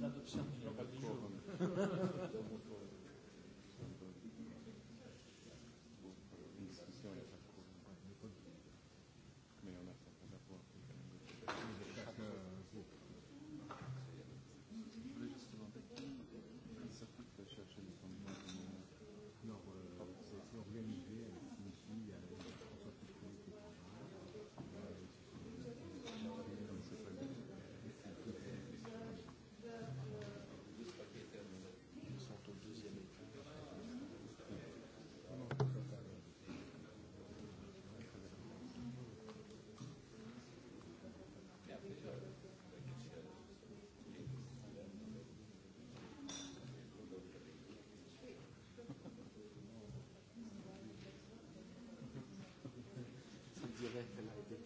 L'adoption du jour. event that I did.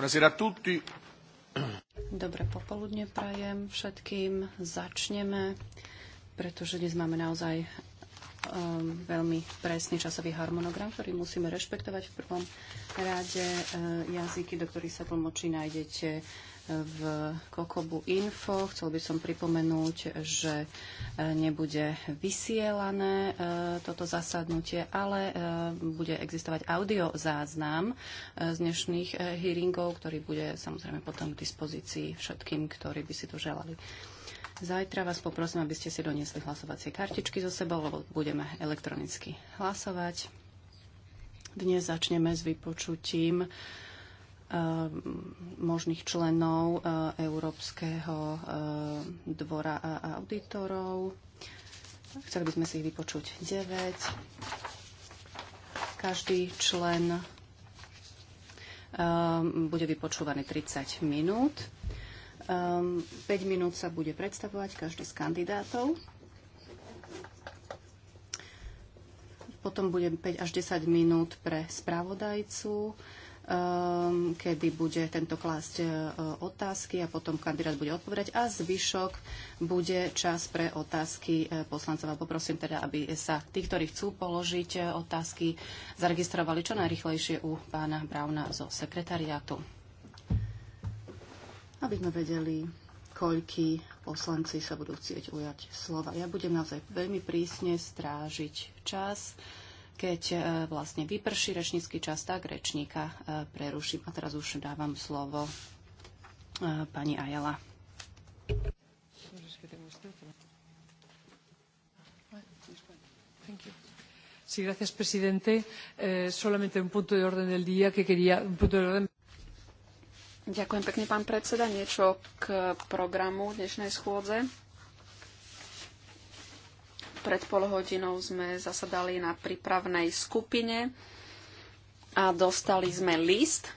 Buonasera a tutti. Dobré popoludne prajem všetkým. Začneme, pretože dnes máme naozaj um, veľmi presný časový harmonogram, ktorý musíme rešpektovať v prvom rade. E, jazyky, do ktorých sa tlmočí, nájdete v Kokobu Info. Chcel by som pripomenúť, že e, nebude vysielané e, toto zasadnutie, ale e, bude existovať audio záznam z dnešných hearingov, ktorý bude samozrejme potom k dispozícii všetkým, ktorí by si to želali. Zajtra vás poprosím, aby ste si doniesli hlasovacie kartičky so sebou, lebo budeme elektronicky hlasovať. Dnes začneme s vypočutím Eh, možných členov eh, Európskeho eh, dvora a auditorov. Chceli by sme si ich vypočuť 9. Každý člen bude vypočúvaný 30 minút. 5 minút sa bude predstavovať každý z kandidátov. Potom bude 5 až 10 minút pre spravodajcu Ehm, kedy bude tento klásť e, otázky a potom kandidát bude odpovedať a zvyšok bude čas pre otázky e, poslancov. A poprosím teda, aby sa tí, ktorí chcú položiť e, otázky, zaregistrovali čo najrychlejšie u pána Brauna zo sekretariátu. Aby sme vedeli, koľkí poslanci sa budú chcieť ujať slova. Ja budem naozaj veľmi prísne strážiť čas keď e, vlastne vyprší rečnícky čas, tak rečníka e, preruším. A teraz už dávam slovo e, pani Ajala. presidente eh, solamente un punto de orden del día que quería un punto de orden Ďakujem pekne, pán predseda. Niečo k programu dnešnej schôdze. Pred pol hodinou sme zasadali na prípravnej skupine a dostali sme list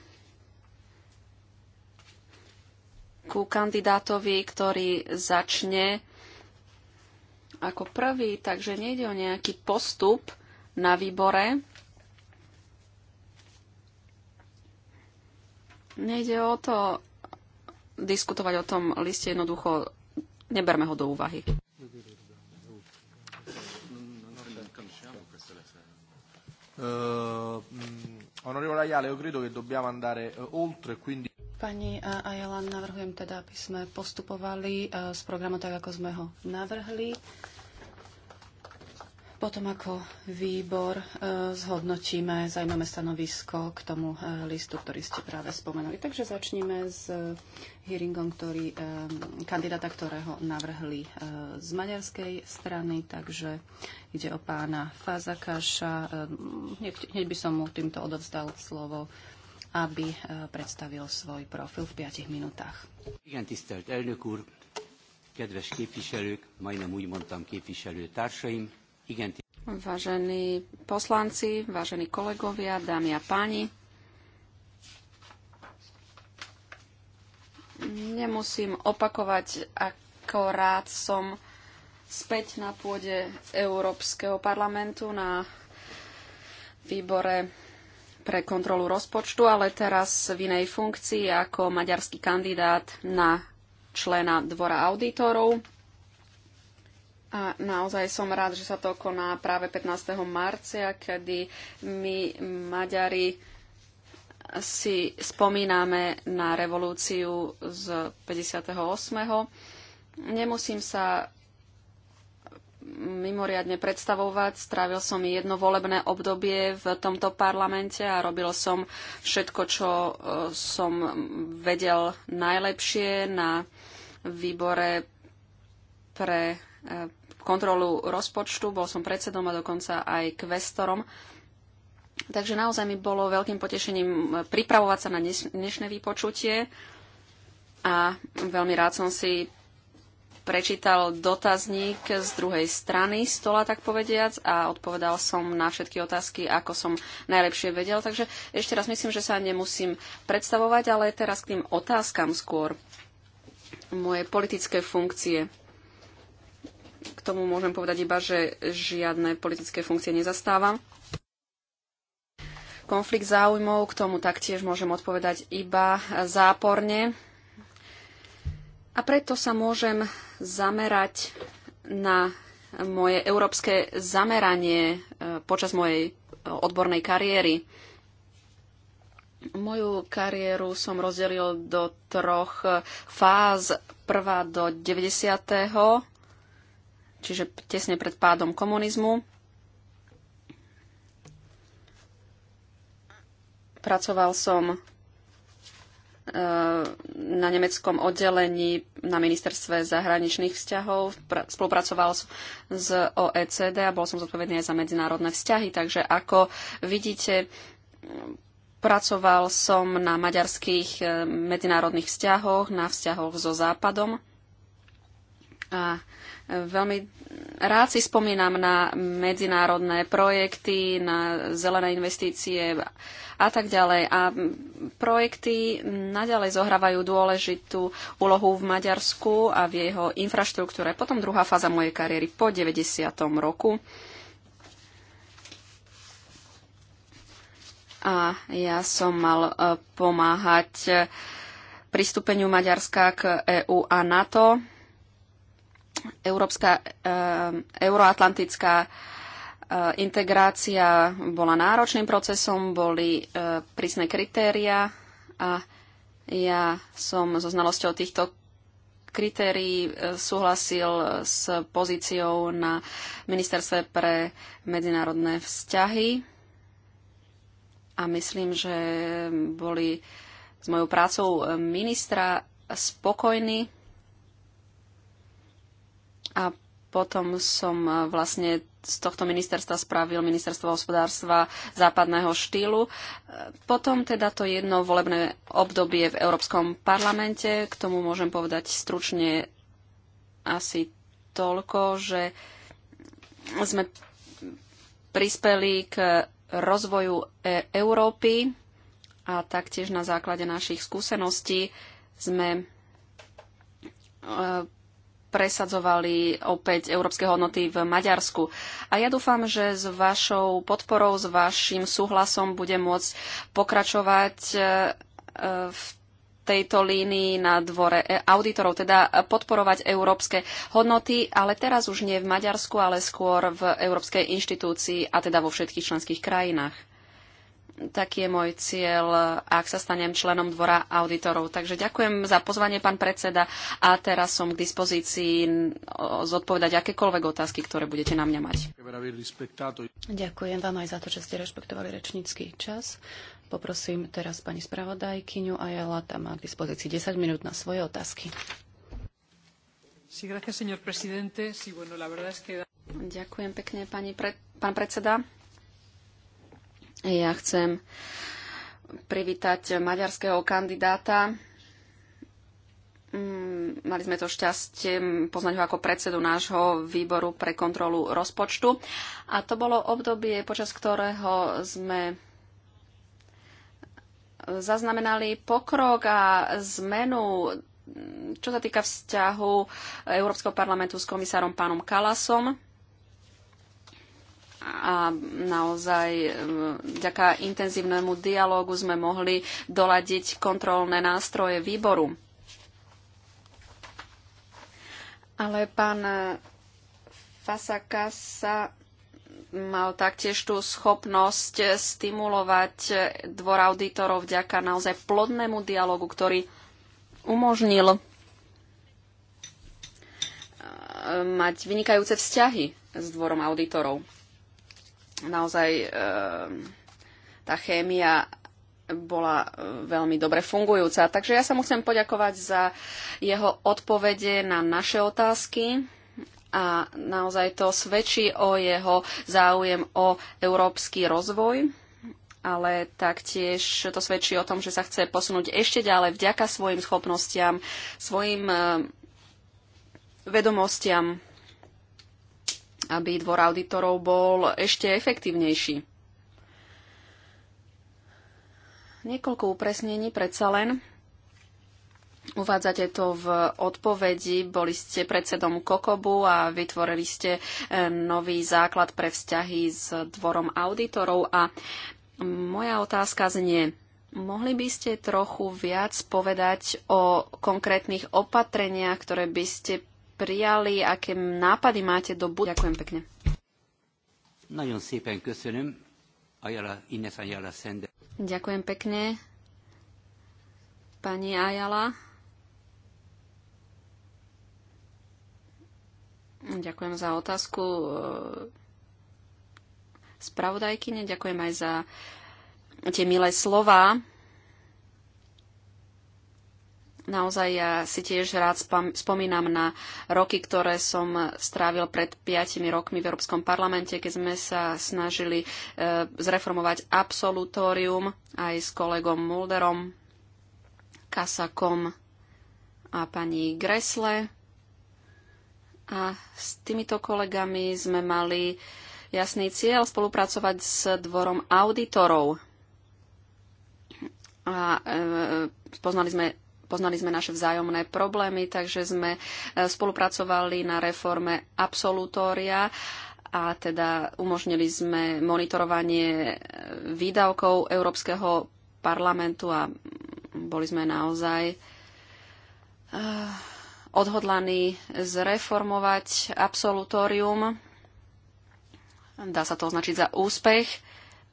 ku kandidátovi, ktorý začne ako prvý, takže nejde o nejaký postup na výbore. Nejde o to diskutovať o tom liste jednoducho, neberme ho do úvahy. Uh, Onorevole Ayala, io credo che dobbiamo andare uh, oltre, quindi... Pani eh, Ayala, navrhujem teda, aby sme postupovali uh, z programu tak, ako sme ho navrhli. Potom ako výbor e, zhodnotíme, zajmeme stanovisko k tomu e, listu, ktorý ste práve spomenuli. Takže začníme s e, hearingom ktorý, kandidáta, ktorého navrhli z maďarskej strany. Takže ide o pána Fazakáša. Hneď by som mu týmto odovzdal slovo aby predstavil svoj profil v 5 minútach. Igen, tisztelt elnök úr, kedves képviselők, majdnem úgy mondtam képviselő társaim, Vážení poslanci, vážení kolegovia, dámy a páni, nemusím opakovať, ako rád som späť na pôde Európskeho parlamentu na výbore pre kontrolu rozpočtu, ale teraz v inej funkcii ako maďarský kandidát na člena Dvora auditorov. A naozaj som rád, že sa to koná práve 15. marca, kedy my Maďari si spomíname na revolúciu z 58. Nemusím sa mimoriadne predstavovať. Strávil som jedno volebné obdobie v tomto parlamente a robil som všetko, čo e, som vedel najlepšie na výbore pre e, kontrolu rozpočtu, bol som predsedom a dokonca aj kvestorom. Takže naozaj mi bolo veľkým potešením eh, pripravovať sa na dnešné vypočutie a veľmi rád som si prečítal dotazník z druhej strany stola, tak povediac, a odpovedal som na všetky otázky, ako som najlepšie vedel. Takže ešte raz myslím, že sa nemusím predstavovať, ale teraz k tým otázkam skôr. Moje politické funkcie. K tomu môžem povedať iba, že žiadne politické funkcie nezastávam. Konflikt záujmov, k tomu taktiež môžem odpovedať iba záporne. A preto sa môžem zamerať na moje európske zameranie e, počas mojej e, odbornej kariéry. Moju kariéru som rozdelil do troch e, fáz. Prvá do 90 čiže tesne pred pádom komunizmu. Pracoval som e, na nemeckom oddelení na ministerstve zahraničných vzťahov. Spolupracoval s OECD a bol som zodpovedný aj za medzinárodné vzťahy. Takže ako vidíte, pracoval som na maďarských e, medzinárodných vzťahoch, na vzťahoch so Západom. A e, veľmi rád si spomínam na medzinárodné projekty, na zelené investície a tak ďalej. A projekty naďalej zohrávajú dôležitú úlohu v Maďarsku a v jeho infraštruktúre. Potom druhá fáza mojej kariéry po 90. roku. A ja som mal e, pomáhať e, pristúpeniu Maďarska k EÚ a NATO Európska, eh, euroatlantická eh, integrácia bola náročným procesom, boli eh, prísne kritéria a ja som so znalosťou týchto kritérií súhlasil s pozíciou na Ministerstve pre medzinárodné vzťahy a myslím, že boli s mojou prácou ministra spokojní a potom som e, vlastne z tohto ministerstva spravil ministerstvo hospodárstva západného štýlu. E, potom teda to jedno volebné obdobie v Európskom parlamente, k tomu môžem povedať stručne asi toľko, že sme prispeli k rozvoju e Európy a taktiež na základe našich skúseností sme e, presadzovali opäť európske hodnoty v Maďarsku. A ja dúfam, že s vašou podporou, s vašim súhlasom bude môcť pokračovať e, v tejto línii na dvore e, auditorov, teda podporovať európske hodnoty, ale teraz už nie v Maďarsku, ale skôr v európskej inštitúcii a teda vo všetkých členských krajinách. Taký je môj cieľ, ak sa stanem členom Dvora auditorov. Takže ďakujem za pozvanie, pán predseda, a teraz som k dispozícii zodpovedať akékoľvek otázky, ktoré budete na mňa mať. Ďakujem vám aj za to, že ste rešpektovali rečnícky čas. Poprosím teraz pani spravodajkyňu a Ajala, tam má k dispozícii 10 minút na svoje otázky. Ďakujem pekne, pani pre, pán predseda. Ja chcem privítať maďarského kandidáta. Mm, mali sme to šťastie poznať ho ako predsedu nášho výboru pre kontrolu rozpočtu. A to bolo obdobie, počas ktorého sme zaznamenali pokrok a zmenu, čo sa týka vzťahu Európskeho parlamentu s komisárom pánom Kalasom a naozaj e, vďaka intenzívnemu dialógu sme mohli doladiť kontrolné nástroje výboru. Ale pán e, Fasaka sa mal taktiež tú schopnosť stimulovať dvor auditorov vďaka naozaj plodnému dialogu, ktorý umožnil e, mať vynikajúce vzťahy s dvorom auditorov naozaj eh, tá chémia bola eh, veľmi dobre fungujúca. Takže ja sa mu chcem poďakovať za jeho odpovede na naše otázky a naozaj to svedčí o jeho záujem o európsky rozvoj ale taktiež to svedčí o tom, že sa chce posunúť ešte ďalej vďaka svojim schopnostiam, svojim eh, vedomostiam aby dvor auditorov bol ešte efektívnejší. Niekoľko upresnení predsa len. Uvádzate to v odpovedi. Boli ste predsedom Kokobu a vytvorili ste e, nový základ pre vzťahy s dvorom auditorov. A moja otázka znie, mohli by ste trochu viac povedať o konkrétnych opatreniach, ktoré by ste prijali, aké nápady máte do budúcnosti. Ďakujem pekne. Ďakujem pekne. Pani Ajala. Ďakujem za otázku e, spravodajkyne, ďakujem aj za tie milé slova. Naozaj ja si tiež rád spomínam na roky, ktoré som strávil pred piatimi rokmi v Európskom parlamente, keď sme sa snažili e, zreformovať absolutórium aj s kolegom Mulderom, Kasakom a pani Gresle. A s týmito kolegami sme mali jasný cieľ spolupracovať s dvorom auditorov. A e, poznali sme poznali sme naše vzájomné problémy, takže sme e, spolupracovali na reforme absolutória a teda umožnili sme monitorovanie e, výdavkov Európskeho parlamentu a boli sme naozaj e, odhodlaní zreformovať absolutórium. Dá sa to označiť za úspech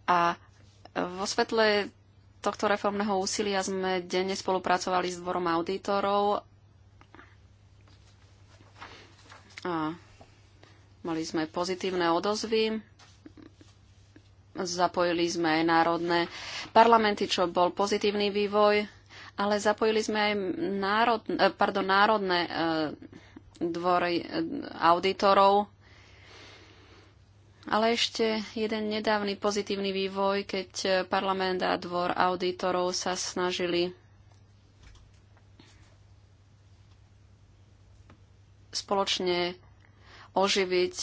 a vo svetle tohto reformného úsilia sme denne spolupracovali s dvorom auditorov a mali sme pozitívne odozvy. Zapojili sme aj národné parlamenty, čo bol pozitívny vývoj, ale zapojili sme aj národ, eh, pardon, národné eh, dvory eh, auditorov, ale ešte jeden nedávny pozitívny vývoj, keď parlament a dvor auditorov sa snažili spoločne oživiť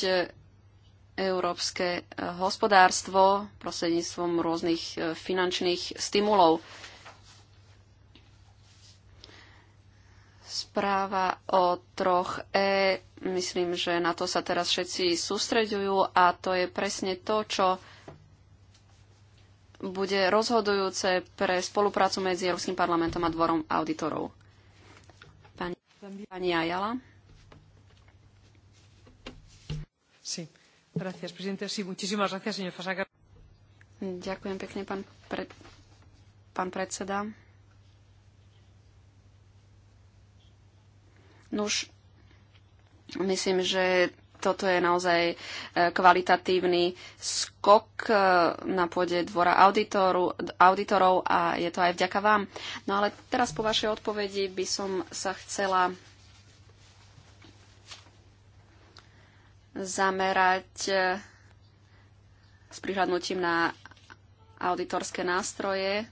európske hospodárstvo prostredníctvom rôznych eh, finančných stimulov. Správa o troch E, myslím, že na to sa teraz všetci sústreďujú a to je presne to, čo bude rozhodujúce pre spoluprácu medzi Európskym parlamentom a dvorom auditorov. Pani, pani Ajala. Sí. Gracias, presidente. Sí, muchísimas gracias, señor Fasaga. Ďakujem pekne, pán, pre, pán predseda. Nuž, myslím, že toto je naozaj e, kvalitatívny skok e, na pôde dvora auditoru, auditorov a je to aj vďaka vám. No ale teraz po vašej odpovedi by som sa chcela zamerať e, s prihľadnutím na auditorské nástroje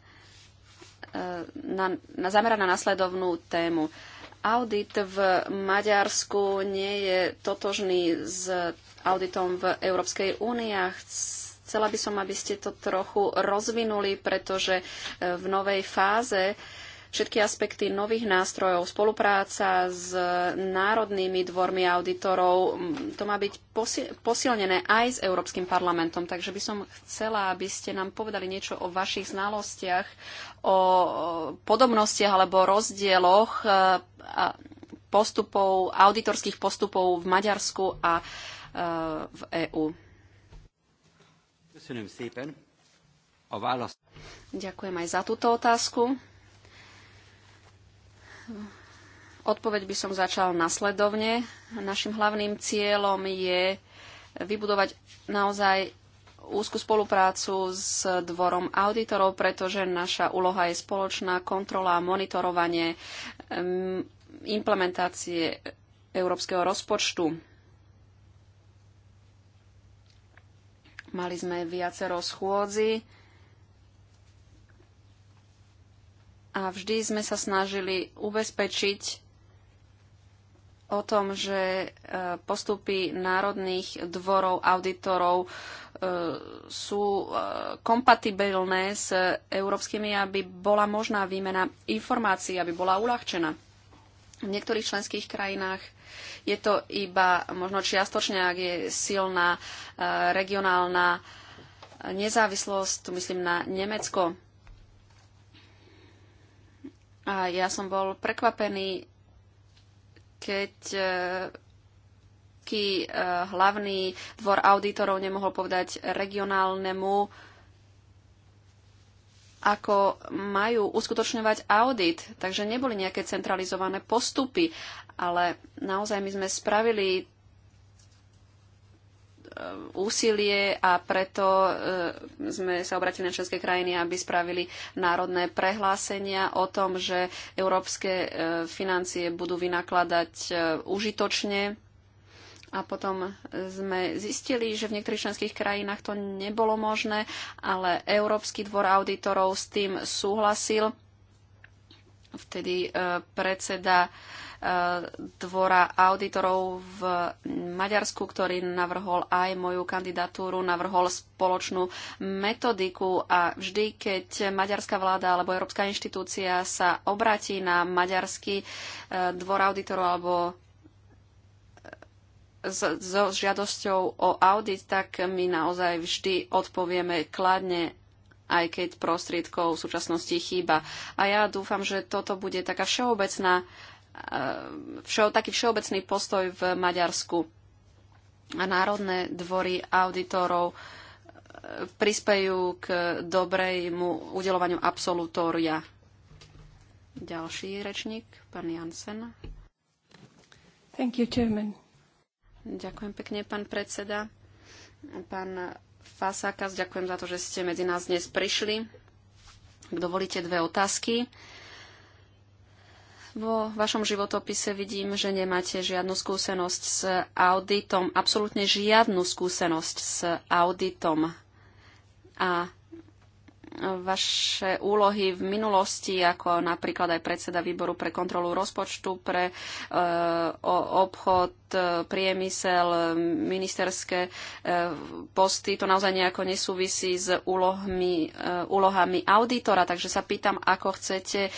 na, na, zamerať na nasledovnú tému Audit v Maďarsku nie je totožný s auditom v Európskej únii a chcela by som, aby ste to trochu rozvinuli, pretože eh, v novej fáze všetky aspekty nových nástrojov, spolupráca s národnými dvormi auditorov, to má byť posilnené aj s Európskym parlamentom. Takže by som chcela, aby ste nám povedali niečo o vašich znalostiach, o podobnostiach alebo rozdieloch e, postupov, auditorských postupov v Maďarsku a e, v EÚ. Ďakujem aj za túto otázku. Odpoveď by som začal nasledovne. Našim hlavným cieľom je vybudovať naozaj úzku spoluprácu s dvorom auditorov, pretože naša úloha je spoločná kontrola a monitorovanie implementácie európskeho rozpočtu. Mali sme viacero schôdzi a vždy sme sa snažili ubezpečiť o tom, že e, postupy národných dvorov, auditorov e, sú e, kompatibilné s európskymi, aby bola možná výmena informácií, aby bola uľahčená. V niektorých členských krajinách je to iba možno čiastočne, ak je silná regionálna nezávislosť, tu myslím na Nemecko, a ja som bol prekvapený, keď e, Ký, e, hlavný dvor auditorov nemohol povedať regionálnemu, ako majú uskutočňovať audit. Takže neboli nejaké centralizované postupy, ale naozaj my sme spravili Eh, úsilie a preto eh, sme sa obratili na členské krajiny, aby spravili národné prehlásenia o tom, že európske eh, financie budú vynakladať užitočne. A potom sme zistili, že v niektorých členských krajinách to nebolo možné, ale Európsky dvor auditorov s tým súhlasil. Vtedy predseda dvora auditorov v Maďarsku, ktorý navrhol aj moju kandidatúru, navrhol spoločnú metodiku a vždy, keď maďarská vláda alebo európska inštitúcia sa obratí na maďarský e, dvor auditorov alebo e, so žiadosťou o audit, tak my naozaj vždy odpovieme kladne aj keď prostriedkov v súčasnosti chýba. A ja dúfam, že toto bude taká všeobecná uh, všeo, taký všeobecný postoj v Maďarsku. A národné dvory auditorov eh, prispejú k dobrejmu udelovaniu absolutória. Ďalší rečník, pán Jansen. Thank you, Chairman. Ďakujem pekne, pán predseda. Pán Fasakas, ďakujem za to, že ste medzi nás dnes prišli. dovolíte dve otázky. Vo vašom životopise vidím, že nemáte žiadnu skúsenosť s auditom, absolútne žiadnu skúsenosť s auditom. A vaše úlohy v minulosti, ako napríklad aj predseda výboru pre kontrolu rozpočtu, pre e, obchod, e, priemysel, ministerské e, posty. To naozaj nejako nesúvisí s úlohmi, úlohami auditora, takže sa pýtam, ako chcete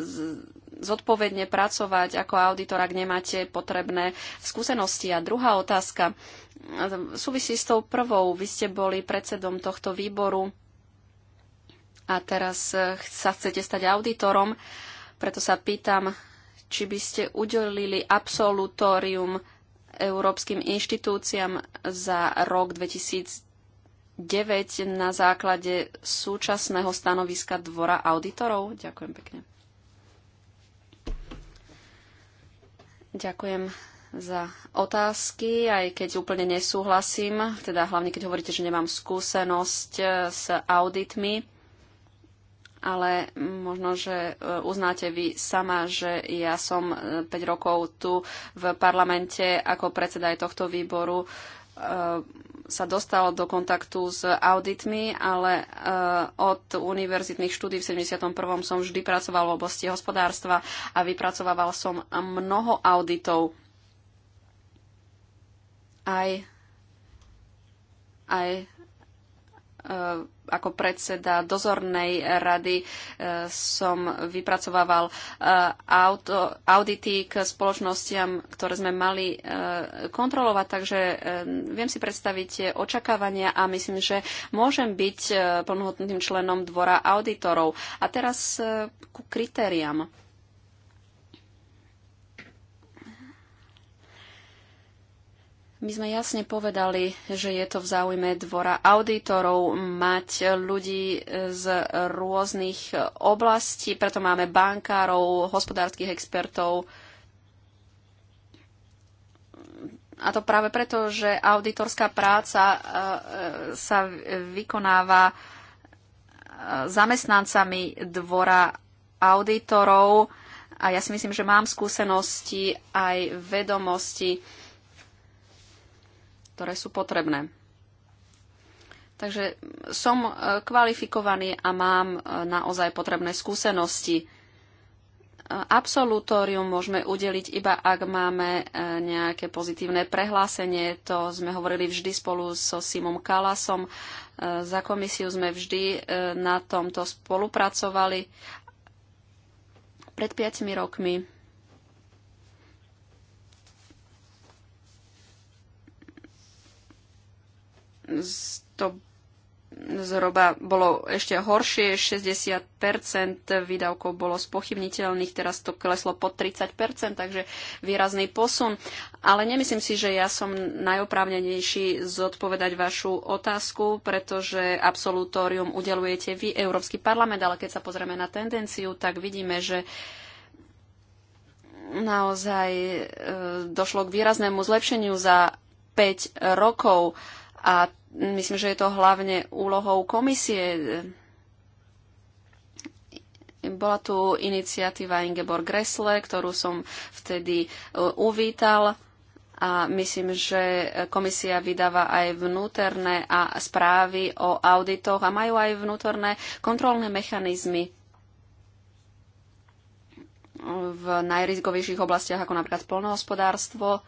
z, zodpovedne pracovať ako auditor, ak nemáte potrebné skúsenosti. A druhá otázka súvisí s tou prvou. Vy ste boli predsedom tohto výboru a teraz e, sa chcete stať auditorom, preto sa pýtam, či by ste udelili absolutórium európskym inštitúciám za rok 2009 na základe súčasného stanoviska Dvora auditorov? Ďakujem pekne. Ďakujem za otázky, aj keď úplne nesúhlasím, teda hlavne keď hovoríte, že nemám skúsenosť e, s auditmi ale možno, že e, uznáte vy sama, že ja som 5 e, rokov tu v parlamente ako predseda aj tohto výboru e, sa dostal do kontaktu s auditmi, ale od univerzitných štúdí v 71. som vždy pracoval v oblasti hospodárstva a vypracovával som mnoho auditov. Aj, aj Eh, ako predseda dozornej rady eh, som vypracovával eh, auto, audity k spoločnostiam, ktoré sme mali kontrolovať, takže viem si predstaviť tie očakávania a myslím, že môžem byť plnohodnotným členom dvora auditorov. A teraz ku kritériám. My sme jasne povedali, že je to v záujme dvora auditorov mať ľudí z rôznych oblastí, preto máme bankárov, hospodárskych expertov. A to práve preto, že auditorská práca e, e, sa vykonáva e, zamestnancami dvora auditorov a ja si myslím, že mám skúsenosti aj vedomosti ktoré sú potrebné. Takže som e, kvalifikovaný a mám e, naozaj potrebné skúsenosti. E, absolutórium môžeme udeliť iba, ak máme nejaké pozitívne prehlásenie. To sme hovorili vždy spolu so Simom Kalasom. Za komisiu sme vždy na tomto spolupracovali. Pred 5 rokmi to zhruba bolo ešte horšie, 60% výdavkov bolo spochybniteľných, teraz to kleslo pod 30%, takže výrazný posun. Ale nemyslím si, že ja som najoprávnenejší zodpovedať vašu otázku, pretože absolutórium udelujete vy, Európsky parlament, ale keď sa pozrieme na tendenciu, tak vidíme, že naozaj e, došlo k výraznému zlepšeniu za 5 rokov. E, a myslím, že je to hlavne úlohou komisie. Bola tu iniciatíva Ingeborg Gressle, ktorú som vtedy e, uvítal a myslím, že komisia vydáva aj vnútorné a správy o auditoch a majú aj vnútorné kontrolné mechanizmy v najrizikovejších oblastiach, ako napríklad polnohospodárstvo,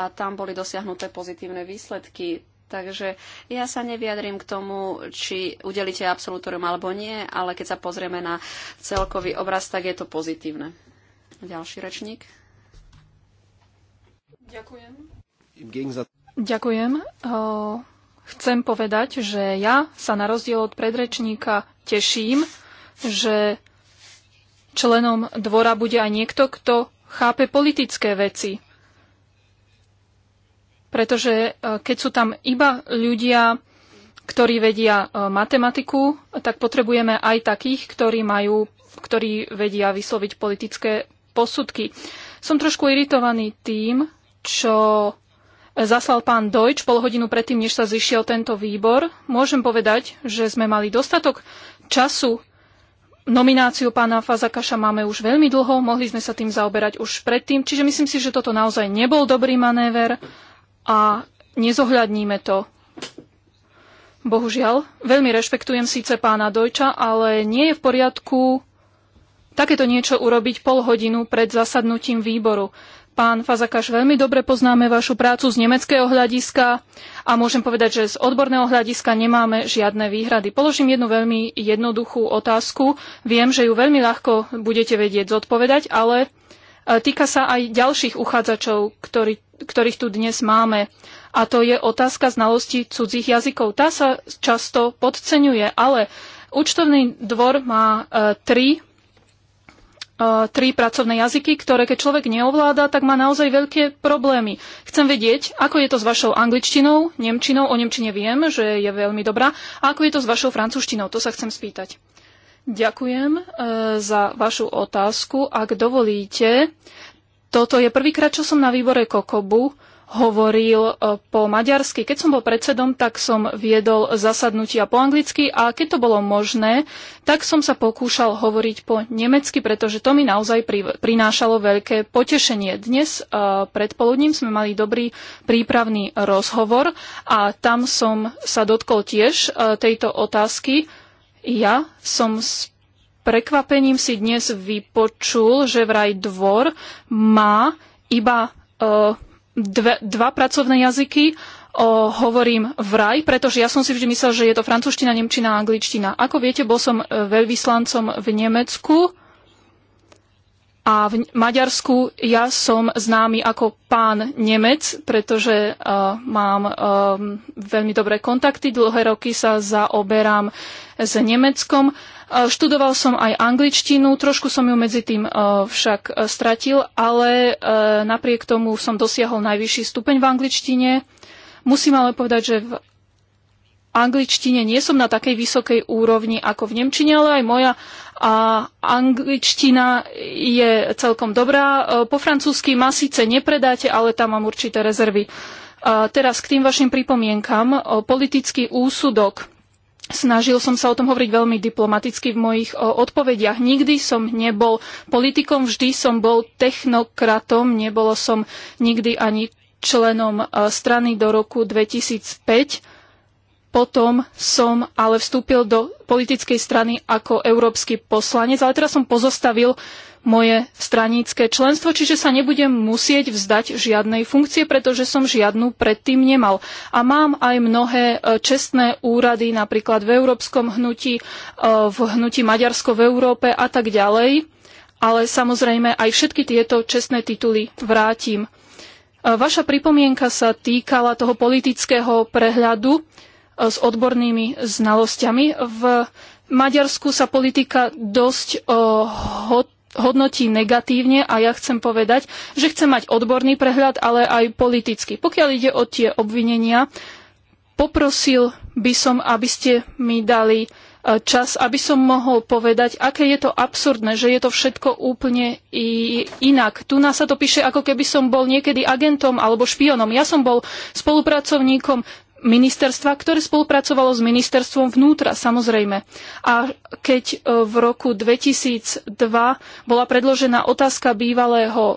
a tam boli dosiahnuté pozitívne výsledky. Takže ja sa nevyjadrím k tomu, či udelíte absolutorium alebo nie, ale keď sa pozrieme na celkový obraz, tak je to pozitívne. Ďalší rečník. Ďakujem. Ďakujem. Chcem povedať, že ja sa na rozdiel od predrečníka teším, že členom dvora bude aj niekto, kto chápe politické veci pretože e, keď sú tam iba ľudia, ktorí vedia e, matematiku, tak potrebujeme aj takých, ktorí, majú, ktorí vedia vysloviť politické posudky. Som trošku iritovaný tým, čo zaslal pán Dojč pol hodinu predtým, než sa zišiel tento výbor. Môžem povedať, že sme mali dostatok času. Nomináciu pána Fazakaša máme už veľmi dlho, mohli sme sa tým zaoberať už predtým, čiže myslím si, že toto naozaj nebol dobrý manéver a nezohľadníme to. Bohužiaľ, veľmi rešpektujem síce pána Dojča, ale nie je v poriadku takéto niečo urobiť pol hodinu pred zasadnutím výboru. Pán Fazakáš, veľmi dobre poznáme vašu prácu z nemeckého hľadiska a môžem povedať, že z odborného hľadiska nemáme žiadne výhrady. Položím jednu veľmi jednoduchú otázku. Viem, že ju veľmi ľahko budete vedieť zodpovedať, ale e, týka sa aj ďalších uchádzačov, ktorí ktorých tu dnes máme. A to je otázka znalosti cudzích jazykov. Tá sa často podceňuje, ale účtovný dvor má e, tri, e, tri pracovné jazyky, ktoré keď človek neovláda, tak má naozaj veľké problémy. Chcem vedieť, ako je to s vašou angličtinou, nemčinou, o nemčine viem, že je veľmi dobrá, a ako je to s vašou francúzštinou, to sa chcem spýtať. Ďakujem e, za vašu otázku. Ak dovolíte, toto je prvýkrát, čo som na výbore Kokobu hovoril e, po maďarsky. Keď som bol predsedom, tak som viedol zasadnutia po anglicky a keď to bolo možné, tak som sa pokúšal hovoriť po nemecky, pretože to mi naozaj prinášalo veľké potešenie. Dnes e, predpoludním sme mali dobrý prípravný rozhovor a tam som sa dotkol tiež e, tejto otázky. Ja som prekvapením si dnes vypočul, že vraj dvor má iba e, dve, dva pracovné jazyky. O, e, hovorím vraj, pretože ja som si vždy myslel, že je to francúzština, nemčina a angličtina. Ako viete, bol som e, veľvyslancom v Nemecku a v Maďarsku ja som známy ako pán Nemec, pretože uh, mám um, veľmi dobré kontakty, dlhé roky sa zaoberám s Nemeckom Eh, študoval som aj angličtinu, trošku som ju medzi tým eh, však eh, stratil, ale napriek tomu som dosiahol najvyšší stupeň v angličtine. Musím ale povedať, že v angličtine nie som na takej vysokej úrovni ako v nemčine, ale aj moja a angličtina je celkom dobrá. Po francúzsky ma síce nepredáte, ale tam mám určité rezervy. A teraz k tým vašim pripomienkam. Politický úsudok. Snažil som sa o tom hovoriť veľmi diplomaticky v mojich odpovediach. Nikdy som nebol politikom, vždy som bol technokratom, nebolo som nikdy ani členom e, strany do roku 2005. Potom som ale vstúpil do politickej strany ako európsky poslanec, ale teraz som pozostavil moje stranícke členstvo, čiže sa nebudem musieť vzdať žiadnej funkcie, pretože som žiadnu predtým nemal. A mám aj mnohé e, čestné úrady, napríklad v Európskom hnutí, e, v hnutí Maďarsko v Európe a tak ďalej. Ale samozrejme aj všetky tieto čestné tituly vrátim. E, vaša pripomienka sa týkala toho politického prehľadu s odbornými znalosťami. V Maďarsku sa politika dosť hodnotí negatívne a ja chcem povedať, že chcem mať odborný prehľad, ale aj politický. Pokiaľ ide o tie obvinenia, poprosil by som, aby ste mi dali e, čas, aby som mohol povedať, aké je to absurdné, že je to všetko úplne inak. Tu nás sa to píše, ako keby som bol niekedy agentom alebo špionom. Ja som bol spolupracovníkom ministerstva, ktoré spolupracovalo s ministerstvom vnútra, samozrejme. A keď e, v roku 2002 bola predložená otázka bývalého e,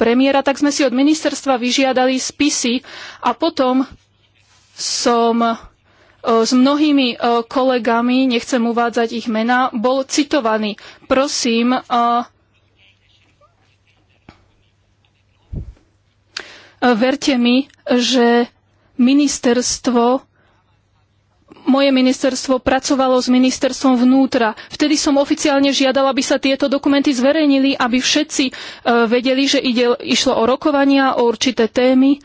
premiéra, tak sme si od ministerstva vyžiadali spisy a potom som e, s mnohými kolegami, nechcem uvádzať ich mená, bol citovaný. Prosím, verte mi, že ministerstvo moje ministerstvo pracovalo s ministerstvom vnútra. Vtedy som oficiálne žiadala, aby sa tieto dokumenty zverejnili, aby všetci e, vedeli, že ide, išlo o rokovania, o určité témy,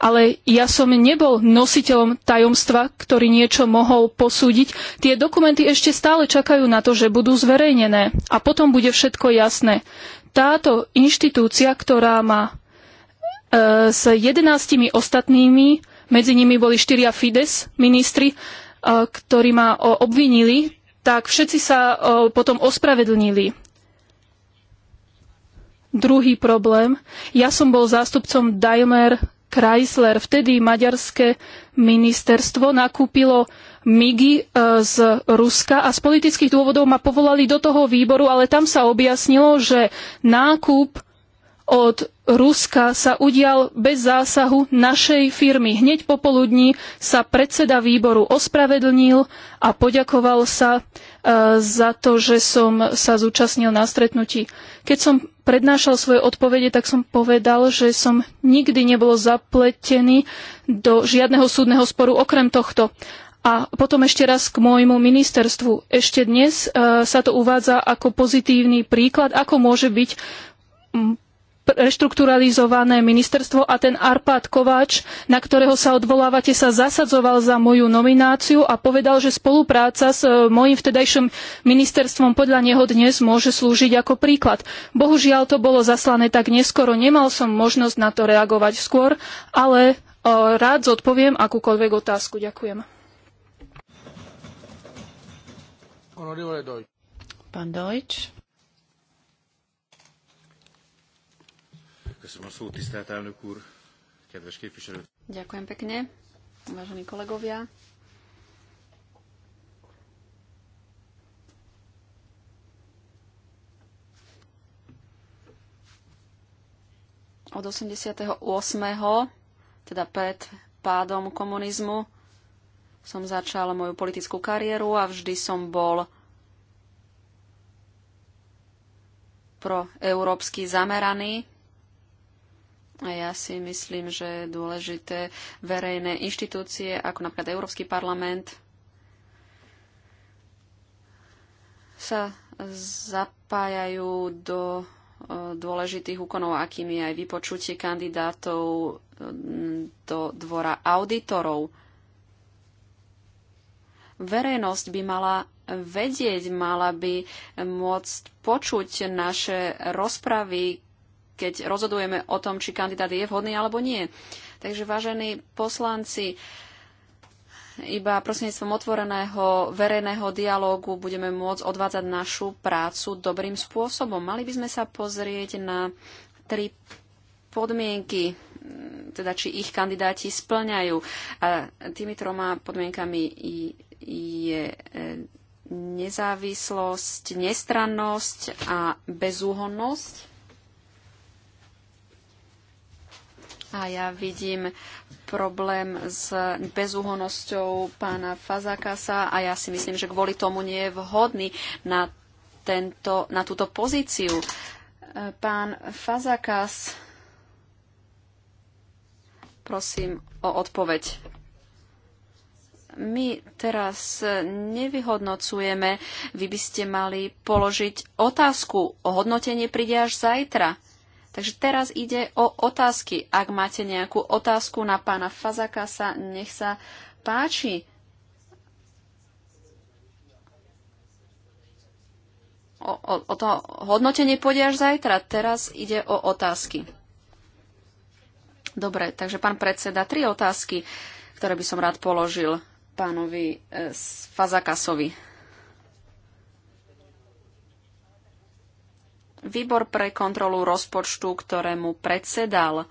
ale ja som nebol nositeľom tajomstva, ktorý niečo mohol posúdiť. Tie dokumenty ešte stále čakajú na to, že budú zverejnené a potom bude všetko jasné. Táto inštitúcia, ktorá má e, s jedenáctimi ostatnými medzi nimi boli štyria Fides ministri, e, ktorí ma obvinili, tak všetci sa e, potom ospravedlnili. Druhý problém. Ja som bol zástupcom Daimler Chrysler. Vtedy maďarské ministerstvo nakúpilo MIGI e, z Ruska a z politických dôvodov ma povolali do toho výboru, ale tam sa objasnilo, že nákup od Ruska sa udial bez zásahu našej firmy. Hneď popoludní sa predseda výboru ospravedlnil a poďakoval sa e, za to, že som sa zúčastnil na stretnutí. Keď som prednášal svoje odpovede, tak som povedal, že som nikdy nebol zapletený do žiadneho súdneho sporu okrem tohto. A potom ešte raz k môjmu ministerstvu. Ešte dnes e, sa to uvádza ako pozitívny príklad, ako môže byť reštrukturalizované ministerstvo a ten Arpad Kováč, na ktorého sa odvolávate, sa zasadzoval za moju nomináciu a povedal, že spolupráca s e, mojím vtedajším ministerstvom podľa neho dnes môže slúžiť ako príklad. Bohužiaľ to bolo zaslané tak neskoro, nemal som možnosť na to reagovať skôr, ale e, rád zodpoviem akúkoľvek otázku. Ďakujem. Pán Ďakujem pekne, vážení kolegovia. Od 88. teda pred pádom komunizmu som začal moju politickú kariéru a vždy som bol pro európsky zameraný. A ja si myslím, že dôležité verejné inštitúcie, ako napríklad Európsky parlament, sa zapájajú do e, dôležitých úkonov, akými aj vypočutie kandidátov e, do dvora auditorov. Verejnosť by mala vedieť, mala by môcť počuť naše rozpravy, keď rozhodujeme o tom, či kandidát je vhodný alebo nie. Takže vážení poslanci, iba prostredníctvom otvoreného verejného dialógu budeme môcť odvádzať našu prácu dobrým spôsobom. Mali by sme sa pozrieť na tri podmienky, teda či ich kandidáti splňajú. A tými troma podmienkami je e, nezávislosť, nestrannosť a bezúhonnosť. A ja vidím problém s bezúhonosťou pána Fazakasa a ja si myslím, že kvôli tomu nie je vhodný na, tento, na túto pozíciu. E, pán Fazakas, prosím o odpoveď. My teraz nevyhodnocujeme, vy by ste mali položiť otázku. O hodnotenie príde až zajtra. Takže teraz ide o otázky. Ak máte nejakú otázku na pána Fazakasa, nech sa páči. O, o, o to hodnotenie pôjde až zajtra. Teraz ide o otázky. Dobre, takže pán predseda, tri otázky, ktoré by som rád položil pánovi e, eh, Fazakasovi. výbor pre kontrolu rozpočtu, ktorému predsedal.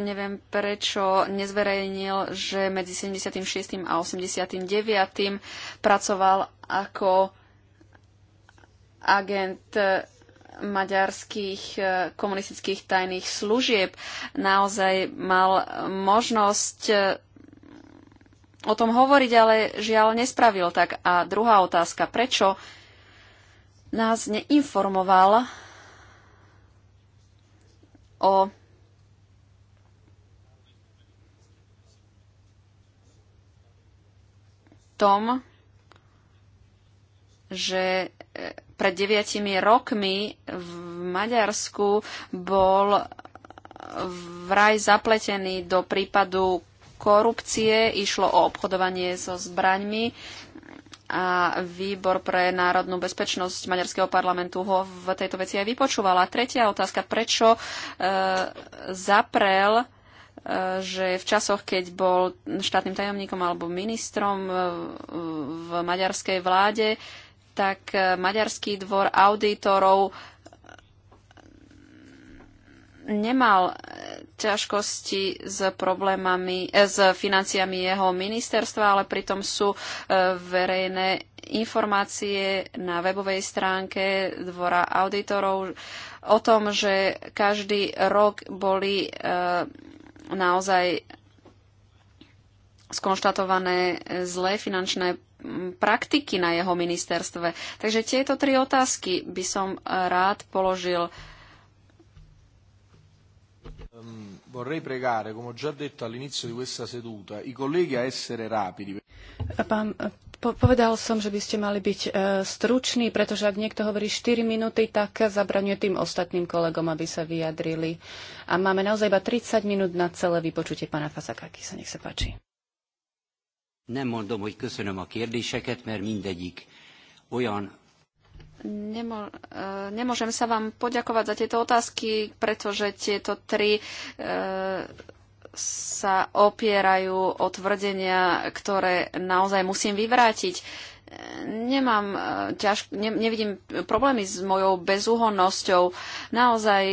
Neviem prečo nezverejnil, že medzi 76. a 89. pracoval ako agent maďarských eh, komunistických tajných služieb. Naozaj mal možnosť eh, o tom hovoriť, ale žiaľ nespravil tak. A druhá otázka, prečo nás neinformoval o tom, že e, pred deviatimi rokmi v Maďarsku bol e, vraj zapletený do prípadu korupcie, išlo o obchodovanie so zbraňmi a výbor pre národnú bezpečnosť Maďarského parlamentu ho v tejto veci aj vypočúval. A Tretia otázka, prečo e, zaprel e, že v časoch, keď bol štátnym tajomníkom alebo ministrom e, v maďarskej vláde, tak e, Maďarský dvor auditorov nemal eh, ťažkosti s problémami, eh, s financiami jeho ministerstva, ale pritom sú eh, verejné informácie na webovej stránke Dvora auditorov o tom, že každý rok boli naozaj skonštatované zlé finančné mm, praktiky na jeho ministerstve. Takže tieto tri otázky by som rád položil vorrei pregare, come ho già detto all'inizio di questa seduta, i colleghi a essere rapidi. Pán, po- povedal som, že by ste mali byť e, struční, pretože ak niekto hovorí 4 minúty, tak zabraňuje tým ostatným kolegom, aby sa vyjadrili. A máme naozaj iba 30 minút na celé vypočutie pána Fasakáky. Sa nech sa páči. Nem mondom, hogy köszönöm a kérdéseket, mert mindegyik olyan Nemo, e, nemôžem sa vám poďakovať za tieto otázky, pretože tieto tri e, sa opierajú o tvrdenia, ktoré naozaj musím vyvrátiť. Nemám e, ťažk, ne, nevidím problémy s mojou bezúhonnosťou. Naozaj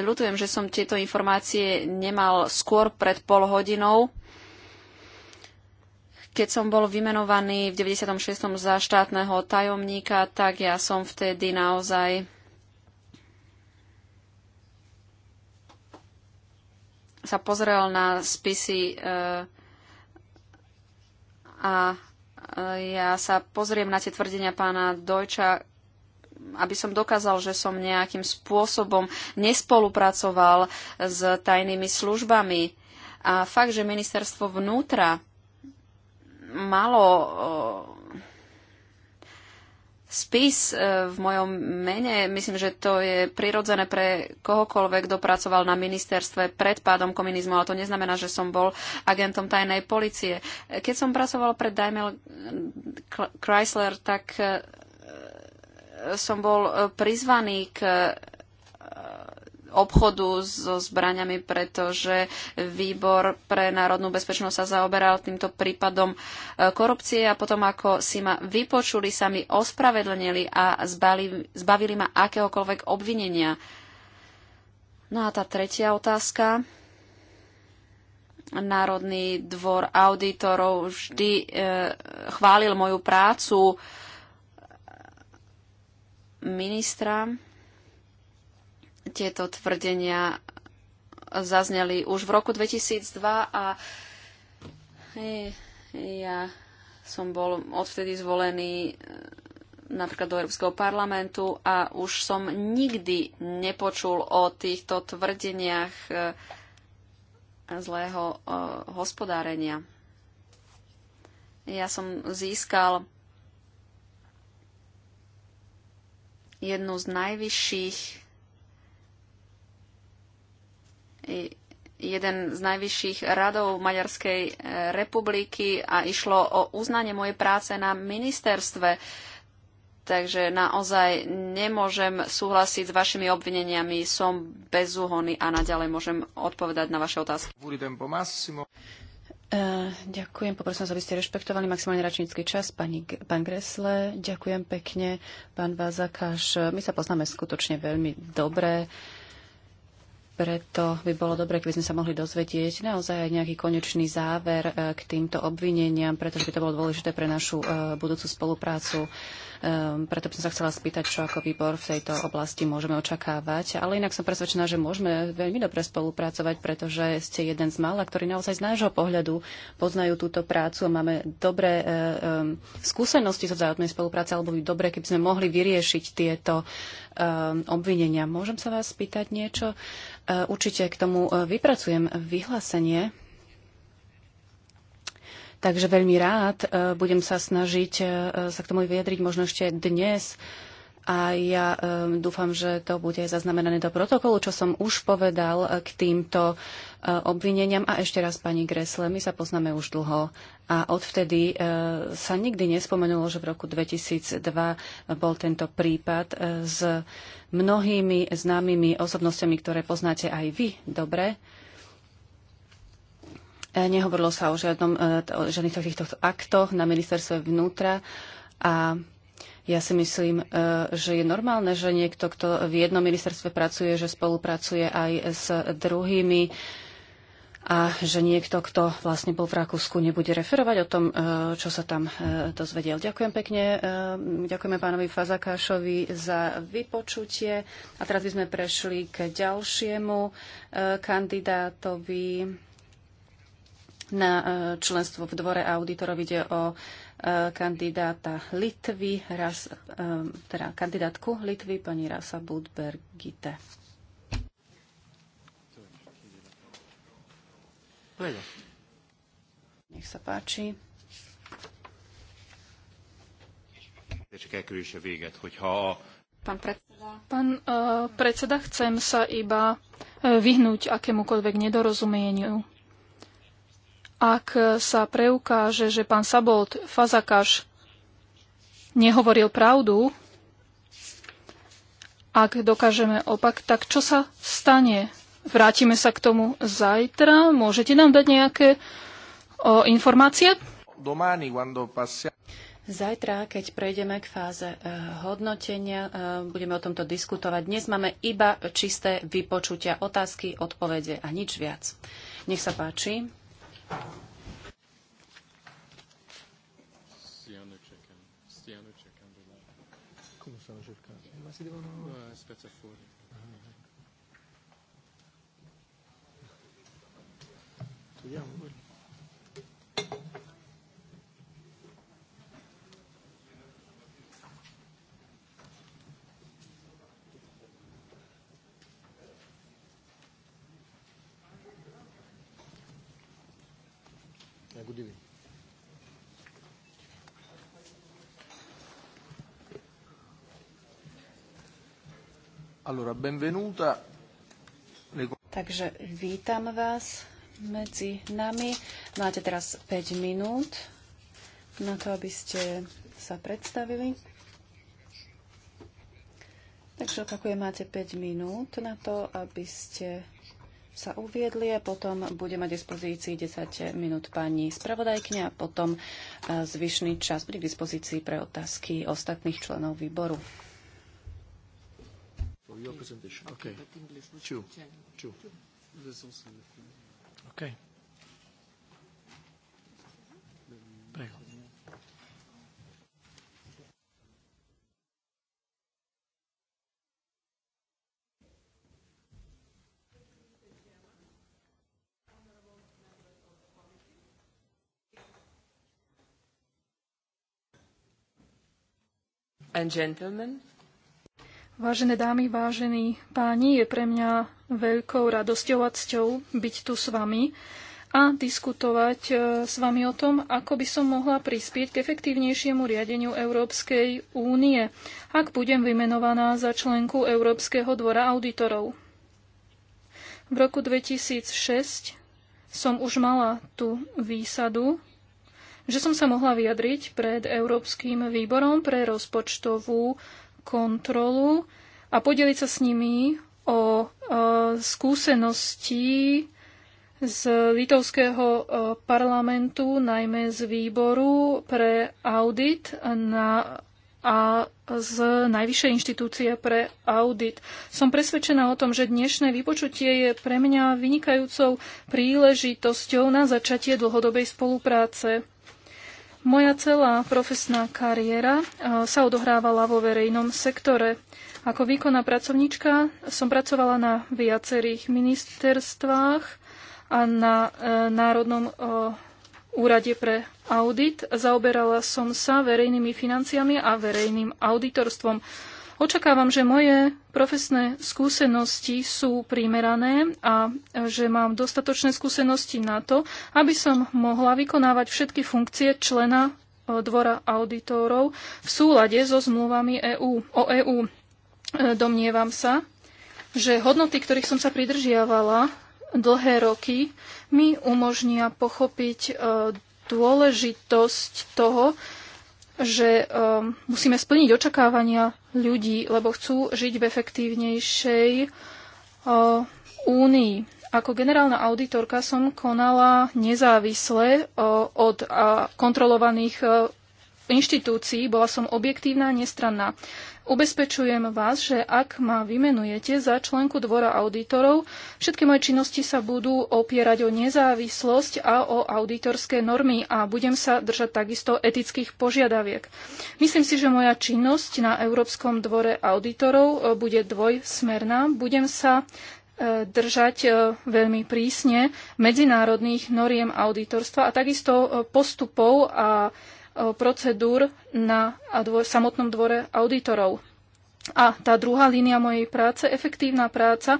ľutujem, že som tieto informácie nemal skôr pred pol hodinou. Keď som bol vymenovaný v 96. za štátneho tajomníka, tak ja som vtedy naozaj sa pozrel na spisy eh, a eh, ja sa pozriem na tie tvrdenia pána Dojča, aby som dokázal, že som nejakým spôsobom nespolupracoval s tajnými službami. A fakt, že ministerstvo vnútra malo eh, spis eh, v mojom mene. Myslím, že to je prirodzené pre kohokoľvek, kto pracoval na ministerstve pred pádom komunizmu, ale to neznamená, že som bol agentom tajnej policie. Keď som pracoval pred Daimler eh, Chrysler, tak som bol prizvaný k obchodu so zbraniami, pretože výbor pre národnú bezpečnosť sa zaoberal týmto prípadom e, korupcie a potom ako si ma vypočuli, sa mi ospravedlnili a zbali, zbavili ma akéhokoľvek obvinenia. No a tá tretia otázka. Národný dvor auditorov vždy e, chválil moju prácu ministra tieto tvrdenia zazneli už v roku 2002 a e, ja som bol odvtedy zvolený e, napríklad do Európskeho parlamentu a už som nikdy nepočul o týchto tvrdeniach e, zlého hospodárenia. Ja som získal jednu z najvyšších jeden z najvyšších radov Maďarskej eh, republiky a išlo o uznanie mojej práce na ministerstve. Takže naozaj nemôžem súhlasiť s vašimi obvineniami, som bez úhony a naďalej môžem odpovedať na vaše otázky. Uh, ďakujem, poprosím vás, aby ste rešpektovali maximálne račnícky čas. Pani, pán Gresle, ďakujem pekne. Pán Vázakáš, my sa poznáme skutočne veľmi dobre. Preto by bolo dobre, keby sme sa mohli dozvedieť naozaj aj nejaký konečný záver e, k týmto obvineniam, pretože by to bolo dôležité pre našu e, budúcu spoluprácu Ehm, preto by som sa chcela spýtať, čo ako výbor v tejto oblasti môžeme očakávať. Ale inak som presvedčená, že môžeme veľmi dobre spolupracovať, pretože ste jeden z mála, ktorí naozaj z nášho pohľadu poznajú túto prácu a máme dobré e, ehm, skúsenosti so vzájomnej spolupráce, alebo by dobre, keby sme mohli vyriešiť tieto ehm, obvinenia. Môžem sa vás spýtať niečo? E, určite k tomu e, vypracujem vyhlásenie Takže veľmi rád e, budem sa snažiť e, sa k tomu vyjadriť možno ešte dnes. A ja um, dúfam, že to bude zaznamenané do protokolu, čo som už povedal k týmto uh, obvineniam. A ešte raz, pani Gresle, my sa poznáme už dlho a odvtedy uh, sa nikdy nespomenulo, že v roku 2002 bol tento prípad uh, s mnohými známymi osobnosťami, ktoré poznáte aj vy dobre. Nehovorilo sa o, žiadnom, e, o žiadnych takýchto aktoch na ministerstve vnútra a ja si myslím, e, že je normálne, že niekto, kto v jednom ministerstve pracuje, že spolupracuje aj s druhými a že niekto, kto vlastne bol v Rakúsku, nebude referovať o tom, e, čo sa tam dozvedel. Ďakujem pekne. Ďakujeme pánovi Fazakášovi za vypočutie. A teraz by sme prešli k ďalšiemu kandidátovi na e, členstvo v dvore auditorov ide o e, kandidáta Litvy, raz, e, teda kandidátku Litvy, pani Rasa Budbergite. Nech sa páči. Pán predseda, pán uh, predseda, chcem sa iba vyhnúť akémukoľvek nedorozumieniu ak sa preukáže, že pán Sabolt Fazakáš nehovoril pravdu, ak dokážeme opak, tak čo sa stane? Vrátime sa k tomu zajtra. Môžete nám dať nejaké o, informácie? Domani, quando passia... Zajtra, keď prejdeme k fáze e, hodnotenia, e, budeme o tomto diskutovať. Dnes máme iba čisté vypočutia, otázky, odpovede a nič viac. Nech sa páči. Stiano cercando, là. Come stanno cercando? Ma si devono... No, spezza fuori. Ah. Vediamo. Allora, benvenuta. Takže vítam vás medzi nami. Máte teraz 5 minút na to, aby ste sa predstavili. Takže opakujem, máte 5 minút na to, aby ste sa uviedli a potom bude mať dispozícii 10 minút pani spravodajkňa a potom eh, zvyšný čas bude k dispozícii pre otázky ostatných členov výboru for your presentation. Okay. okay. But English Two. Two. Two. Okay. and gentlemen Vážené dámy, vážení páni, je pre mňa veľkou radosťou a cťou byť tu s vami a diskutovať e, s vami o tom, ako by som mohla prispieť k efektívnejšiemu riadeniu Európskej únie, ak budem vymenovaná za členku Európskeho dvora auditorov. V roku 2006 som už mala tú výsadu, že som sa mohla vyjadriť pred Európskym výborom pre rozpočtovú kontrolu a podeliť sa s nimi o skúsenosti z litovského parlamentu, najmä z výboru pre audit na, a z najvyššej inštitúcie pre audit. Som presvedčená o tom, že dnešné vypočutie je pre mňa vynikajúcou príležitosťou na začatie dlhodobej spolupráce. Moja celá profesná kariéra e, sa odohrávala vo verejnom sektore. Ako výkonná pracovníčka som pracovala na viacerých ministerstvách a na e, Národnom e, úrade pre audit. Zaoberala som sa verejnými financiami a verejným auditorstvom. Očakávam, že moje profesné skúsenosti sú primerané a že mám dostatočné skúsenosti na to, aby som mohla vykonávať všetky funkcie člena e, dvora auditorov v súlade so zmluvami EU, o EÚ. E, domnievam sa, že hodnoty, ktorých som sa pridržiavala dlhé roky, mi umožnia pochopiť e, dôležitosť toho, že um, musíme splniť očakávania ľudí, lebo chcú žiť v efektívnejšej uh, únii. Ako generálna auditorka som konala nezávisle uh, od uh, kontrolovaných uh, inštitúcií, bola som objektívna a nestranná. Ubezpečujem vás, že ak ma vymenujete za členku dvora auditorov, všetky moje činnosti sa budú opierať o nezávislosť a o auditorské normy a budem sa držať takisto etických požiadaviek. Myslím si, že moja činnosť na Európskom dvore auditorov e, bude dvojsmerná. Budem sa e, držať e, veľmi prísne medzinárodných noriem auditorstva a takisto postupov a Eh, procedúr na samotnom dvore auditorov. A tá druhá línia mojej práce, efektívna práca,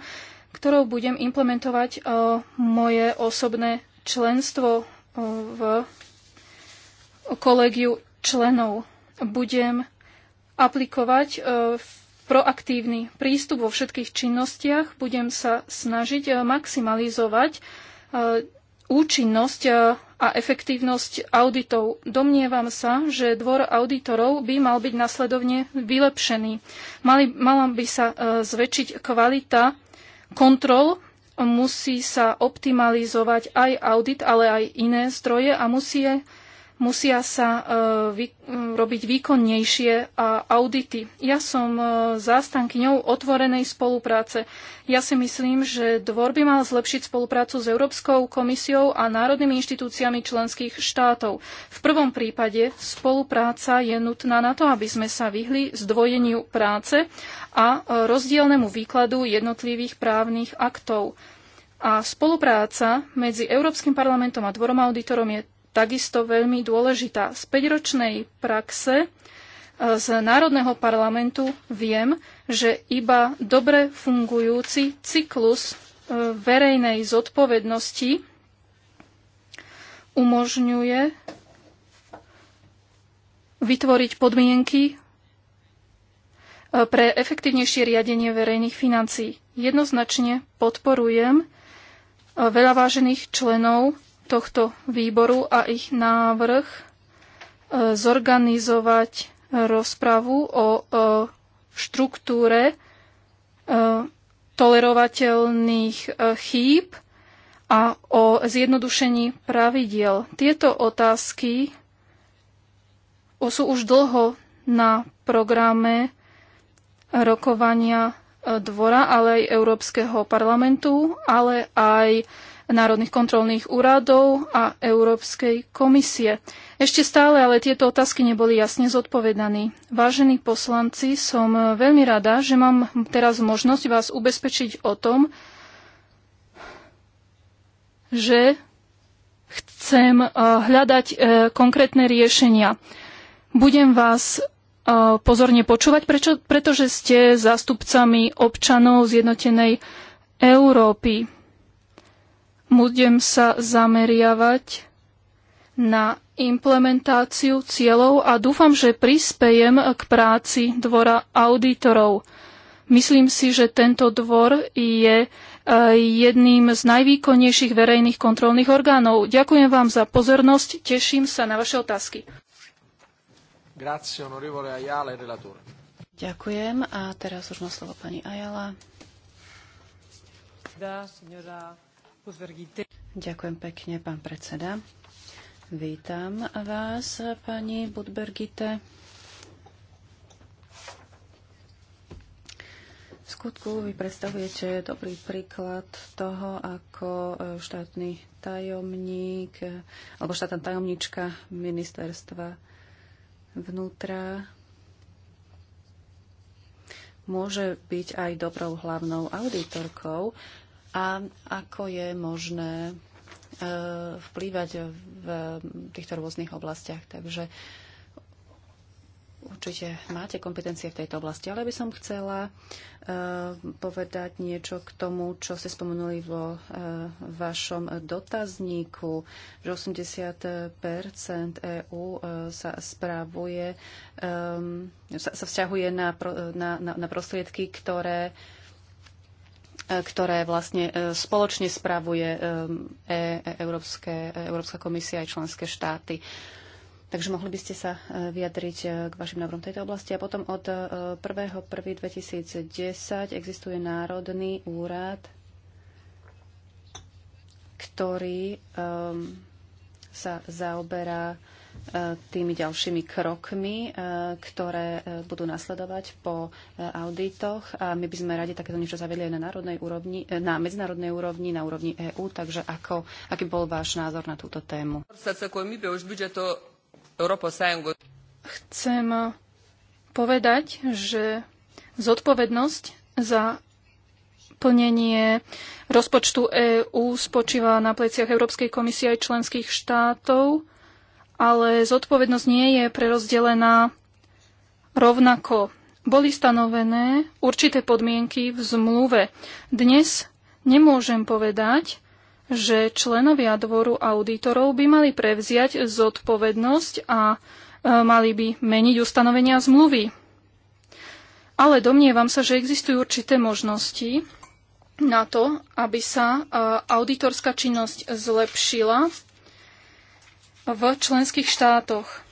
ktorou budem implementovať eh, moje osobné členstvo eh, v kolegiu členov. Budem aplikovať proaktívny prístup vo všetkých činnostiach, budem sa snažiť maximalizovať účinnosť e, a efektívnosť auditov. Domnievam sa, že dvor auditorov by mal byť nasledovne vylepšený. Mali, mala by sa e, zväčšiť kvalita kontrol, musí sa optimalizovať aj audit, ale aj iné zdroje a musí musia sa e, vy, robiť výkonnejšie audity. Ja som e, zástankyňou otvorenej spolupráce. Ja si myslím, že dvor by mal zlepšiť spoluprácu s Európskou komisiou a národnými inštitúciami členských štátov. V prvom prípade spolupráca je nutná na to, aby sme sa vyhli zdvojeniu práce a e, rozdielnemu výkladu jednotlivých právnych aktov. A spolupráca medzi Európskym parlamentom a dvorom auditorom je takisto veľmi dôležitá. Z 5-ročnej praxe e, z Národného parlamentu viem, že iba dobre fungujúci cyklus e, verejnej zodpovednosti umožňuje vytvoriť podmienky e, pre efektívnejšie riadenie verejných financií. Jednoznačne podporujem veľa vážených členov tohto výboru a ich návrh e, zorganizovať rozpravu o e, štruktúre e, tolerovateľných chýb a o zjednodušení pravidiel. Tieto otázky sú už dlho na programe rokovania dvora, ale aj Európskeho parlamentu, ale aj národných kontrolných úradov a Európskej komisie. Ešte stále ale tieto otázky neboli jasne zodpovedaní. Vážení poslanci, som veľmi rada, že mám teraz možnosť vás ubezpečiť o tom, že chcem eh, hľadať eh, konkrétne riešenia. Budem vás eh, pozorne počúvať, prečo, pretože ste zástupcami občanov zjednotenej Európy. Budem sa zameriavať na implementáciu cieľov a dúfam, že prispejem k práci dvora auditorov. Myslím si, že tento dvor je e, jedným z najvýkonnejších verejných kontrolných orgánov. Ďakujem vám za pozornosť, teším sa na vaše otázky. Ďakujem a teraz už má slovo pani Ayala. Da, signora Ďakujem pekne, pán predseda. Vítam vás, pani Budbergite. V skutku vy predstavujete dobrý príklad toho, ako štátny tajomník alebo štátna tajomnička ministerstva vnútra môže byť aj dobrou hlavnou auditorkou a ako je možné e, vplývať v týchto rôznych oblastiach. Takže určite máte kompetencie v tejto oblasti, ale by som chcela e, povedať niečo k tomu, čo ste spomenuli vo e, vašom dotazníku, že 80 EÚ sa správuje, sa, vzťahuje na, prostriedky, ktoré ktoré vlastne e, spoločne spravuje e, e, Európske, Európska komisia aj členské štáty. Takže mohli by ste sa vyjadriť k vašim návrhom tejto oblasti. A potom od 1.1.2010 existuje Národný úrad, ktorý um, sa zaoberá E, tými ďalšími krokmi, e, ktoré e, budú nasledovať po auditoch. A my by sme radi takéto niečo zavedli aj na, národnej úrovni, na medzinárodnej úrovni, na úrovni EÚ. Takže ako, aký bol váš názor na túto tému? Chcem povedať, že zodpovednosť za plnenie rozpočtu EÚ spočíva na pleciach Európskej komisie aj členských štátov ale zodpovednosť nie je prerozdelená rovnako. Boli stanovené určité podmienky v zmluve. Dnes nemôžem povedať, že členovia dvoru auditorov by mali prevziať zodpovednosť a e, mali by meniť ustanovenia zmluvy. Ale domnievam sa, že existujú určité možnosti na to, aby sa e, auditorská činnosť zlepšila v členských štátoch.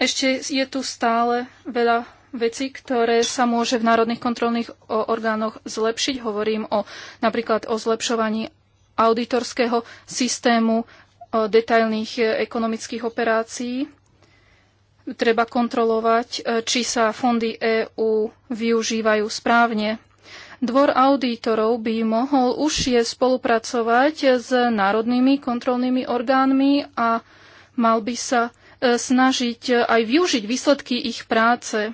Ešte je tu stále veľa veci, ktoré sa môže v národných kontrolných orgánoch zlepšiť. Hovorím o napríklad o zlepšovaní auditorského systému detailných e, ekonomických operácií. Treba kontrolovať, e, či sa fondy EÚ využívajú správne. Dvor auditorov by mohol užšie spolupracovať s národnými kontrolnými orgánmi a mal by sa e, snažiť e, aj využiť výsledky ich práce.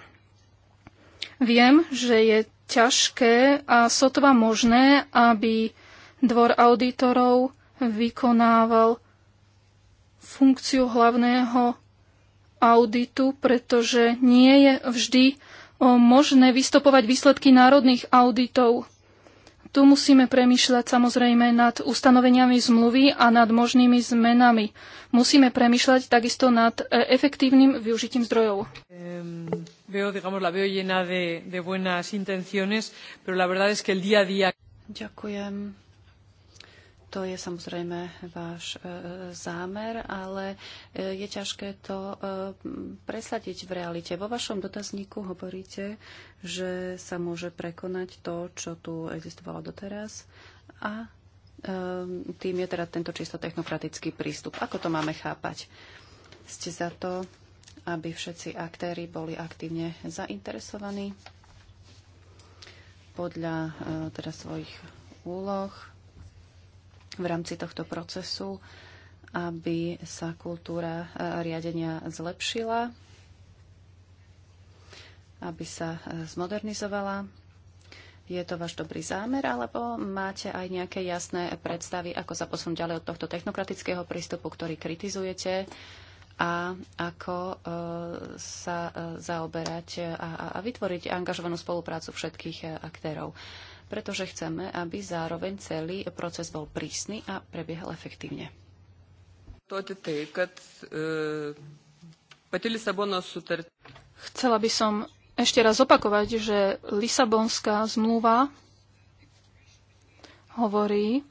Viem, že je ťažké a sotva možné, aby dvor auditorov vykonával funkciu hlavného auditu, pretože nie je vždy e, možné vystopovať výsledky národných auditov. Tu musíme premýšľať samozrejme nad ustanoveniami zmluvy a nad možnými zmenami. Musíme premýšľať takisto nad e, efektívnym využitím zdrojov. Um, veo, digamos, la veo llena de, de buenas intenciones, pero la verdad es que el día a día... Ďakujem to je samozrejme váš e, zámer, ale e, je ťažké to e, presadiť v realite. Vo vašom dotazníku hovoríte, že sa môže prekonať to, čo tu existovalo doteraz a tým je teda tento čisto technokratický prístup. Ako to máme chápať? Ste za to, aby všetci aktéry boli aktívne zainteresovaní podľa teda svojich úloh v rámci tohto procesu, aby sa kultúra e, riadenia zlepšila, aby sa e, zmodernizovala. Je to váš dobrý zámer, alebo máte aj nejaké jasné predstavy, ako sa posunúť ďalej od tohto technokratického prístupu, ktorý kritizujete? a ako e, sa zaoberať a, vytvoriť angažovanú spoluprácu všetkých aktérov pretože chceme, aby zároveň celý proces bol prísny a prebiehal efektívne. Chcela by som ešte raz opakovať, že Lisabonská zmluva hovorí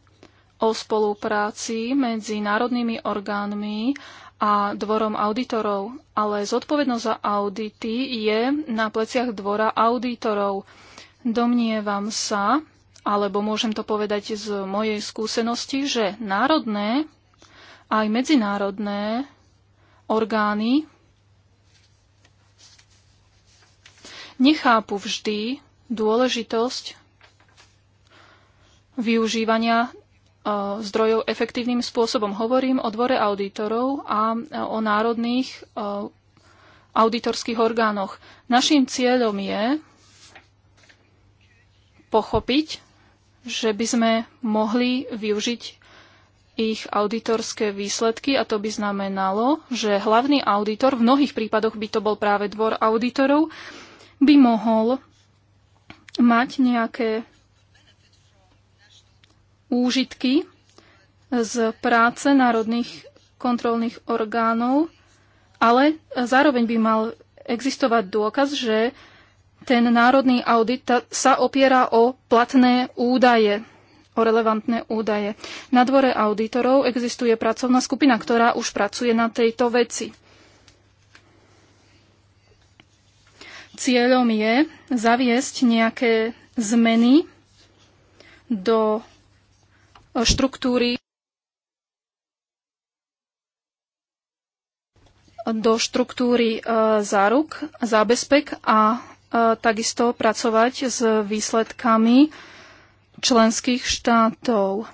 o spolupráci medzi národnými orgánmi a dvorom auditorov, ale zodpovednosť za audity je na pleciach dvora auditorov. Domnievam sa, alebo môžem to povedať z mojej skúsenosti, že národné aj medzinárodné orgány nechápu vždy dôležitosť využívania e, zdrojov efektívnym spôsobom. Hovorím o dvore auditorov a e, o národných e, auditorských orgánoch. Naším cieľom je pochopiť, že by sme mohli využiť ich auditorské výsledky a to by znamenalo, že hlavný auditor, v mnohých prípadoch by to bol práve dvor auditorov, by mohol mať nejaké úžitky z práce národných kontrolných orgánov, ale zároveň by mal existovať dôkaz, že ten národný audit sa opiera o platné údaje, o relevantné údaje. Na dvore auditorov existuje pracovná skupina, ktorá už pracuje na tejto veci. Cieľom je zaviesť nejaké zmeny do štruktúry do štruktúry e, záruk, zábezpek a E, takisto pracovať s výsledkami členských štátov.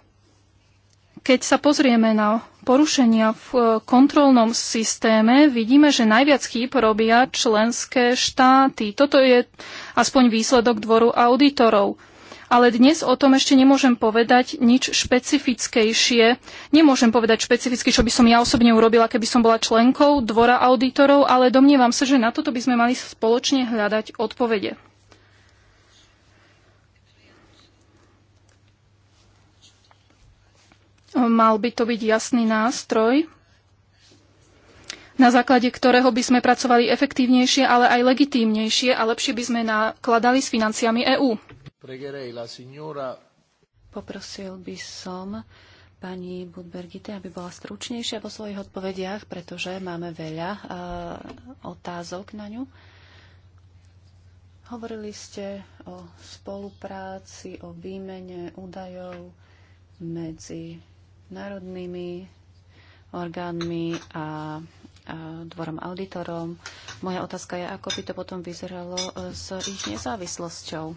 Keď sa pozrieme na porušenia v e, kontrolnom systéme, vidíme, že najviac chýb robia členské štáty. Toto je aspoň výsledok dvoru auditorov ale dnes o tom ešte nemôžem povedať nič špecifickejšie. Nemôžem povedať špecificky, čo by som ja osobne urobila, keby som bola členkou dvora auditorov, ale domnievam sa, že na toto by sme mali spoločne hľadať odpovede. Mal by to byť jasný nástroj, na základe ktorého by sme pracovali efektívnejšie, ale aj legitímnejšie a lepšie by sme nakladali s financiami EÚ. Poprosil by som pani Budbergite, aby bola stručnejšia vo svojich odpovediach, pretože máme veľa uh, otázok na ňu. Hovorili ste o spolupráci, o výmene údajov medzi národnými orgánmi a, a dvorom auditorom. Moja otázka je, ako by to potom vyzeralo eh, s ich nezávislosťou.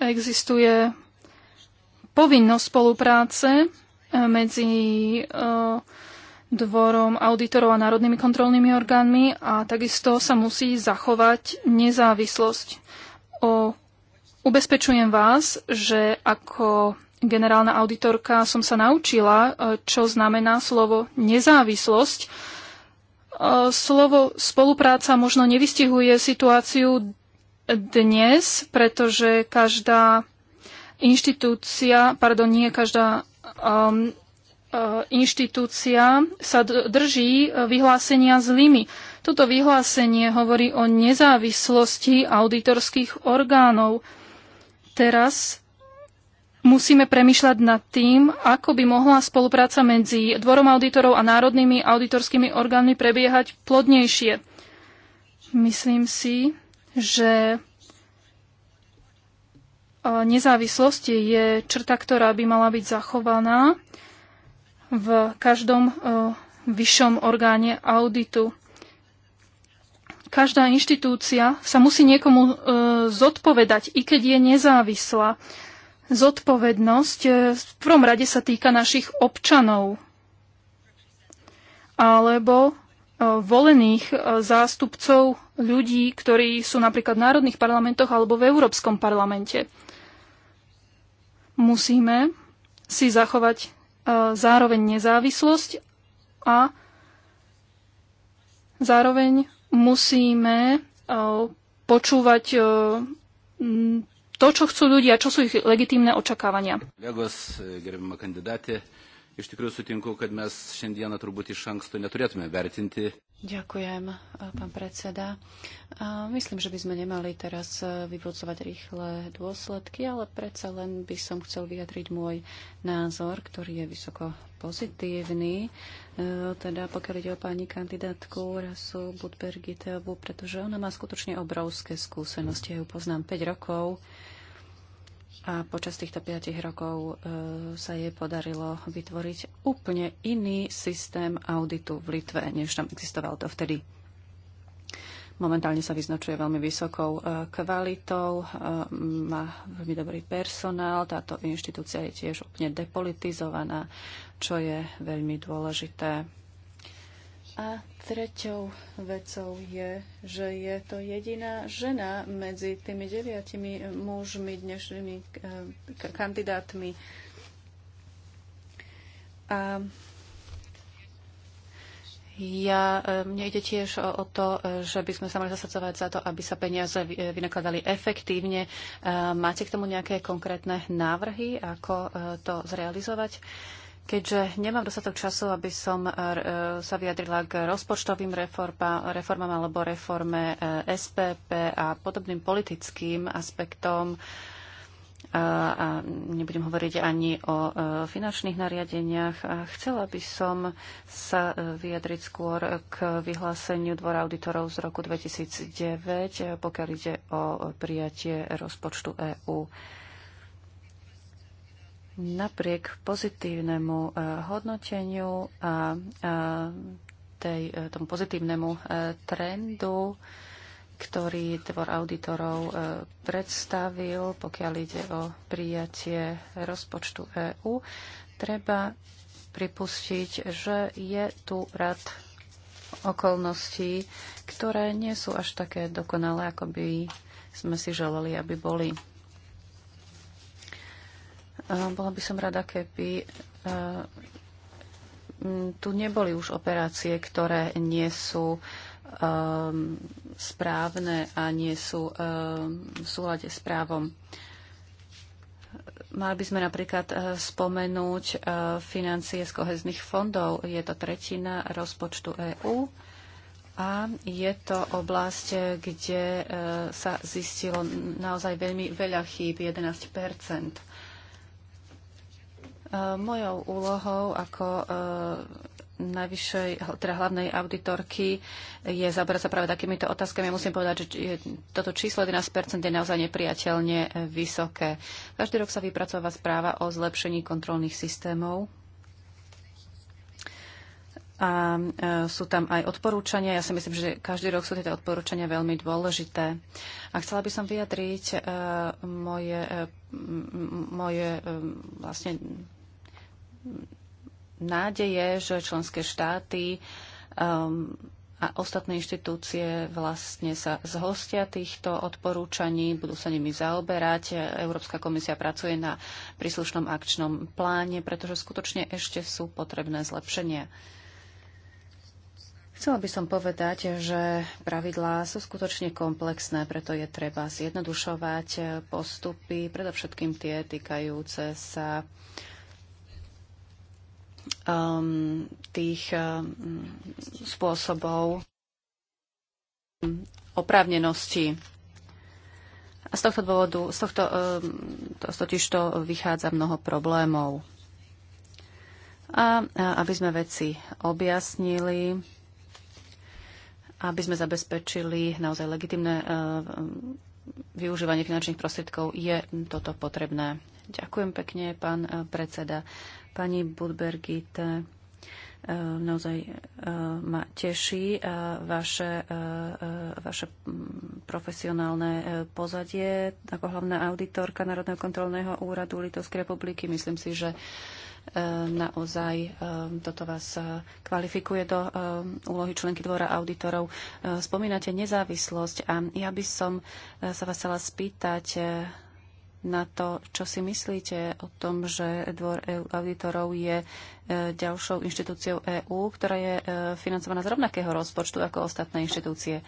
Existuje povinnosť spolupráce e, medzi e, dvorom auditorov a národnými kontrolnými orgánmi a takisto sa musí zachovať nezávislosť. O, ubezpečujem vás, že ako generálna auditorka som sa naučila, e, čo znamená slovo nezávislosť. Slovo spolupráca možno nevystihuje situáciu dnes, pretože každá inštitúcia, pardon, nie každá um, uh, inštitúcia sa drží uh, vyhlásenia z Limy. Toto vyhlásenie hovorí o nezávislosti auditorských orgánov. Teraz musíme premyšľať nad tým, ako by mohla spolupráca medzi Dvorom auditorov a národnými auditorskými orgánmi prebiehať plodnejšie. Myslím si, že e, nezávislosť je črta, ktorá by mala byť zachovaná v každom e, vyššom orgáne auditu. Každá inštitúcia sa musí niekomu e, zodpovedať, i keď je nezávislá. Zodpovednosť v prvom rade sa týka našich občanov alebo E, volených e, zástupcov ľudí, ktorí sú napríklad v národných parlamentoch alebo v Európskom parlamente. Musíme si zachovať e, zároveň nezávislosť a zároveň musíme počúvať to, čo chcú ľudia, čo sú ich legitímne očakávania. Iš tikrųjų sutinku, kad mes šiandieną turbūt iš anksto neturėtume vertinti. Ďakujem, pán predseda. Myslím, že by sme nemali teraz vyvodzovať rýchle dôsledky, ale predsa len by som chcel vyjadriť môj názor, ktorý je vysoko pozitívny, e, teda pokiaľ ide o pani kandidátku Rasu Budbergiteovu, pretože ona má skutočne obrovské skúsenosti. Ja ju poznám 5 rokov a počas týchto 5 rokov e, sa jej podarilo vytvoriť úplne iný systém auditu v Litve, než tam existoval to vtedy. Momentálne sa vyznačuje veľmi vysokou e, kvalitou, e, má veľmi dobrý personál, táto inštitúcia je tiež úplne depolitizovaná, čo je veľmi dôležité a treťou vecou je, že je to jediná žena medzi tými deviatimi mužmi, dnešnými eh, kandidátmi. A ja, eh, mne ide tiež o, o to, eh, že by sme sa mali zasadzovať za to, aby sa peniaze vynakladali efektívne. Máte k tomu nejaké konkrétne návrhy, ako to zrealizovať? Keďže nemám dostatok času, aby som e, e, sa vyjadrila k rozpočtovým reformám alebo reforme e, SPP a podobným politickým aspektom, a nebudem hovoriť ani o finančných nariadeniach. Chcela by som sa vyjadriť skôr k vyhláseniu Dvora auditorov z roku 2009, pokiaľ ide o prijatie rozpočtu EÚ napriek pozitívnemu eh, hodnoteniu a eh, tej, eh, tomu pozitívnemu trendu, ktorý dvor auditorov predstavil, pokiaľ ide o prijatie rozpočtu EÚ, treba pripustiť, že je tu rad okolností, ktoré nie sú až také dokonalé, ako by sme si želali, aby boli. Bola by som rada, keby e, tu neboli už operácie, ktoré nie sú e, správne a nie sú e, v súlade s právom. Mali by sme napríklad spomenúť financie z kohezných fondov. Je to tretina rozpočtu EÚ a je to oblasť, kde sa zistilo naozaj veľmi veľa chýb, 11 E, mojou úlohou ako e, najvyššej, teda hlavnej auditorky je zabrať sa práve takýmito otázkami. ja Musím povedať, že toto číslo 11% je naozaj nepriateľne vysoké. Každý rok sa vypracová správa o zlepšení kontrolných systémov a e, sú tam aj odporúčania. Ja si myslím, že každý rok sú tieto odporúčania veľmi dôležité. A chcela by som vyjadriť e, moje, e, moje e, vlastne nádeje, že členské štáty um, a ostatné inštitúcie vlastne sa zhostia týchto odporúčaní, budú sa nimi zaoberať. Európska komisia pracuje na príslušnom akčnom pláne, pretože skutočne ešte sú potrebné zlepšenia. Chcela by som povedať, že pravidlá sú skutočne komplexné, preto je treba zjednodušovať postupy, predovšetkým tie týkajúce sa uh, um, tých um, spôsobov oprávnenosti. A z tohto dôvodu, z tohto, um, to, totiž to vychádza mnoho problémov. A, a aby sme veci objasnili, aby sme zabezpečili naozaj legitimné uh, využívanie finančných prostriedkov, je toto potrebné. Ďakujem pekne, pán e, predseda. Pani Budbergit, e, naozaj e, ma teší vaše, vaše profesionálne pozadie ako hlavná auditorka Národného kontrolného úradu Litovskej republiky. Myslím si, že naozaj toto vás kvalifikuje do úlohy členky dvora auditorov. Spomínate nezávislosť a ja by som sa vás chcela spýtať, na to, čo si myslíte o tom, že Dvor e auditorov je e, ďalšou inštitúciou EÚ, ktorá je e, financovaná z rovnakého rozpočtu ako ostatné inštitúcie.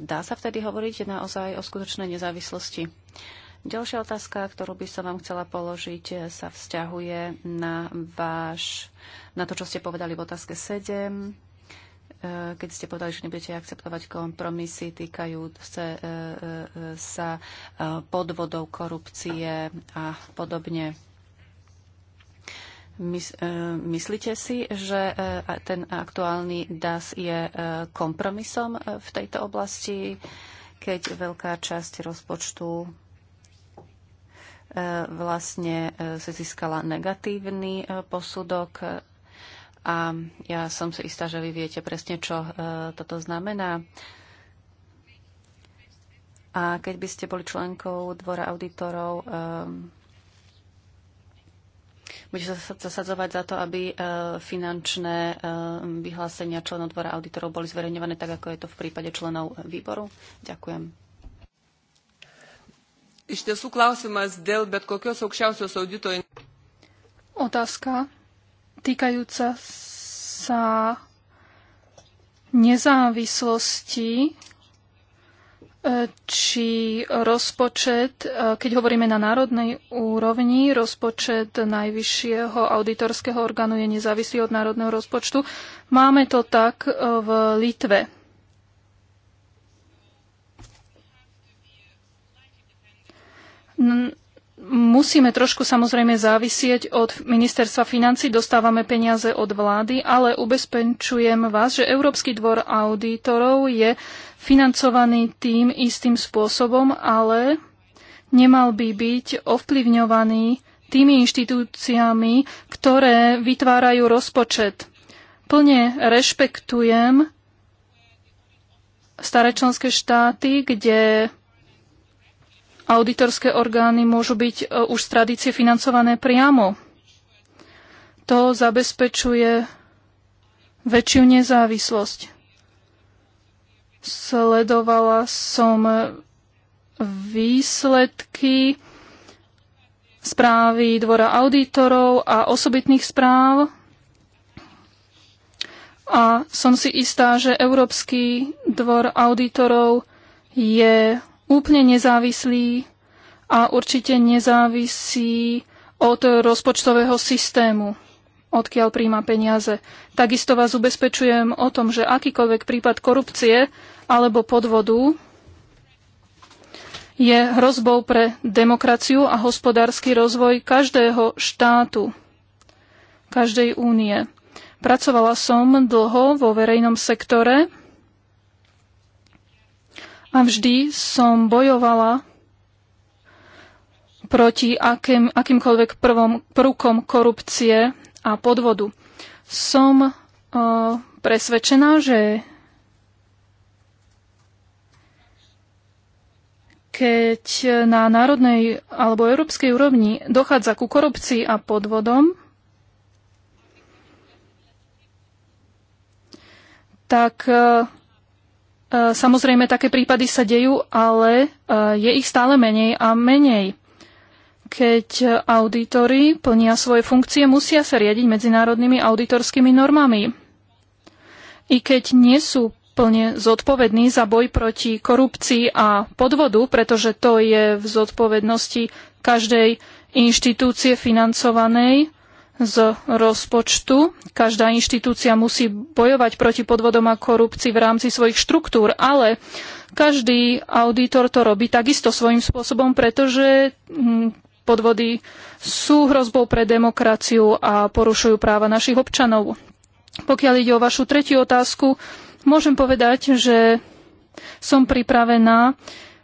Dá sa vtedy hovoriť naozaj o skutočnej nezávislosti? Ďalšia otázka, ktorú by som vám chcela položiť, sa vzťahuje na, váš, na to, čo ste povedali v otázke 7 Eh, keď ste povedali, že nebudete akceptovať kompromisy týkajúce eh, eh, sa podvodov, korupcie a podobne. Myslíte si, že ten aktuálny DAS je kompromisom v tejto oblasti, keď veľká časť rozpočtu vlastne si získala negatívny posudok a ja som si istá, že vy viete presne, čo e, toto znamená. A keď by ste boli členkou dvora auditorov, e, budete sa zasadzovať za to, aby e, finančné vyhlásenia členov dvora auditorov boli zverejňované tak, ako je to v prípade členov výboru? Ďakujem. Iš tiesų klausimas dėl bet kokios aukščiausios audito. Otázka týkajúca sa nezávislosti e, či rozpočet, e, keď hovoríme na národnej úrovni, rozpočet najvyššieho auditorského orgánu je nezávislý od národného rozpočtu. Máme to tak e, v Litve musíme trošku samozrejme závisieť od ministerstva financí, dostávame peniaze od vlády, ale ubezpečujem vás, že Európsky dvor auditorov je financovaný tým istým spôsobom, ale nemal by byť ovplyvňovaný tými inštitúciami, ktoré vytvárajú rozpočet. Plne rešpektujem staré členské štáty, kde Auditorské orgány môžu byť e, už z tradície financované priamo. To zabezpečuje väčšiu nezávislosť. Sledovala som výsledky správy Dvora auditorov a osobitných správ. A som si istá, že Európsky dvor auditorov je úplne nezávislý a určite nezávisí od rozpočtového systému, odkiaľ príjma peniaze. Takisto vás ubezpečujem o tom, že akýkoľvek prípad korupcie alebo podvodu je hrozbou pre demokraciu a hospodársky rozvoj každého štátu, každej únie. Pracovala som dlho vo verejnom sektore a vždy som bojovala proti akým, akýmkoľvek prvom, prúkom korupcie a podvodu. Som e, presvedčená, že keď na národnej alebo európskej úrovni dochádza ku korupcii a podvodom, tak e, Eh, samozrejme, také prípady sa dejú, ale eh, je ich stále menej a menej. Keď eh, auditory plnia svoje funkcie, musia sa riadiť medzinárodnými auditorskými normami. I keď nie sú plne zodpovední za boj proti korupcii a podvodu, pretože to je v zodpovednosti každej inštitúcie financovanej z rozpočtu. Každá inštitúcia musí bojovať proti podvodom a korupcii v rámci svojich štruktúr, ale každý auditor to robí takisto svojím spôsobom, pretože hm, podvody sú hrozbou pre demokraciu a porušujú práva našich občanov. Pokiaľ ide o vašu tretiu otázku, môžem povedať, že som pripravená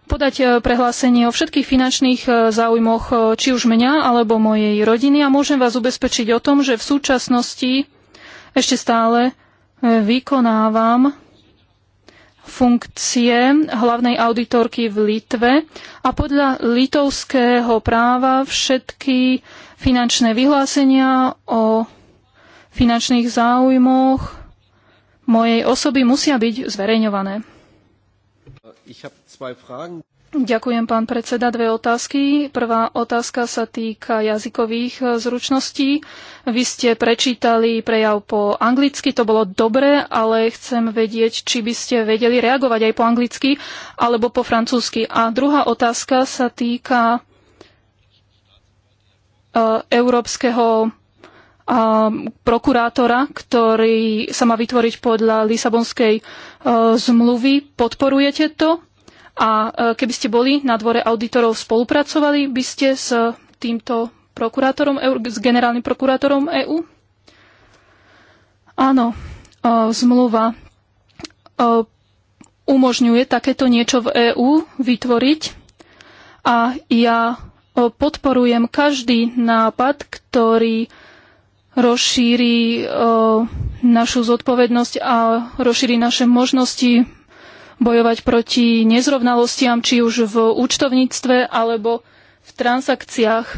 podať e, prehlásenie o všetkých finančných e, záujmoch e, či už mňa alebo mojej rodiny a môžem vás ubezpečiť o tom, že v súčasnosti ešte stále vykonávam funkcie hlavnej auditorky v Litve a podľa litovského práva všetky finančné vyhlásenia o finančných záujmoch mojej osoby musia byť zverejňované. Ich hab Ďakujem, pán predseda. Dve otázky. Prvá otázka sa týka jazykových eh, zručností. Vy ste prečítali prejav po anglicky, to bolo dobre, ale chcem vedieť, či by ste vedeli reagovať aj po anglicky alebo po francúzsky. A druhá otázka sa týka eh, európskeho eh, prokurátora, ktorý sa má vytvoriť podľa Lisabonskej zmluvy. Podporujete to? A e, keby ste boli na dvore auditorov spolupracovali, by ste s týmto prokurátorom, e s generálnym prokurátorom EÚ? Áno, e, zmluva umožňuje takéto niečo v EÚ vytvoriť a ja podporujem každý nápad, ktorý rozšíri našu zodpovednosť a rozšíri naše možnosti bojovať proti nezrovnalostiam, či už v účtovníctve alebo v transakciách.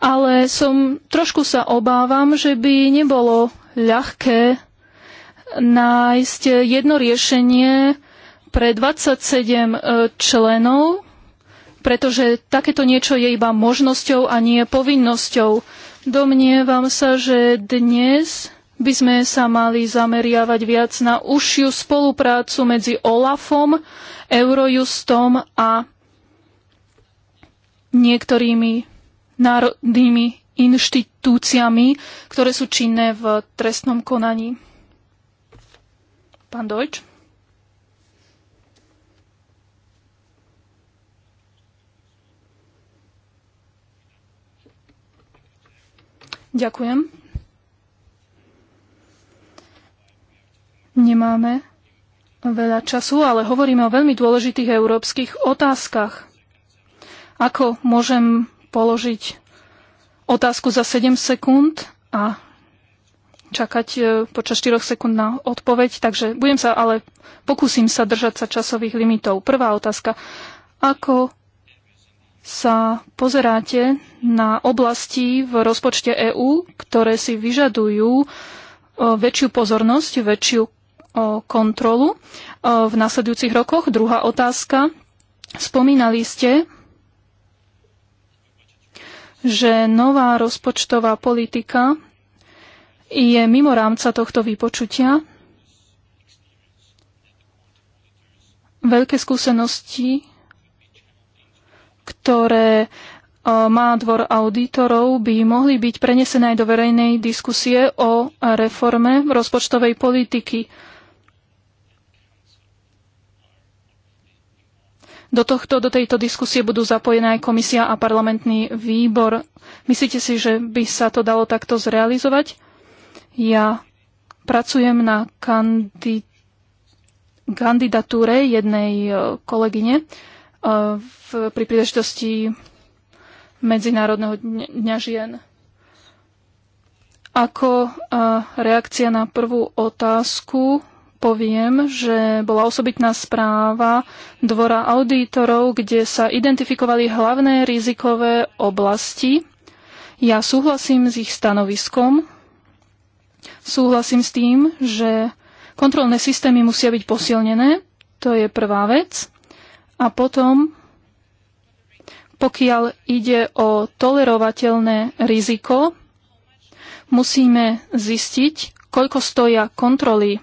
Ale som trošku sa obávam, že by nebolo ľahké nájsť jedno riešenie pre 27 e, členov, pretože takéto niečo je iba možnosťou a nie povinnosťou. Domnievam sa, že dnes by sme sa mali zameriavať viac na užšiu spoluprácu medzi OLAFom, Eurojustom a niektorými národnými inštitúciami, ktoré sú činné v trestnom konaní. Pán Deutsch? Ďakujem. Nemáme veľa času, ale hovoríme o veľmi dôležitých európskych otázkach. Ako môžem položiť otázku za 7 sekúnd a čakať e, počas 4 sekúnd na odpoveď, takže budem sa, ale pokúsim sa držať sa časových limitov. Prvá otázka. Ako sa pozeráte na oblasti v rozpočte EÚ, ktoré si vyžadujú e, väčšiu pozornosť, väčšiu kontrolu v nasledujúcich rokoch? Druhá otázka. Spomínali ste, že nová rozpočtová politika je mimo rámca tohto vypočutia. Veľké skúsenosti, ktoré má dvor auditorov, by mohli byť prenesené aj do verejnej diskusie o reforme rozpočtovej politiky. Do, tohto, do tejto diskusie budú zapojené aj komisia a parlamentný výbor. Myslíte si, že by sa to dalo takto zrealizovať? Ja pracujem na kandi- kandidatúre jednej e, kolegyne e, v, pri príležitosti Medzinárodného dňa žien. Ako e, reakcia na prvú otázku poviem, že bola osobitná správa Dvora auditorov, kde sa identifikovali hlavné rizikové oblasti. Ja súhlasím s ich stanoviskom. Súhlasím s tým, že kontrolné systémy musia byť posilnené. To je prvá vec. A potom, pokiaľ ide o tolerovateľné riziko, musíme zistiť, koľko stoja kontroly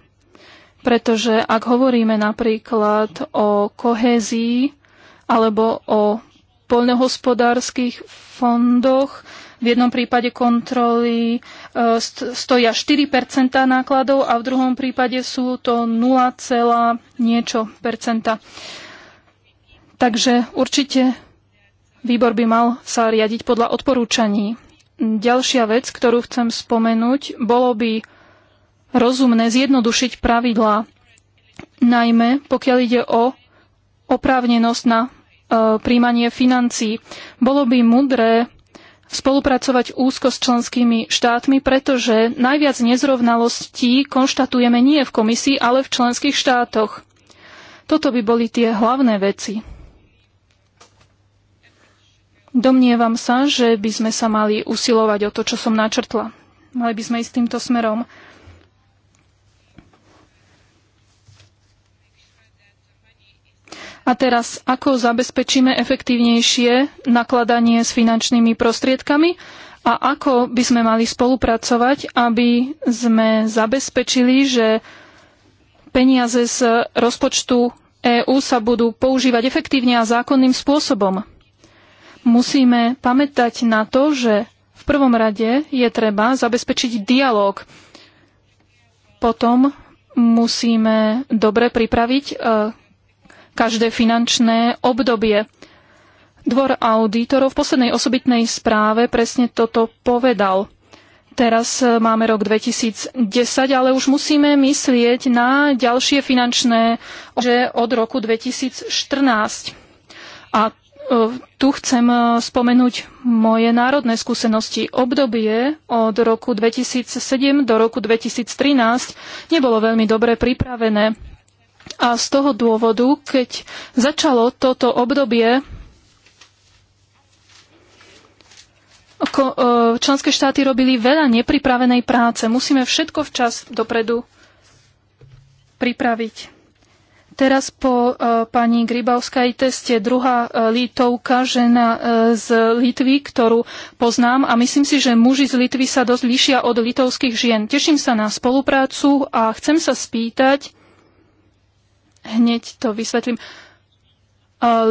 pretože ak hovoríme napríklad o kohézii alebo o poľnohospodárskych fondoch, v jednom prípade kontroly e, stoja 4 nákladov a v druhom prípade sú to 0, niečo percenta. Takže určite výbor by mal sa riadiť podľa odporúčaní. Ďalšia vec, ktorú chcem spomenúť, bolo by rozumné zjednodušiť pravidlá, najmä pokiaľ ide o oprávnenosť na e, príjmanie financií. Bolo by mudré spolupracovať úzko s členskými štátmi, pretože najviac nezrovnalostí konštatujeme nie v komisii, ale v členských štátoch. Toto by boli tie hlavné veci. Domnievam sa, že by sme sa mali usilovať o to, čo som načrtla. Mali by sme ísť týmto smerom. A teraz, ako zabezpečíme efektívnejšie nakladanie s finančnými prostriedkami a ako by sme mali spolupracovať, aby sme zabezpečili, že peniaze z rozpočtu EÚ sa budú používať efektívne a zákonným spôsobom. Musíme pamätať na to, že v prvom rade je treba zabezpečiť dialog. Potom musíme dobre pripraviť e, každé finančné obdobie. Dvor auditorov v poslednej osobitnej správe presne toto povedal. Teraz e, máme rok 2010, ale už musíme myslieť na ďalšie finančné, že od roku 2014. A e, tu chcem e, spomenúť moje národné skúsenosti. Obdobie od roku 2007 do roku 2013 nebolo veľmi dobre pripravené. A z toho dôvodu, keď začalo toto obdobie, e, členské štáty robili veľa nepripravenej práce. Musíme všetko včas dopredu pripraviť. Teraz po e, pani Grybavskej teste druhá e, Litovka, žena z Litvy, ktorú poznám a myslím si, že muži z Litvy sa dosť líšia od litovských žien. Teším sa na spoluprácu a chcem sa spýtať, Hneď to vysvetlím.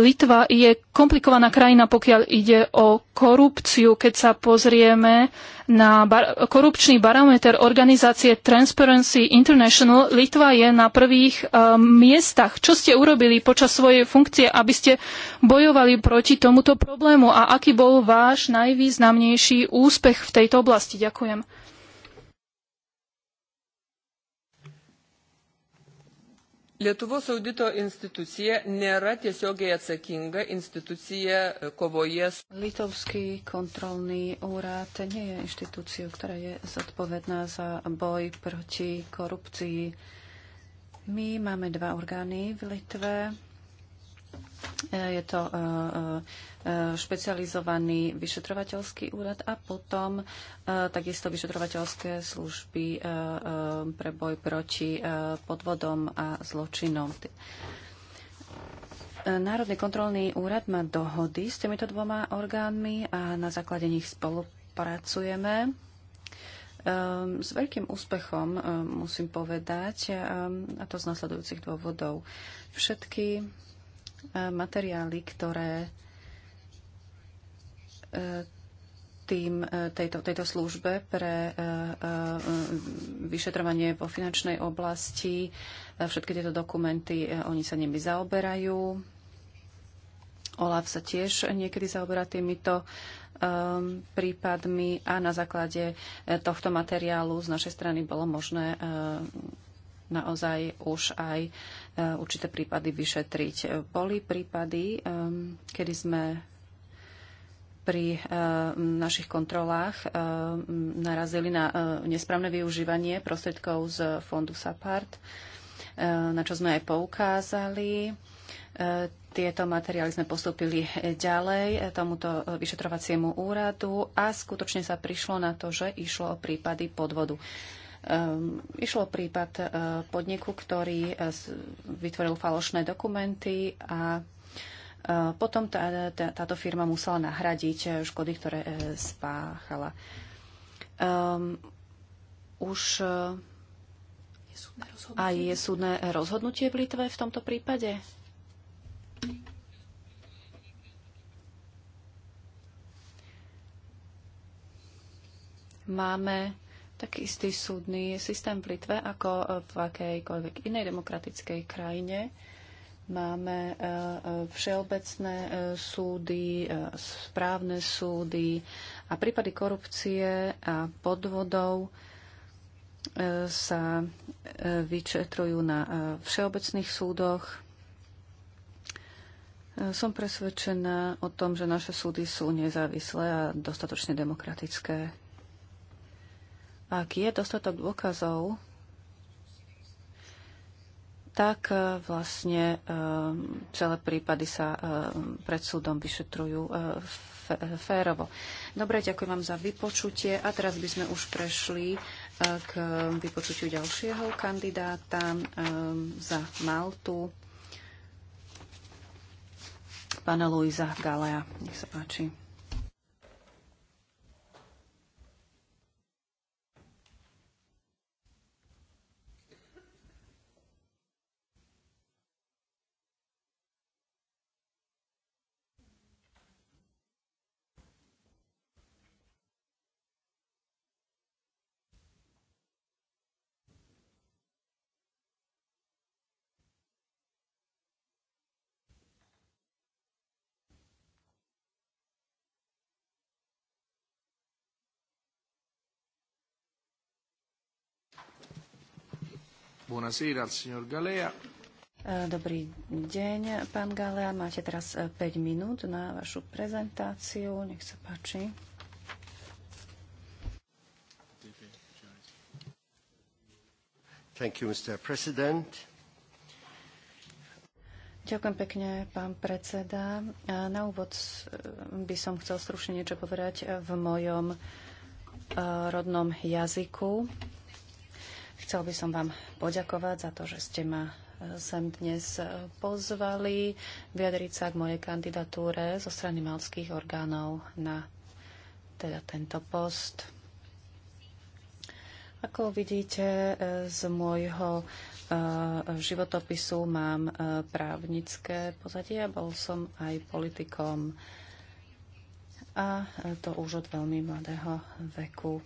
Litva je komplikovaná krajina, pokiaľ ide o korupciu. Keď sa pozrieme na bar- korupčný barometer organizácie Transparency International, Litva je na prvých um, miestach. Čo ste urobili počas svojej funkcie, aby ste bojovali proti tomuto problému a aký bol váš najvýznamnejší úspech v tejto oblasti? Ďakujem. Lietuvos audito institucija nėra tiesiogiai atsakinga institucija e, kovoje Litovský kontrolný úrad nie je inštitúciou, ktorá je zodpovedná za boj proti korupcii. My máme dva orgány v Litve. E, je to e, e, špecializovaný vyšetrovateľský úrad a potom takisto vyšetrovateľské služby pre boj proti podvodom a zločinom. Národný kontrolný úrad má dohody s týmito dvoma orgánmi a na základe nich spolupracujeme. S veľkým úspechom musím povedať, a to z nasledujúcich dôvodov. Všetky materiály, ktoré e, tým, e, tejto, tejto službe pre e, vyšetrovanie vo finančnej oblasti. Všetky tieto dokumenty, oni sa nimi zaoberajú. OLAF sa tiež niekedy zaoberá týmito um, prípadmi a na základe tohto materiálu z našej strany bolo možné um, naozaj už aj uh, Eh, určité prípady vyšetriť. Eh, boli prípady, kedy sme pri eh, našich kontrolách narazili na nesprávne využívanie prostriedkov z fondu SAPART, na čo sme aj poukázali. Tieto materiály sme postúpili ďalej tomuto vyšetrovaciemu úradu a skutočne sa prišlo na to, že išlo o prípady podvodu. Um, išlo prípad uh, podniku, ktorý uh, vytvoril falošné dokumenty a e, potom tá, tá, táto firma musela nahradiť škody, ktoré spáchala. Um, už uh, je súdne aj je súdne rozhodnutie v Litve v tomto prípade? Máme taký istý súdny systém v Litve ako v akejkoľvek inej demokratickej krajine. Máme e, e, všeobecné e, súdy, správne súdy a prípady korupcie a podvodov sa vyčetrujú na všeobecných súdoch. Som presvedčená o tom, že naše súdy sú nezávislé a dostatočne demokratické. Ak je dostatok dôkazov, tak e, vlastne e, celé prípady sa e, pred súdom vyšetrujú férovo. Dobre, ďakujem vám za vypočutie a teraz by sme už prešli k vypočutiu ďalšieho kandidáta za Maltu, pána Luisa Galea. Nech sa páči. Buonasera al signor Galea. E, dobrý deň, pán Galea. Máte teraz 5 e, minút na vašu prezentáciu. Nech sa páči. Thank you, Mr. President. Ďakujem pekne, pán predseda. E, na úvod by som chcel stručne niečo povedať v mojom rodnom jazyku. Chcel by som vám poďakovať za to, že ste ma e, sem dnes e, pozvali vyjadriť sa k mojej kandidatúre zo strany malských orgánov na teda tento post. Ako vidíte e, z môjho životopisu, mám právnické pozadie a bol som aj politikom a to už od veľmi mladého veku.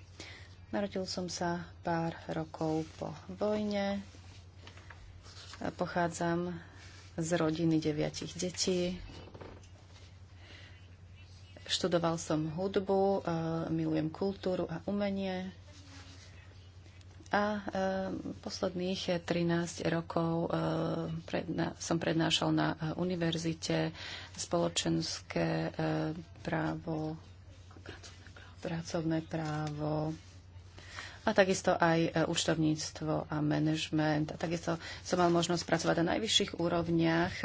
Narodil som sa pár rokov po vojne. Pochádzam z rodiny deviatich detí. Študoval som hudbu, e, milujem kultúru a umenie. A e, posledných 13 rokov e, predna- som prednášal na univerzite spoločenské e, právo, pracovné právo, a takisto aj e, účtovníctvo a manažment. A takisto som mal možnosť pracovať na najvyšších úrovniach e,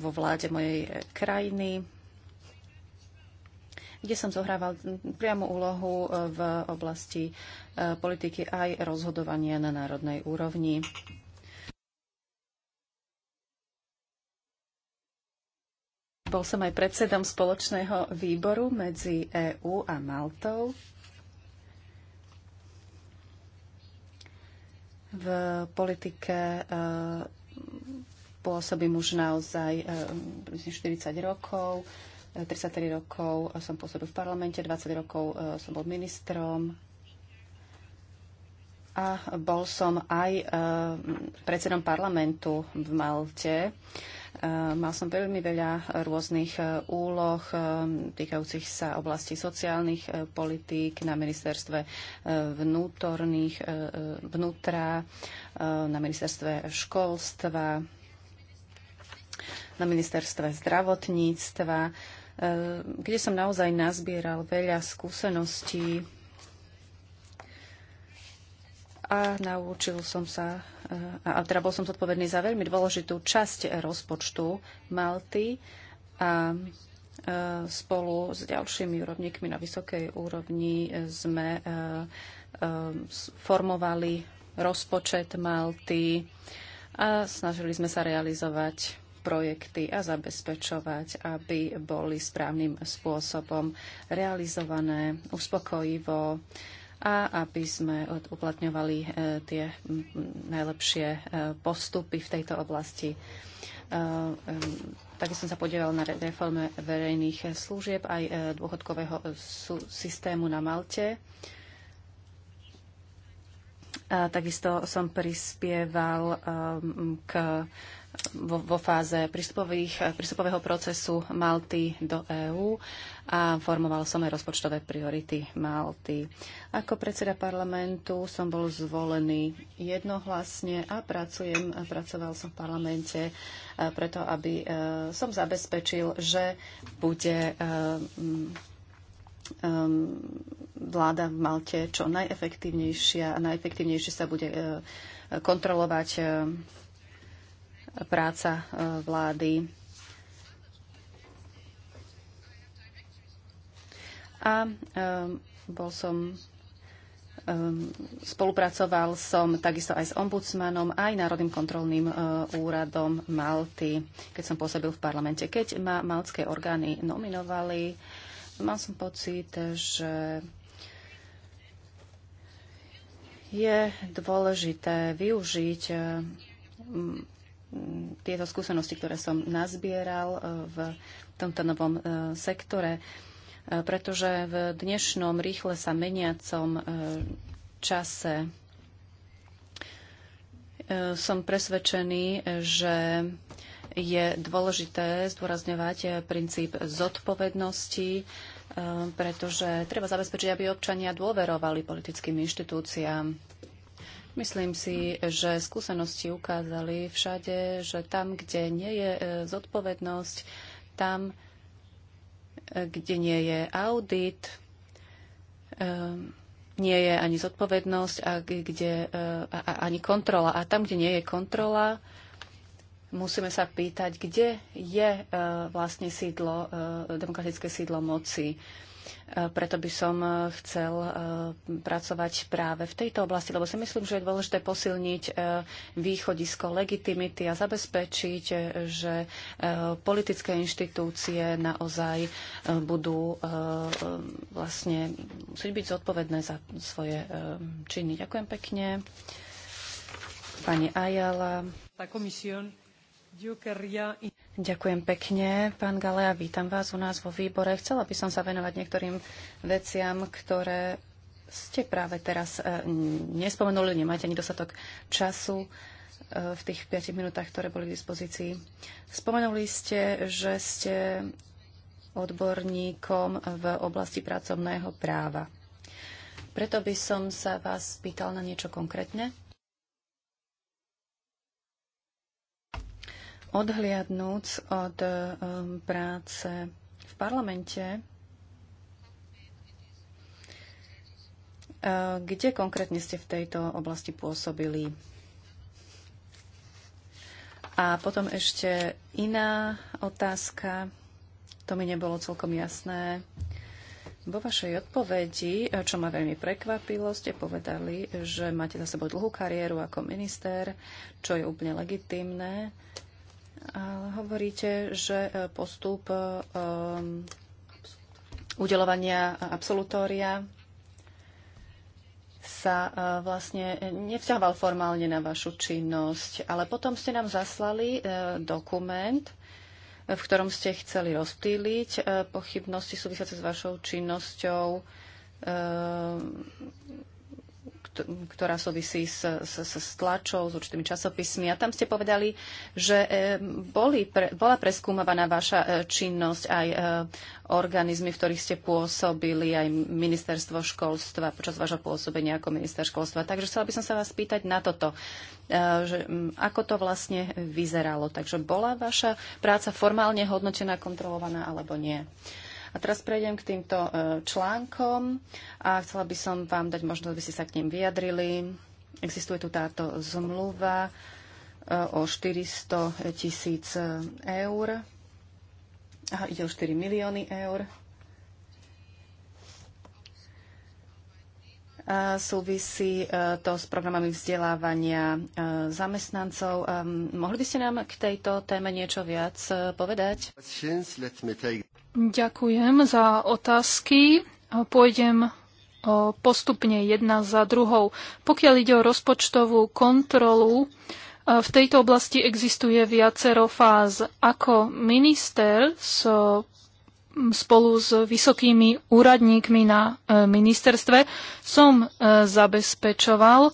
vo vláde mojej e, krajiny, kde som zohrával priamu úlohu v oblasti politiky aj rozhodovania na národnej úrovni. Bol som aj predsedom spoločného výboru medzi EÚ a Maltou. V politike e, pôsobím už naozaj 40 e, rokov. 33 e, rokov som pôsobil v parlamente, 20 rokov som bol ministrom a bol som aj predsedom parlamentu v Malte. Eh, mal som veľmi veľa rôznych eh, úloh eh, týkajúcich sa oblasti sociálnych politík na ministerstve vnútorných, vnútra, na ministerstve školstva, na ministerstve zdravotníctva, kde som naozaj nazbieral veľa skúseností a naučil som sa a teda bol som zodpovedný za veľmi dôležitú časť rozpočtu Malty a e, spolu s ďalšími úrovníkmi na vysokej úrovni sme e, e, formovali rozpočet Malty a snažili sme sa realizovať projekty a zabezpečovať, aby boli správnym spôsobom realizované uspokojivo a aby sme uplatňovali e, tie najlepšie e, postupy v tejto oblasti. E, takisto som sa podielal na reforme verejných služieb aj dôchodkového systému na Malte. A takisto som prispieval k vo, vo fáze prístupového procesu Malty do EÚ a formoval som aj rozpočtové priority Malty. Ako predseda parlamentu som bol zvolený jednohlasne a pracujem, pracoval som v parlamente e, preto, aby e, som zabezpečil, že bude e, vláda v Malte čo najefektívnejšia a najefektívnejšie sa bude kontrolovať práca e, vlády. A e, bol som e, spolupracoval som takisto aj s ombudsmanom, aj Národným kontrolným úradom Malty, keď som pôsobil v parlamente. Keď ma maltské orgány nominovali, mal som pocit, že je dôležité využiť tieto skúsenosti, ktoré som nazbieral e, v tomto novom e, sektore, e, pretože v dnešnom rýchle sa meniacom čase som presvedčený, že je dôležité zdôrazňovať princíp zodpovednosti, pretože treba zabezpečiť, aby občania dôverovali politickým inštitúciám Myslím si, že skúsenosti ukázali všade, že tam, kde nie je e, zodpovednosť, tam, e, kde nie je audit, e, nie je ani zodpovednosť a kde, a, a, ani kontrola. A tam, kde nie je kontrola, musíme sa pýtať, kde je vlastne sídlo, demokratické sídlo moci E, preto by som e, chcel e, pracovať práve v tejto oblasti, lebo si myslím, že je dôležité posilniť východisko legitimity a zabezpečiť, že politické inštitúcie naozaj budú vlastne musieť byť zodpovedné za svoje činy. Ďakujem pekne. Pani Ajala. La comisión Ďakujem pekne, pán Galea, vítam vás u nás vo výbore. Chcela by som sa venovať niektorým veciam, ktoré ste práve teraz e, nespomenuli, nemáte ani dostatok času e, v tých 5 minútach, ktoré boli k dispozícii. Spomenuli ste, že ste odborníkom v oblasti pracovného práva. Preto by som sa vás pýtal na niečo konkrétne. Odhliadnúc od um, práce v parlamente, uh, kde konkrétne ste v tejto oblasti pôsobili? A potom ešte iná otázka, to mi nebolo celkom jasné. Vo vašej odpovedi, uh, čo ma veľmi prekvapilo, ste povedali, že máte za sebou dlhú kariéru ako minister, čo je úplne legitimné, Hovoríte, že e, postup um, udelovania absolutória sa vlastne nevzťahoval formálne na vašu činnosť, ale potom ste nám zaslali dokument, v ktorom ste chceli rozptýliť pochybnosti súvisiace s vašou činnosťou ktorá súvisí s, s, s tlačou, s určitými časopismi. A tam ste povedali, že e, boli pre, bola preskúmovaná vaša e, činnosť aj e, organizmy, v ktorých ste pôsobili, aj ministerstvo školstva počas vášho pôsobenia ako minister školstva. Takže chcela by som sa vás pýtať na toto, že ako to vlastne vyzeralo. Takže bola vaša práca formálne hodnotená, kontrolovaná alebo nie? A teraz prejdem k týmto e, článkom a chcela by som vám dať možnosť, aby ste sa k ním vyjadrili. Existuje tu táto zmluva e, o 400 tisíc eur. Aha, ide o 4 milióny eur. súvisí e, to s programami vzdelávania zamestnancov. Mohli by ste nám k tejto téme niečo viac povedať? Ďakujem za otázky. Pôjdem postupne jedna za druhou. Pokiaľ ide o rozpočtovú kontrolu, e, v tejto oblasti existuje viacero fáz. Ako minister so, spolu s vysokými úradníkmi na e, ministerstve som e, zabezpečoval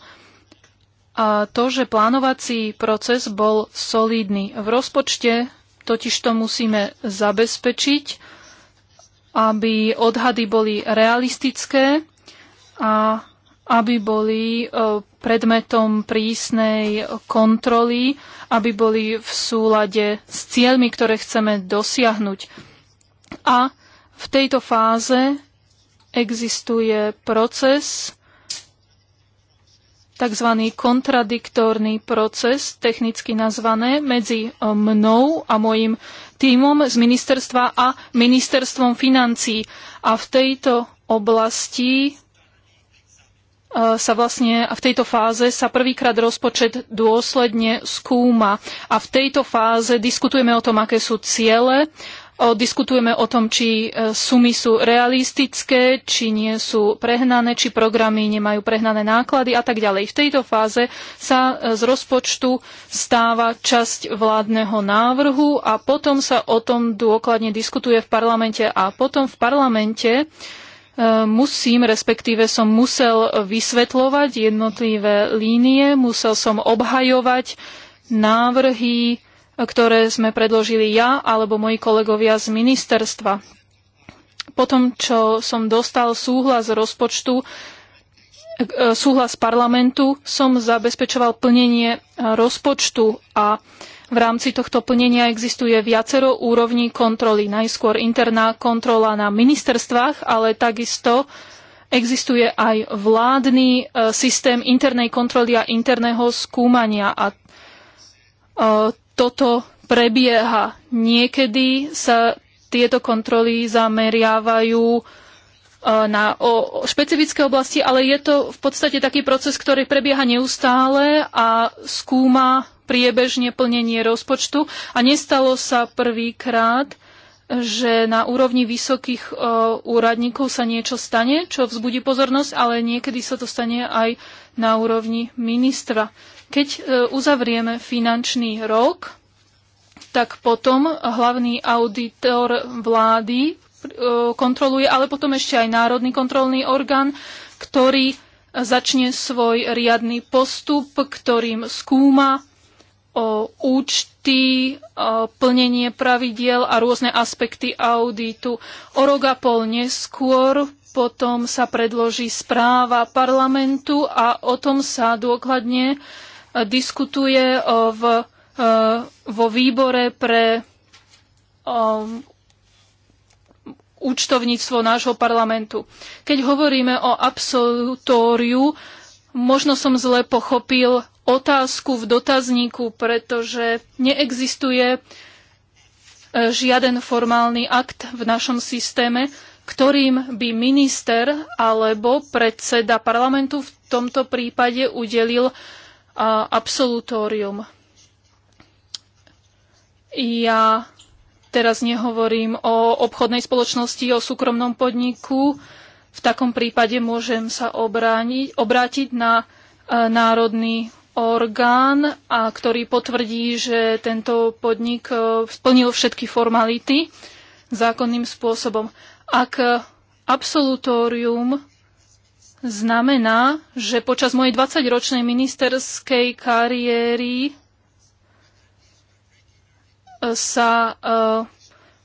to, že plánovací proces bol solidný. V rozpočte totiž to musíme zabezpečiť, aby odhady boli realistické a aby boli e, predmetom prísnej kontroly, aby boli v súlade s cieľmi, ktoré chceme dosiahnuť. A v tejto fáze existuje proces, tzv. kontradiktórny proces, technicky nazvané, medzi e, mnou a mojim týmom z ministerstva a ministerstvom financií. A v tejto oblasti e, sa vlastne v tejto fáze sa prvýkrát rozpočet dôsledne skúma. A v tejto fáze diskutujeme o tom, aké sú ciele, Diskutujeme o tom, či e, sumy sú realistické, či nie sú prehnané, či programy nemajú prehnané náklady a tak ďalej. V tejto fáze sa e, z rozpočtu stáva časť vládneho návrhu a potom sa o tom dôkladne diskutuje v parlamente a potom v parlamente e, musím, respektíve som musel vysvetľovať jednotlivé línie, musel som obhajovať návrhy ktoré sme predložili ja alebo moji kolegovia z ministerstva. Po tom, čo som dostal súhlas rozpočtu, e, súhlas parlamentu, som zabezpečoval plnenie rozpočtu a v rámci tohto plnenia existuje viacero úrovní kontroly. Najskôr interná kontrola na ministerstvách, ale takisto existuje aj vládny e, systém internej kontroly a interného skúmania. A e, toto prebieha. Niekedy sa tieto kontroly zameriavajú e, na o, o špecifické oblasti, ale je to v podstate taký proces, ktorý prebieha neustále a skúma priebežne plnenie rozpočtu. A nestalo sa prvýkrát, že na úrovni vysokých o, e, úradníkov sa niečo stane, čo vzbudí pozornosť, ale niekedy sa to stane aj na úrovni ministra. Keď e, uzavrieme finančný rok, tak potom hlavný auditor vlády e, kontroluje, ale potom ešte aj národný kontrolný orgán, ktorý začne svoj riadny postup, ktorým skúma o e, účty, o plnenie pravidiel a rôzne aspekty auditu. O rok a pol neskôr potom sa predloží správa parlamentu a o tom sa dôkladne uh, diskutuje v, e, vo výbore pre účtovníctvo nášho parlamentu. Keď hovoríme o absolutóriu, možno som zle pochopil otázku v dotazníku, pretože neexistuje e, žiaden formálny akt v našom systéme, ktorým by minister alebo predseda parlamentu v tomto prípade udelil a absolutórium. Ja teraz nehovorím o obchodnej spoločnosti, o súkromnom podniku. V takom prípade môžem sa obrániť, obrátiť na e, národný orgán, a ktorý potvrdí, že tento podnik e, splnil všetky formality zákonným spôsobom. Ak absolutórium znamená, že počas mojej 20-ročnej ministerskej kariéry e, sa uh,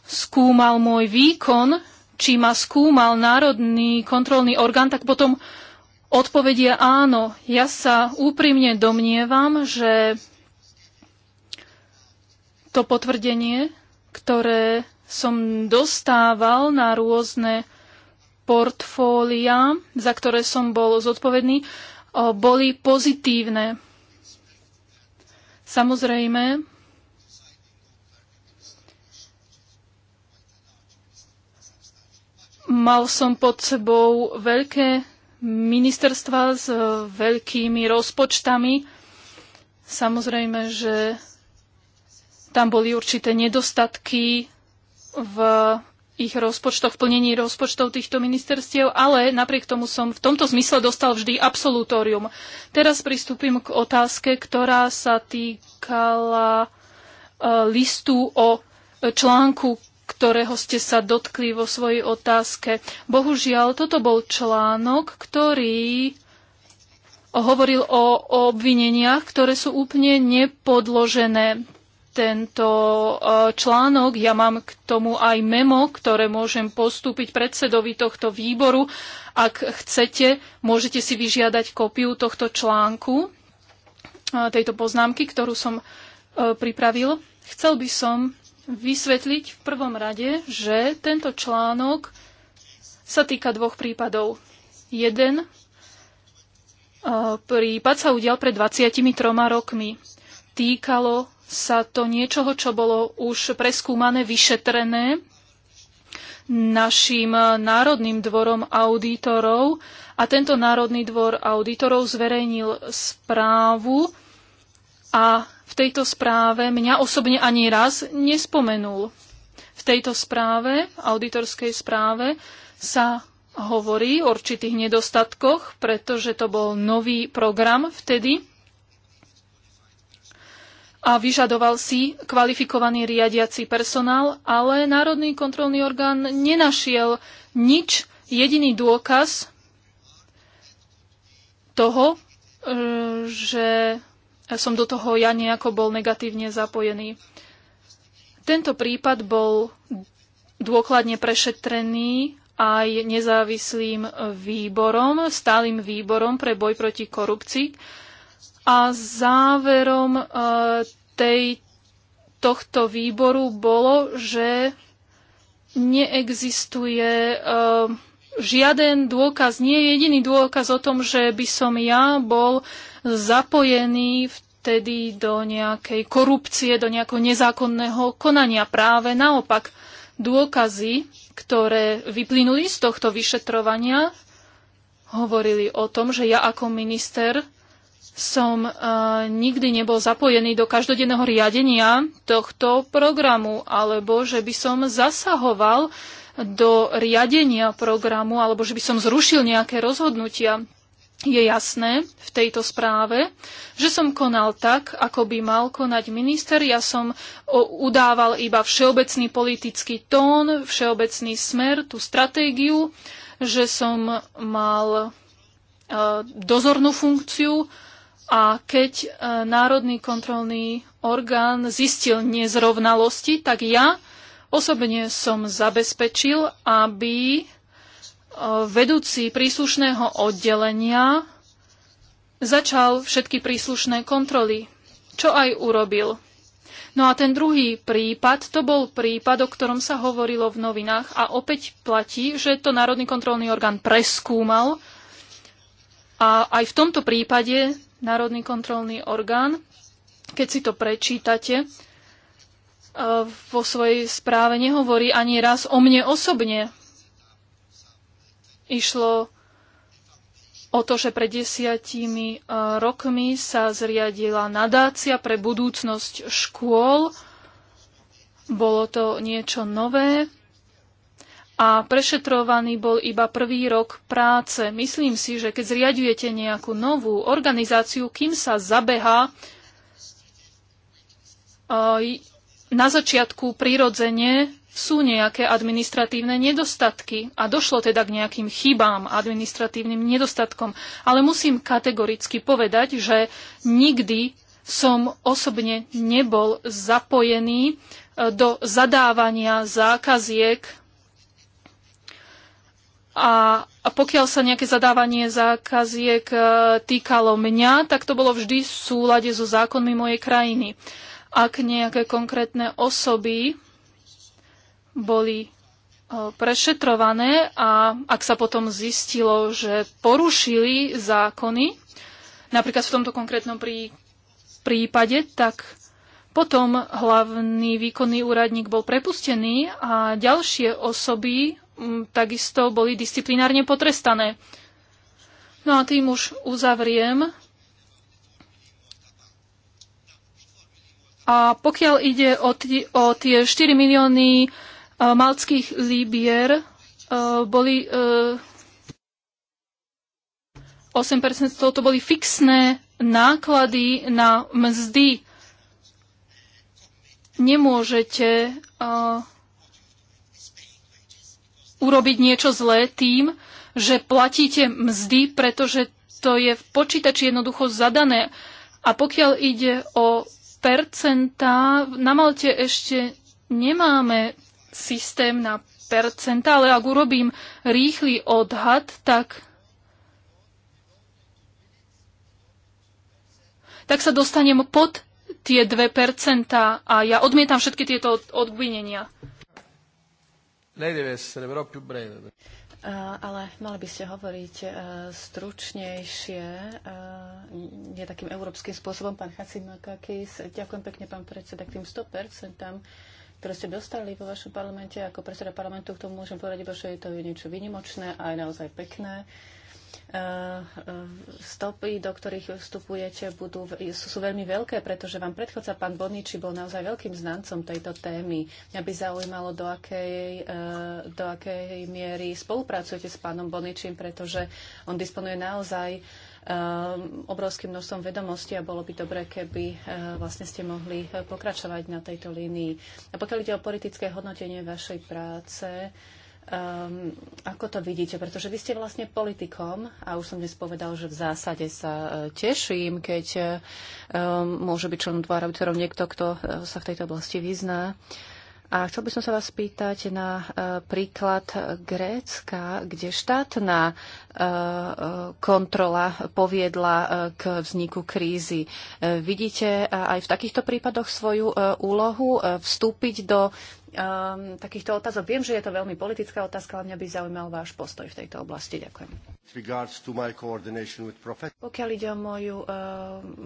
skúmal môj výkon, či ma skúmal Národný kontrolný orgán, tak potom odpovedia áno. Ja sa úprimne domnievam, že to potvrdenie, ktoré som dostával na rôzne portfólia, za ktoré som bol zodpovedný, boli pozitívne. Samozrejme, mal som pod sebou veľké ministerstva s e, veľkými rozpočtami. Samozrejme, že tam boli určité nedostatky v ich rozpočtoch, v plnení rozpočtov týchto ministerstiev, ale napriek tomu som v tomto zmysle dostal vždy absolutórium. Teraz pristúpim k otázke, ktorá sa týkala e, listu o článku, ktorého ste sa dotkli vo svojej otázke. Bohužiaľ, toto bol článok, ktorý hovoril o, o obvineniach, ktoré sú úplne nepodložené tento e, článok. Ja mám k tomu aj memo, ktoré môžem postúpiť predsedovi tohto výboru. Ak chcete, môžete si vyžiadať kópiu tohto článku, e, tejto poznámky, ktorú som e, pripravil. Chcel by som vysvetliť v prvom rade, že tento článok sa týka dvoch prípadov. Jeden prípad sa udial pred 23 rokmi. Týkalo sa to niečoho, čo bolo už preskúmané, vyšetrené našim Národným dvorom auditorov a tento Národný dvor auditorov zverejnil správu a v tejto správe mňa osobne ani raz nespomenul. V tejto správe, auditorskej správe, sa hovorí o určitých nedostatkoch, pretože to bol nový program vtedy a vyžadoval si kvalifikovaný riadiaci personál, ale Národný kontrolný orgán nenašiel nič, jediný dôkaz toho, e, že som do toho ja nejako bol negatívne zapojený. Tento prípad bol dôkladne prešetrený aj nezávislým výborom, stálym výborom pre boj proti korupcii, a záverom eh, tej, tohto výboru bolo, že neexistuje eh, žiaden dôkaz, nie je jediný dôkaz o tom, že by som ja bol zapojený vtedy do nejakej korupcie, do nejakého nezákonného konania. Práve naopak dôkazy, ktoré vyplynuli z tohto vyšetrovania, hovorili o tom, že ja ako minister som eh, nikdy nebol zapojený do každodenného riadenia tohto programu, alebo že by som zasahoval do riadenia programu, alebo že by som zrušil nejaké rozhodnutia. Je jasné v tejto správe, že som konal tak, ako by mal konať minister. Ja som eh, udával iba všeobecný politický tón, všeobecný smer, tú stratégiu, že som mal eh, dozornú funkciu a keď e, Národný kontrolný orgán zistil nezrovnalosti, tak ja osobne som zabezpečil, aby e, vedúci príslušného oddelenia začal všetky príslušné kontroly, čo aj urobil. No a ten druhý prípad, to bol prípad, o ktorom sa hovorilo v novinách a opäť platí, že to Národný kontrolný orgán preskúmal a aj v tomto prípade národný kontrolný orgán. Keď si to prečítate, e, vo svojej správe nehovorí ani raz o mne osobne. Išlo o to, že pred desiatimi e, rokmi sa zriadila nadácia pre budúcnosť škôl. Bolo to niečo nové a prešetrovaný bol iba prvý rok práce. Myslím si, že keď zriadujete nejakú novú organizáciu, kým sa zabeha eh, na začiatku prirodzene sú nejaké administratívne nedostatky a došlo teda k nejakým chybám, administratívnym nedostatkom. Ale musím kategoricky povedať, že nikdy som osobne nebol zapojený eh, do zadávania zákaziek a, pokiaľ sa nejaké zadávanie zákaziek e, týkalo mňa, tak to bolo vždy v súlade so zákonmi mojej krajiny. Ak nejaké konkrétne osoby boli e, prešetrované a ak sa potom zistilo, že porušili zákony, napríklad v tomto konkrétnom prípade, tak potom hlavný výkonný úradník bol prepustený a ďalšie osoby Mm, takisto boli disciplinárne potrestané. No a tým už uzavriem. A pokiaľ ide o, t- o tie 4 milióny uh, e, malckých líbier, uh, boli uh, e, 8% z toho to boli fixné náklady na mzdy. Nemôžete uh, urobiť niečo zlé tým, že platíte mzdy, pretože to je v počítači jednoducho zadané. A pokiaľ ide o percentá, na Malte ešte nemáme systém na percentá, ale ak urobím rýchly odhad, tak tak sa dostanem pod tie 2% a ja odmietam všetky tieto odvinenia. Lei deve essere però più breve. Eh, ale mali by ste hovoriť eh, stručnejšie, eh, nie takým európskym spôsobom, pán Chacimakakis. Ďakujem pekne, pán predseda, k tým 100% tam, ktoré ste dostali vo vašom parlamente. Ako predseda parlamentu k tomu môžem povedať iba, že je to niečo vynimočné a aj naozaj pekné. Uh, Eh, eh, stopy, do ktorých vstupujete, budú, sú, sú veľmi veľké, pretože vám predchodca pán Bonniči bol naozaj veľkým znancom tejto témy. Mňa by zaujímalo, do akej, eh, do akej miery spolupracujete s pánom Bonničím, pretože on disponuje naozaj obrovským množstvom vedomostí a bolo by dobre, keby vlastne ste mohli pokračovať na tejto línii. A pokiaľ ide o politické hodnotenie vašej práce, Um, ako to vidíte? Pretože vy ste vlastne politikom a už som dnes povedal, že v zásade sa e, teším, keď um, môže byť členom dvora auditorov niekto, kto e, sa v tejto oblasti vyzná. A chcel by som sa vás spýtať na príklad Grécka, kde štátna E, e, kontrola poviedla e, k vzniku krízy. Vidíte aj v takýchto prípadoch svoju úlohu vstúpiť do takýchto otázok. Viem, že je to veľmi politická otázka, ale mňa by zaujímal váš postoj v tejto oblasti. Ďakujem. Pokiaľ ide o moju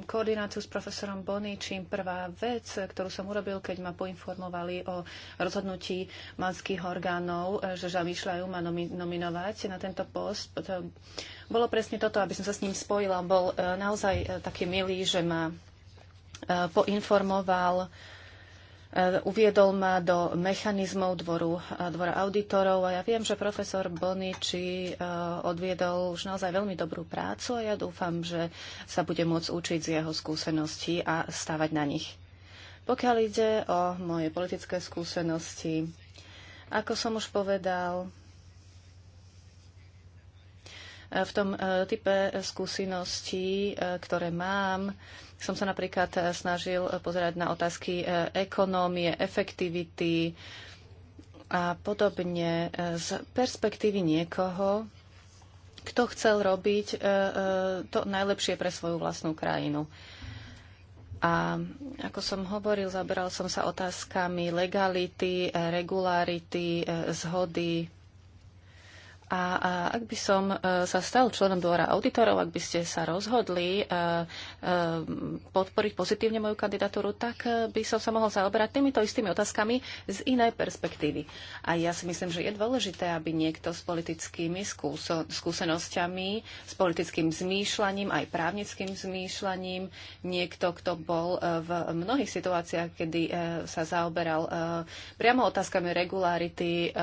koordináciu s profesorom Boničím, prvá vec, ktorú som urobil, keď ma poinformovali o rozhodnutí malských orgánov, že Žamišľajú ma nominovať na tento post, bolo presne toto, aby som sa s ním spojila. Bol e, naozaj e, taký milý, že ma e, poinformoval, uviedol ma do mechanizmov dvoru, dvora auditorov a ja viem, že profesor Boniči odviedol už naozaj veľmi dobrú prácu a ja dúfam, že sa bude môcť učiť z jeho skúseností a stávať na nich. Pokiaľ ide o moje politické skúsenosti, ako som už povedal, v tom e, type skúseností, e, ktoré mám, som sa napríklad e, snažil pozerať na otázky ekonómie, efektivity a podobne z perspektívy niekoho, kto chcel robiť to najlepšie pre svoju vlastnú krajinu. A ako som hovoril, zaberal som sa otázkami legality, regularity, zhody a, a ak by som e, sa stal členom dvora auditorov, ak by ste sa rozhodli e, e, podporiť pozitívne moju kandidatúru, tak by som sa mohol zaoberať týmito istými otázkami z inej perspektívy. A ja si myslím, že je dôležité, aby niekto s politickými skúso- skúsenosťami, s politickým zmýšľaním, aj právnickým zmýšľaním, niekto, kto bol v mnohých situáciách, kedy sa zaoberal priamo otázkami regularity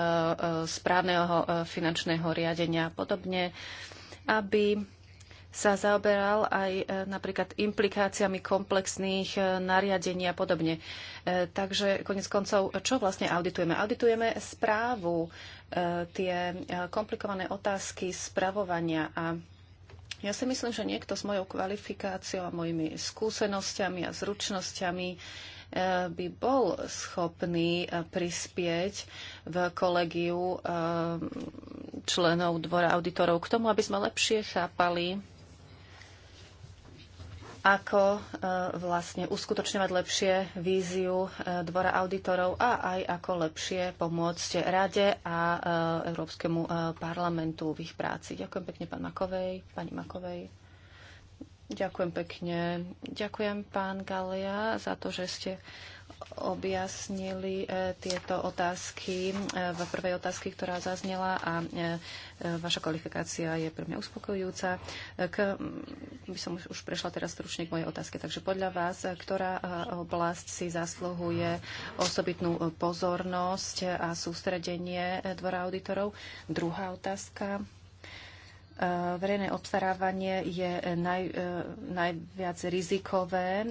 správneho finančného verejného riadenia a podobne, aby sa zaoberal aj e, napríklad implikáciami komplexných e, nariadení a podobne. E, takže konec koncov, čo vlastne auditujeme? Auditujeme správu, tie komplikované otázky spravovania a ja si myslím, že niekto s mojou kvalifikáciou a mojimi skúsenosťami a zručnosťami by bol schopný prispieť v kolegiu členov dvora auditorov k tomu, aby sme lepšie chápali, ako e, vlastne uskutočňovať lepšie víziu e, dvora auditorov a aj ako lepšie pomôcť Rade a e, Európskemu parlamentu v ich práci. Ďakujem pekne pán Makovej, pani Makovej. Ďakujem pekne. Ďakujem pán Galia za to, že ste objasnili e, tieto otázky e, v prvej otázke, ktorá zaznela a e, vaša kvalifikácia je pre mňa uspokojujúca. K, by som už, už prešla teraz stručne k mojej otázke. Takže podľa vás, ktorá oblasť si zasluhuje osobitnú pozornosť a sústredenie dvora auditorov? Druhá otázka verejné obstarávanie je eh, naj, eh, najviac rizikové eh,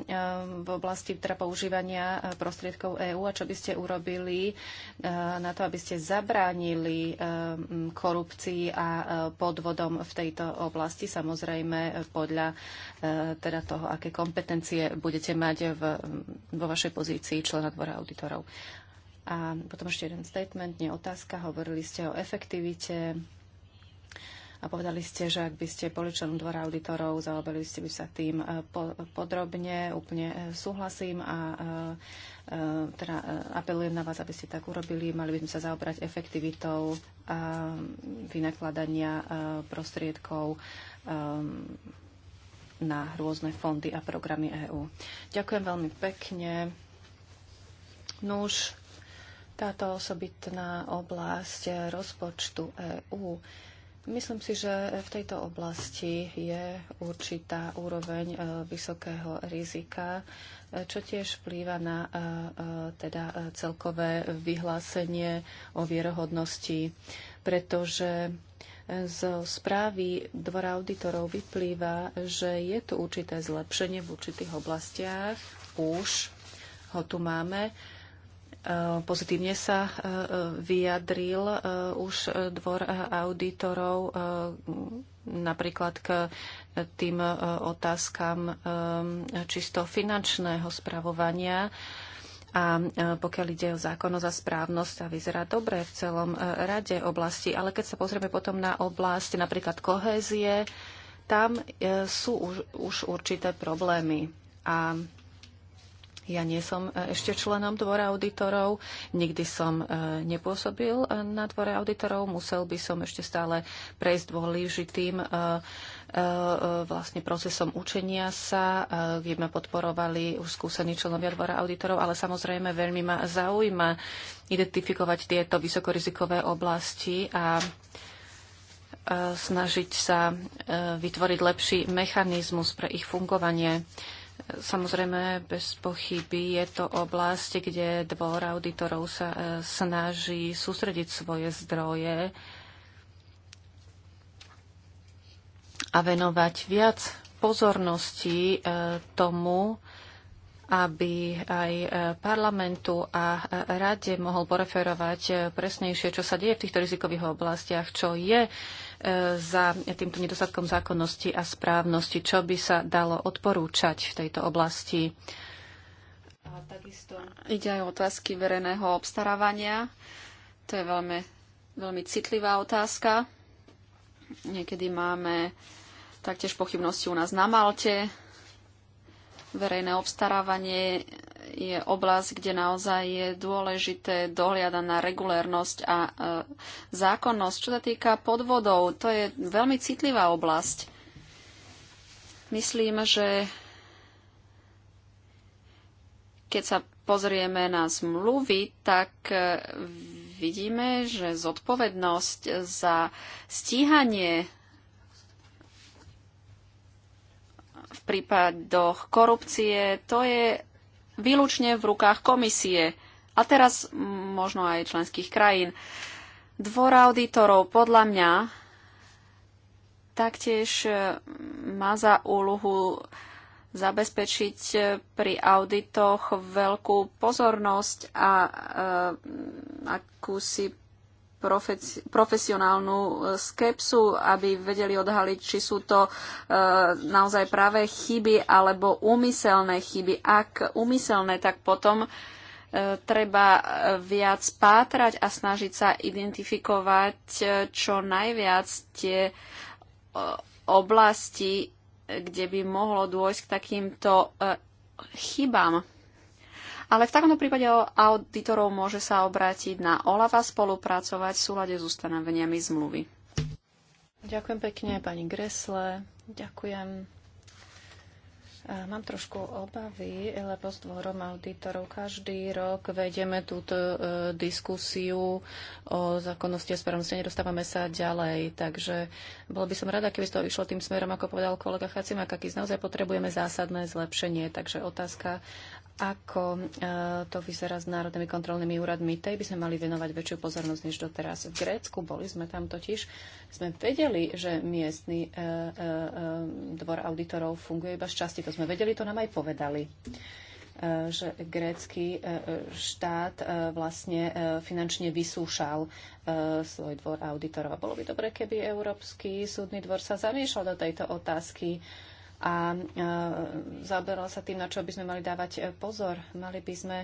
v oblasti teda používania prostriedkov EÚ a čo by ste urobili na to, aby ste zabránili korupcii a podvodom v tejto oblasti, samozrejme podľa teda toho, aké kompetencie budete mať v, vo vašej pozícii člena dvora auditorov. A potom ešte jeden statement, nie otázka. Hovorili ste o efektivite a povedali ste, že ak by ste boli členom dvora auditorov, zaoberali ste by sa tým e, podrobne, úplne e, súhlasím a e, teda apelujem na vás, aby ste tak urobili. Mali by sme sa zaobrať efektivitou vynakladania prostriedkov na rôzne fondy a programy EÚ. Ďakujem veľmi pekne. Nuž, táto osobitná oblasť rozpočtu EÚ Myslím si, že v tejto oblasti je určitá úroveň e, vysokého rizika, e, čo tiež vplýva na e, teda celkové vyhlásenie o vierohodnosti, pretože z správy Dvora auditorov vyplýva, že je tu určité zlepšenie v určitých oblastiach. Už ho tu máme Eh, pozitívne sa eh, vyjadril eh, už dvor auditorov napríklad k tým otázkam čisto finančného spravovania. A pokiaľ ide o zákonnosť za správnosť, a vyzerá dobre v celom rade oblasti. Ale keď sa pozrieme potom na oblasti napríklad kohézie, tam sú už, už určité problémy. A ja nie som e, ešte členom dvora auditorov, nikdy som e, nepôsobil e, na dvore auditorov, musel by som ešte stále prejsť dôležitým vlastne procesom učenia sa, kde ma podporovali už skúsení členovia dvora auditorov, ale samozrejme veľmi ma zaujíma identifikovať tieto vysokorizikové oblasti a snažiť sa vytvoriť lepší mechanizmus pre ich fungovanie. Samozrejme, bez pochyby je to oblasť, kde dvor auditorov sa e, snaží sústrediť svoje zdroje a venovať viac pozornosti e, tomu, aby aj e, parlamentu a rade mohol poreferovať presnejšie, čo sa deje v týchto rizikových oblastiach, čo je za týmto nedostatkom zákonnosti a správnosti, čo by sa dalo odporúčať v tejto oblasti. A takisto ide aj o otázky verejného obstarávania. To je veľmi, veľmi citlivá otázka. Niekedy máme taktiež pochybnosti u nás na Malte. Verejné obstarávanie je oblasť, kde naozaj je dôležité dohliada na regulérnosť a e, zákonnosť. Čo sa týka podvodov, to je veľmi citlivá oblasť. Myslím, že keď sa pozrieme na zmluvy, tak e, vidíme, že zodpovednosť za stíhanie v prípadoch korupcie, to je výlučne v rukách komisie a teraz možno aj členských krajín. Dvor auditorov podľa mňa taktiež e, má za úlohu zabezpečiť e, pri auditoch veľkú pozornosť a e, akúsi profesionálnu e, skepsu, aby vedeli odhaliť, či sú to e, naozaj práve chyby alebo úmyselné chyby. Ak úmyselné, tak potom e, treba viac pátrať a snažiť sa identifikovať e, čo najviac tie oblasti, kde by mohlo dôjsť k takýmto chybám. Ale v takomto prípade auditorov môže sa obrátiť na OLAVA spolupracovať v súlade s ustanoveniami zmluvy. Ďakujem pekne, pani Gresle. Ďakujem. Mám trošku obavy, lebo s dvorom auditorov každý rok vedeme túto e, diskusiu o zákonnosti a správnosti. Nedostávame sa ďalej, takže bolo by som rada, keby to išlo tým smerom, ako povedal kolega Chacimak, aký naozaj potrebujeme zásadné zlepšenie. Takže otázka, ako e, to vyzerá s národnými kontrolnými úradmi. Tej by sme mali venovať väčšiu pozornosť než doteraz. V Grécku boli sme tam totiž, sme vedeli, že miestny e, e, dvor auditorov funguje iba z časti. To sme vedeli, to nám aj povedali že grécky štát vlastne finančne vysúšal svoj dvor auditorov. A bolo by dobre, keby Európsky súdny dvor sa zamiešal do tejto otázky a e, zaoberal sa tým, na čo by sme mali dávať e, pozor. Mali by sme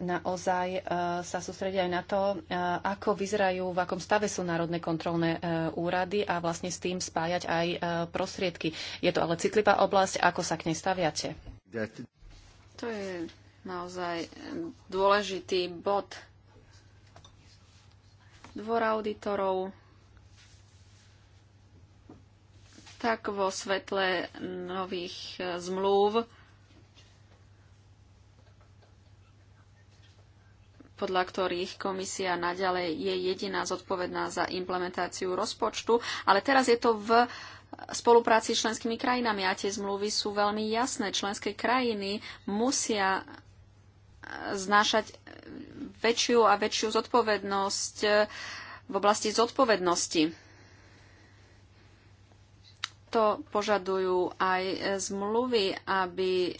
naozaj e, sa sústrediť aj na to, ako vyzerajú, v akom stave sú národné kontrolné úrady a vlastne s tým spájať aj prostriedky. Je to ale citlivá oblasť, ako sa k nej staviate? To je naozaj dôležitý bod. Dvor auditorov tak vo svetle nových e, zmluv podľa ktorých komisia naďalej je jediná zodpovedná za implementáciu rozpočtu, ale teraz je to v spolupráci s členskými krajinami a tie zmluvy sú veľmi jasné. Členské krajiny musia e, znášať väčšiu a väčšiu zodpovednosť e, v oblasti zodpovednosti to požadujú aj e, zmluvy, aby e,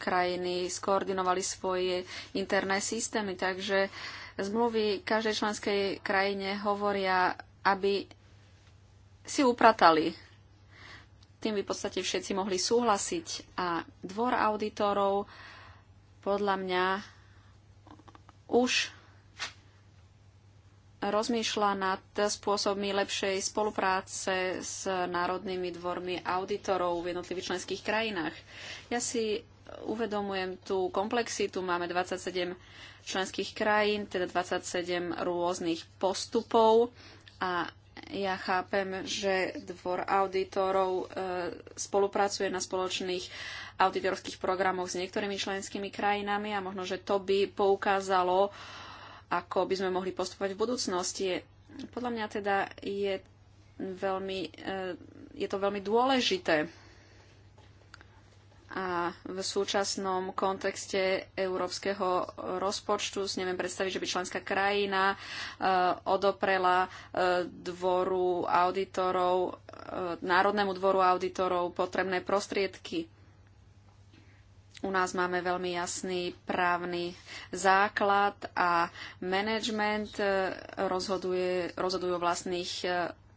krajiny skoordinovali svoje interné systémy. Takže zmluvy každej členskej krajine hovoria, aby si upratali. Tým by v podstate všetci mohli súhlasiť. A dvor auditorov podľa mňa už rozmýšľa nad spôsobmi lepšej spolupráce s národnými dvormi auditorov v jednotlivých členských krajinách. Ja si uvedomujem tú komplexitu. Máme 27 členských krajín, teda 27 rôznych postupov a ja chápem, že dvor auditorov e, spolupracuje na spoločných auditorských programoch s niektorými členskými krajinami a možno, že to by poukázalo ako by sme mohli postupovať v budúcnosti. Podľa mňa teda je, veľmi, eh, je to veľmi dôležité. A v súčasnom kontexte európskeho rozpočtu si neviem predstaviť, že by členská krajina eh, odoprela eh, dvoru auditorov, Národnému dvoru auditorov potrebné prostriedky u nás máme veľmi jasný právny základ a management e, rozhoduje, rozhoduje o vlastných e,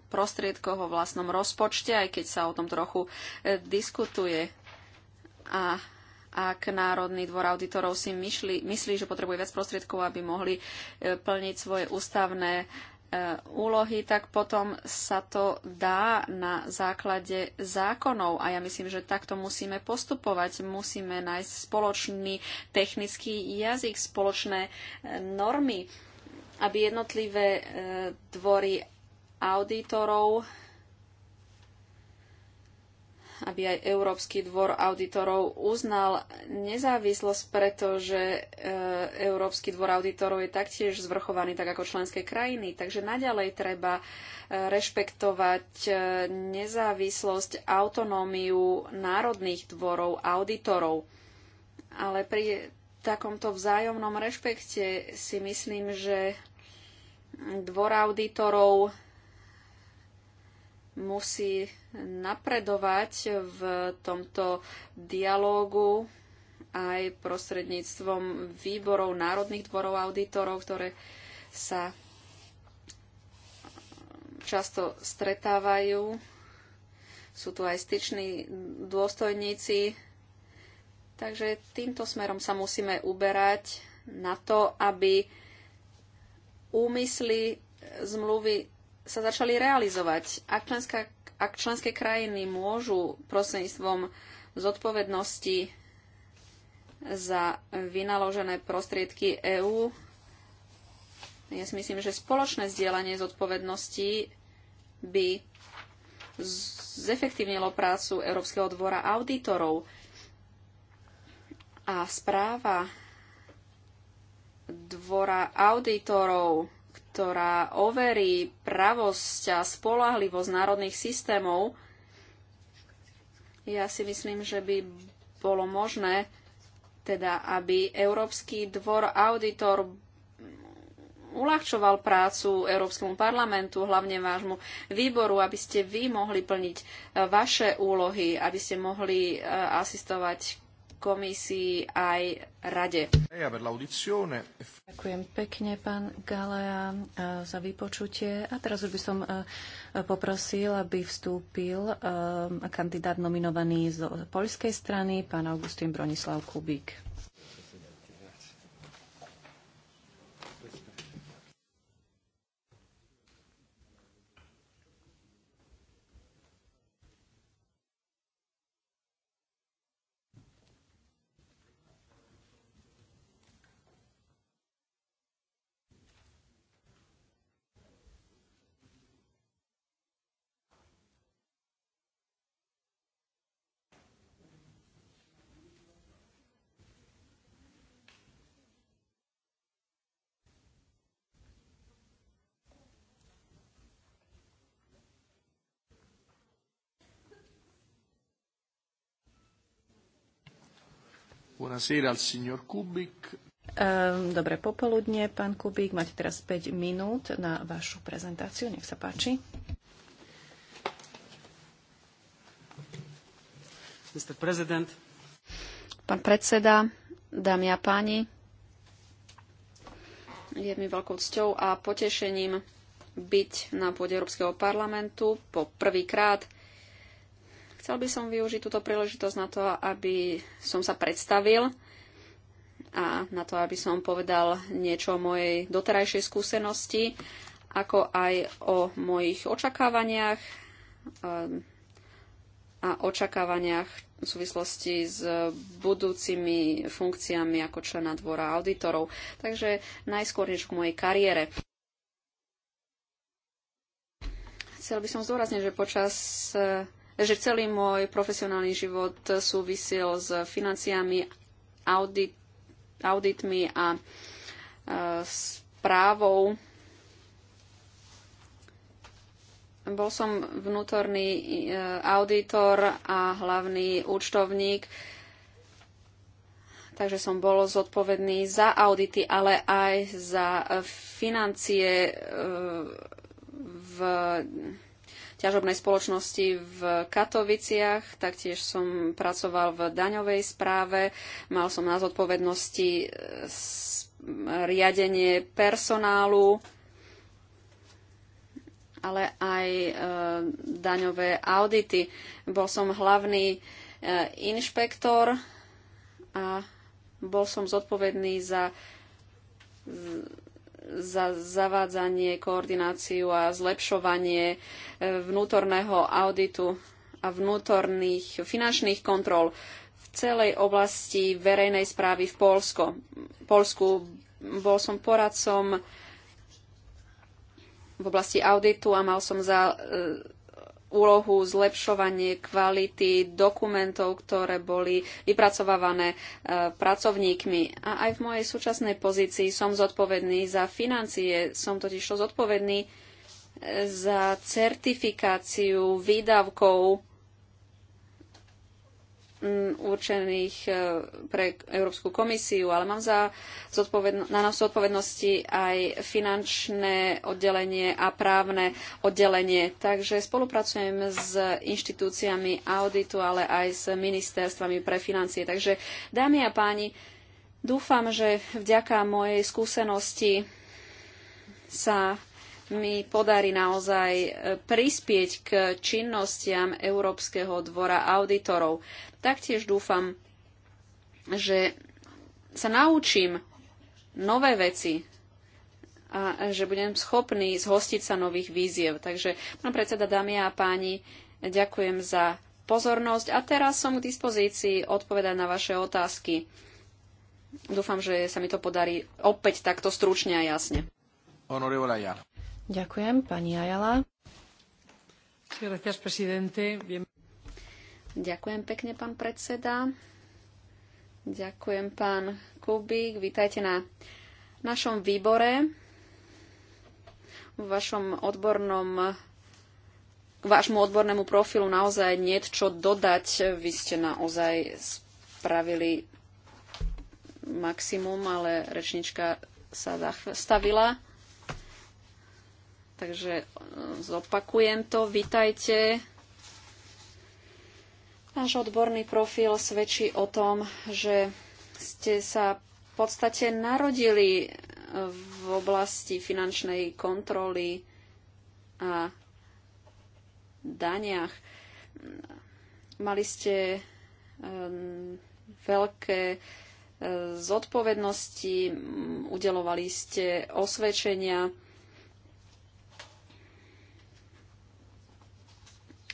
prostriedkoch, o vlastnom rozpočte, aj keď sa o tom trochu e, diskutuje. A ak Národný dvor auditorov si myšli, myslí, že potrebuje viac prostriedkov, aby mohli plniť svoje ústavné E, úlohy, tak potom sa to dá na základe zákonov. A ja myslím, že takto musíme postupovať. Musíme nájsť spoločný technický jazyk, spoločné e, normy, aby jednotlivé e, dvory auditorov aby aj Európsky dvor auditorov uznal nezávislosť, pretože e, Európsky dvor auditorov je taktiež zvrchovaný, tak ako členské krajiny. Takže naďalej treba e, rešpektovať e, nezávislosť, autonómiu národných dvorov auditorov. Ale pri takomto vzájomnom rešpekte si myslím, že dvor auditorov musí napredovať v tomto dialógu aj prostredníctvom výborov Národných dvorov auditorov, ktoré sa často stretávajú. Sú tu aj styční dôstojníci. Takže týmto smerom sa musíme uberať na to, aby úmysly zmluvy sa začali realizovať. Ak, členská, ak členské krajiny môžu prostredníctvom zodpovednosti za vynaložené prostriedky EÚ, ja si myslím, že spoločné zdieľanie zodpovednosti by zefektívnilo prácu Európskeho dvora auditorov. A správa dvora auditorov ktorá overí pravosť a spolahlivosť národných systémov, ja si myslím, že by bolo možné, teda aby Európsky dvor auditor uľahčoval prácu Európskemu parlamentu, hlavne vášmu výboru, aby ste vy mohli plniť e, vaše úlohy, aby ste mohli e, asistovať komisii aj rade. Ďakujem pekne, pán Galea, e, za vypočutie. A teraz už by som e, poprosil, aby vstúpil e, kandidát nominovaný z poľskej strany, pán Augustín Bronislav Kubík. Buonasera al signor Kubik. Ehm, dobré popoludne, pán Kubík. Máte teraz 5 minút na vašu prezentáciu. Nech sa páči. Mr. President. Pán predseda, dámy a páni, je mi veľkou cťou a potešením byť na pôde Európskeho parlamentu po prvýkrát Chcel by som využiť túto príležitosť na to, aby som sa predstavil a na to, aby som povedal niečo o mojej doterajšej skúsenosti, ako aj o mojich očakávaniach ehm, a očakávaniach v súvislosti s budúcimi funkciami ako člena dvora auditorov. Takže najskôr niečo k mojej kariére. Chcel by som zdôrazniť, že počas že celý môj profesionálny život súvisil s financiami, audit, auditmi a e, správou. Bol som vnútorný e, auditor a hlavný účtovník, takže som bol zodpovedný za audity, ale aj za e, financie e, v ťažobnej spoločnosti v Katoviciach, taktiež som pracoval v daňovej správe, mal som na zodpovednosti e, riadenie personálu, ale aj e, daňové audity. Bol som hlavný e, inšpektor a bol som zodpovedný za za zavádzanie, koordináciu a zlepšovanie e, vnútorného auditu a vnútorných finančných kontrol v celej oblasti verejnej správy v Polsko. Polsku bol som poradcom v oblasti auditu a mal som za e, úlohu zlepšovanie kvality dokumentov, ktoré boli vypracovávané e, pracovníkmi. A aj v mojej súčasnej pozícii som zodpovedný za financie, som totiž zodpovedný e, za certifikáciu výdavkov Mm, určených e, pre Európsku komisiu, ale mám za na nás zodpovednosti aj finančné oddelenie a právne oddelenie. Takže spolupracujem s inštitúciami auditu, ale aj s ministerstvami pre financie. Takže, dámy a páni, dúfam, že vďaka mojej skúsenosti sa mi podarí naozaj e, prispieť k činnostiam Európskeho dvora auditorov. Taktiež dúfam, že sa naučím nové veci a že budem schopný zhostiť sa nových víziev. Takže, pán predseda, dámy a páni, ďakujem za pozornosť a teraz som k dispozícii odpovedať na vaše otázky. Dúfam, že sa mi to podarí opäť takto stručne a jasne. Honorable Ayala. Ďakujem, pani Ajala. Ďakujem pekne, pán predseda. Ďakujem, pán Kubík. Vítajte na našom výbore, v vašom odbornom k vášmu odbornému profilu naozaj niečo dodať. Vy ste naozaj spravili maximum, ale rečnička sa zastavila. Takže e, zopakujem to. Vítajte. Náš odborný profil svedčí o tom, že ste sa v podstate narodili e, v oblasti finančnej kontroly a daniach. Mali ste e, veľké zodpovednosti, udelovali ste osvedčenia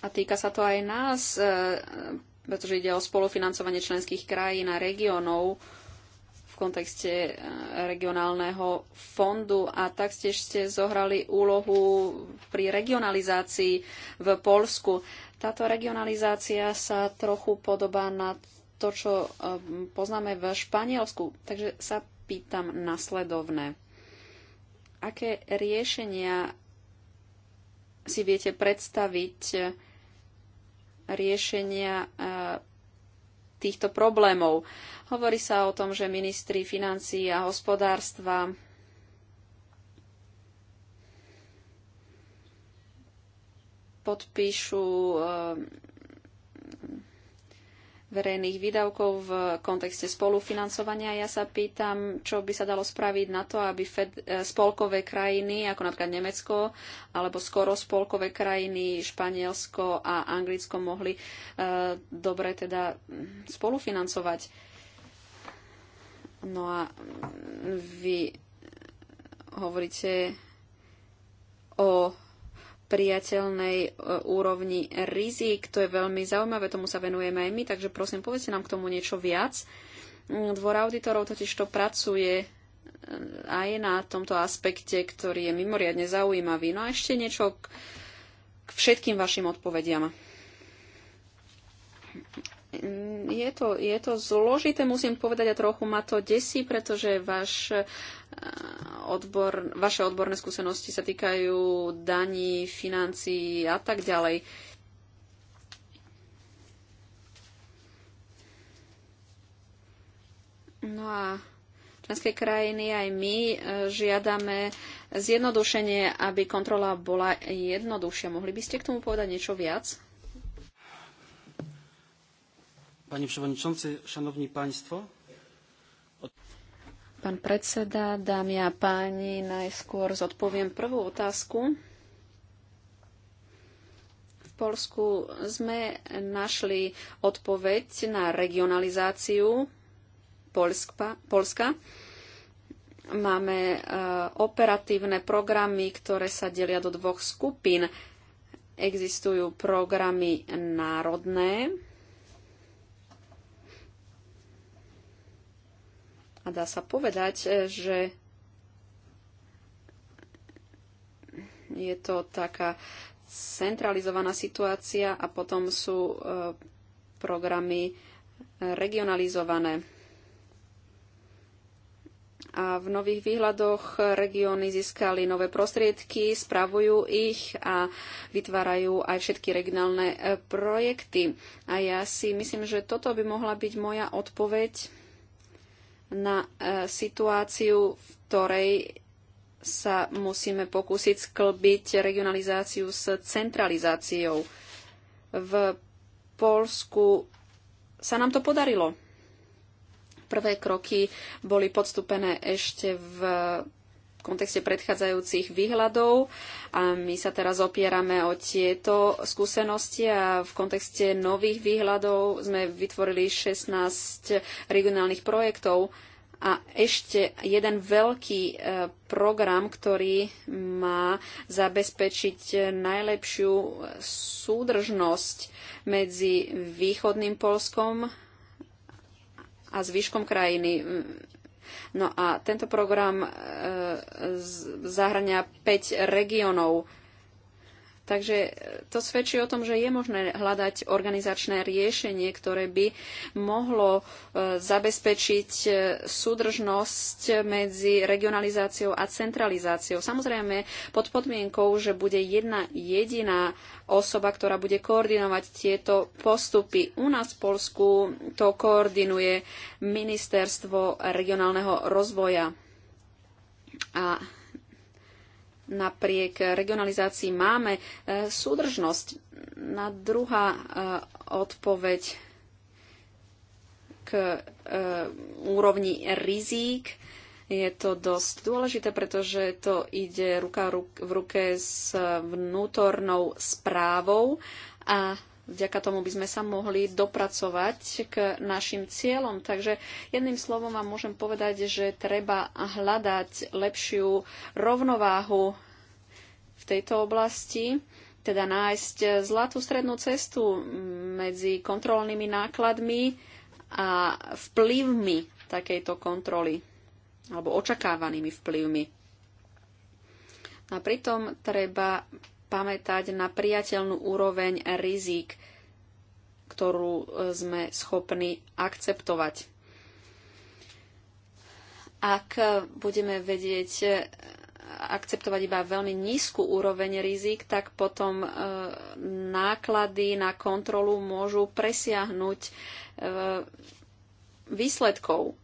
A týka sa to aj nás, e, pretože ide o spolufinancovanie členských krajín a regiónov v kontexte e, regionálneho fondu a taktiež ste zohrali úlohu pri regionalizácii v Polsku. Táto regionalizácia sa trochu podobá na to, čo e, poznáme v Španielsku. Takže sa pýtam nasledovné. Aké riešenia si viete predstaviť riešenia e, týchto problémov. Hovorí sa o tom, že ministri financí a hospodárstva podpíšu e, verejných výdavkov v kontexte spolufinancovania. Ja sa pýtam, čo by sa dalo spraviť na to, aby fed, e, spolkové krajiny, ako napríklad Nemecko, alebo skoro spolkové krajiny Španielsko a Anglicko mohli uh, dobre teda mm, spolufinancovať. No a mm, vy hovoríte o priateľnej e, úrovni rizik. To je veľmi zaujímavé, tomu sa venujeme aj my, takže prosím, povedzte nám k tomu niečo viac. Mm, dvor auditorov totiž to pracuje e, aj na tomto aspekte, ktorý je mimoriadne zaujímavý. No a ešte niečo k, všetkým vašim odpovediam. Mm, je to, je to zložité, musím povedať, a trochu ma to desí, pretože váš e, odbor, vaše odborné skúsenosti sa týkajú daní, financií a tak ďalej. No a členské krajiny aj my e, žiadame zjednodušenie, aby kontrola bola jednoduchšia. Mohli by ste k tomu povedať niečo viac? Panie Przewodniczący, Szanowni Państwo. Pán predseda, dámy a páni, najskôr zodpoviem prvú otázku. V Polsku sme našli odpoveď na regionalizáciu Polska. Máme e, operatívne programy, ktoré sa delia do dvoch skupín. Existujú programy národné, A dá sa povedať, e, že je to taká centralizovaná situácia a potom sú e, programy regionalizované. A v nových výhľadoch regióny získali nové prostriedky, spravujú ich a vytvárajú aj všetky regionálne e, projekty. A ja si myslím, že toto by mohla byť moja odpoveď na e, situáciu, v ktorej sa musíme pokúsiť sklbiť regionalizáciu s centralizáciou. V Polsku sa nám to podarilo. Prvé kroky boli podstúpené ešte v v kontexte predchádzajúcich výhľadov a my sa teraz opierame o tieto skúsenosti a v kontexte nových výhľadov sme vytvorili 16 regionálnych projektov a ešte jeden veľký e, program, ktorý má zabezpečiť najlepšiu súdržnosť medzi východným Polskom a zvyškom krajiny No a tento program e, zahrania 5 regiónov Takže e, to svedčí o tom, že je možné hľadať organizačné riešenie, ktoré by mohlo e, zabezpečiť e, súdržnosť medzi regionalizáciou a centralizáciou. Samozrejme pod podmienkou, že bude jedna jediná osoba, ktorá bude koordinovať tieto postupy. U nás v Polsku to koordinuje Ministerstvo regionálneho rozvoja. A napriek regionalizácii máme e, súdržnosť. Na druhá e, odpoveď k e, úrovni rizík je to dosť dôležité, pretože to ide ruka v ruke s vnútornou správou a vďaka tomu by sme sa mohli dopracovať k našim cieľom. Takže jedným slovom vám môžem povedať, že treba hľadať lepšiu rovnováhu v tejto oblasti, teda nájsť zlatú strednú cestu medzi kontrolnými nákladmi a vplyvmi takejto kontroly alebo očakávanými vplyvmi. A pritom treba pamätať na priateľnú úroveň rizík ktorú e, sme schopní akceptovať. Ak e, budeme vedieť e, akceptovať iba veľmi nízku úroveň rizik, tak potom náklady na kontrolu môžu presiahnuť výsledkov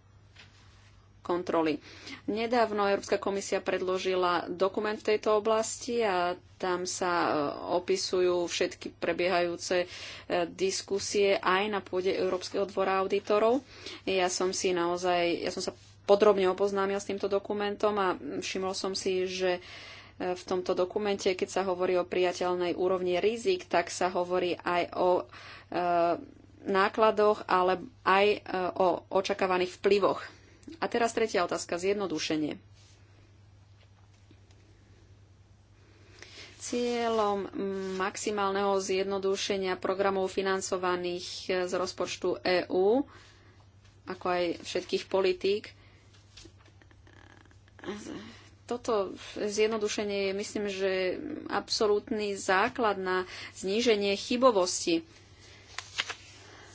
kontroly. Nedávno Európska komisia predložila dokument v tejto oblasti a tam sa e, opisujú všetky prebiehajúce e, diskusie aj na pôde Európskeho dvora auditorov. Ja som si naozaj, ja som sa podrobne oboznámil s týmto dokumentom a všimol som si, že e, v tomto dokumente, keď sa hovorí o priateľnej úrovni rizik, tak sa hovorí aj o nákladoch, ale aj o očakávaných vplyvoch. A teraz tretia otázka, zjednodušenie. Cieľom maximálneho zjednodušenia programov financovaných eh, z rozpočtu EÚ, ako aj všetkých politík, toto zjednodušenie je, myslím, že absolútny základ na zníženie chybovosti.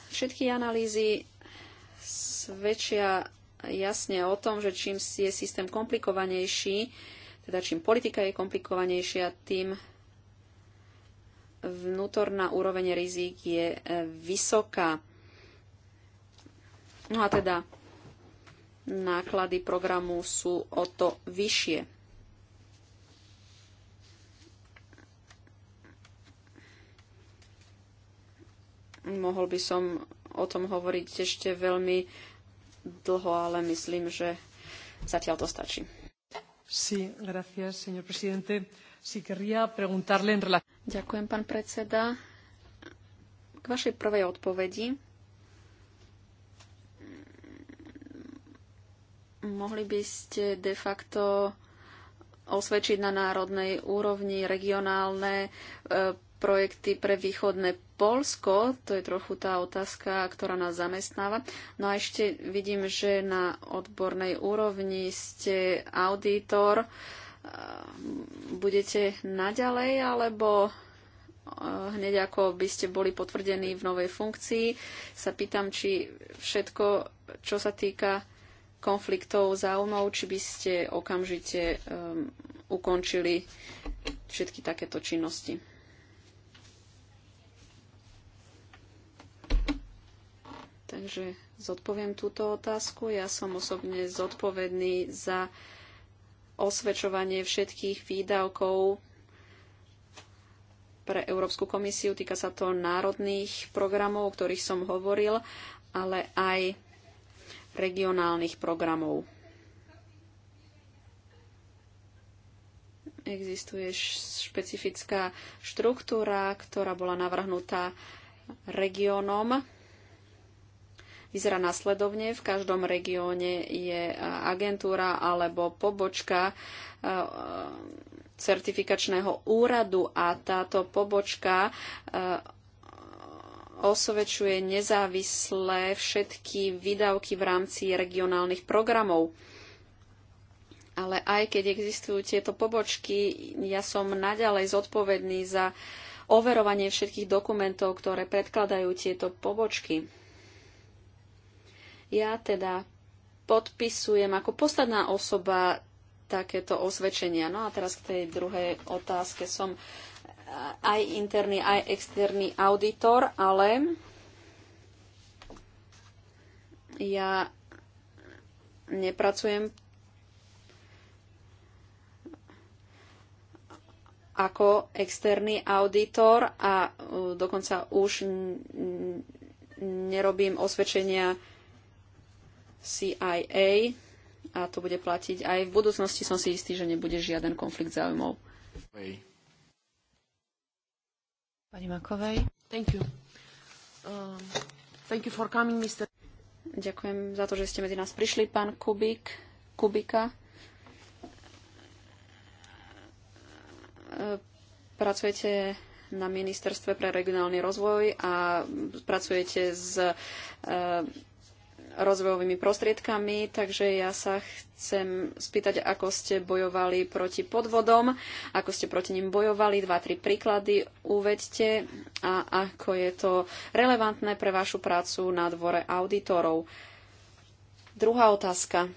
Všetky analýzy svedčia jasne o tom, že čím je systém komplikovanejší, teda čím politika je komplikovanejšia, tým vnútorná úroveň rizik je e, vysoká. No a teda náklady programu sú o to vyššie. Mohol by som o tom hovoriť ešte veľmi dlho, ale myslím, že zatiaľ to stačí. Sí, gracias, señor presidente. Sí, querría preguntarle en relación... Ďakujem, pán predseda. K vašej prvej odpovedi mohli by ste de facto osvedčiť na národnej úrovni regionálne e, projekty pre východné Polsko, to je trochu tá otázka, ktorá nás zamestnáva. No a ešte vidím, že na odbornej úrovni ste auditor. Budete naďalej, alebo hneď ako by ste boli potvrdení v novej funkcii, sa pýtam, či všetko, čo sa týka konfliktov záujmov, či by ste okamžite um, ukončili všetky takéto činnosti. Takže zodpoviem túto otázku. Ja som osobne zodpovedný za osvedčovanie všetkých výdavkov pre Európsku komisiu. Týka sa to národných programov, o ktorých som hovoril, ale aj regionálnych programov. Existuje špecifická štruktúra, ktorá bola navrhnutá regiónom vyzerá následovne. V každom regióne je e, agentúra alebo pobočka e, certifikačného úradu a táto pobočka e, osvečuje nezávislé všetky výdavky v rámci regionálnych programov. Ale aj keď existujú tieto pobočky, ja som naďalej zodpovedný za overovanie všetkých dokumentov, ktoré predkladajú tieto pobočky. Ja teda podpisujem ako posledná osoba takéto osvedčenia. No a teraz k tej druhej otázke. Som aj interný, aj externý auditor, ale ja nepracujem ako externý auditor a uh, dokonca už nerobím osvedčenia CIA a to bude platiť aj v budúcnosti. Som si istý, že nebude žiaden konflikt záujmov. Pani Makovej. Thank you. Um, thank you for coming, Mr. Ďakujem za to, že ste medzi nás prišli, pán Kubik, Kubika. Pracujete na Ministerstve pre regionálny rozvoj a pracujete s uh, rozvojovými prostriedkami, takže ja sa chcem spýtať, ako ste bojovali proti podvodom, ako ste proti ním bojovali, dva, tri príklady uvedte a ako je to relevantné pre vašu prácu na dvore auditorov. Druhá otázka.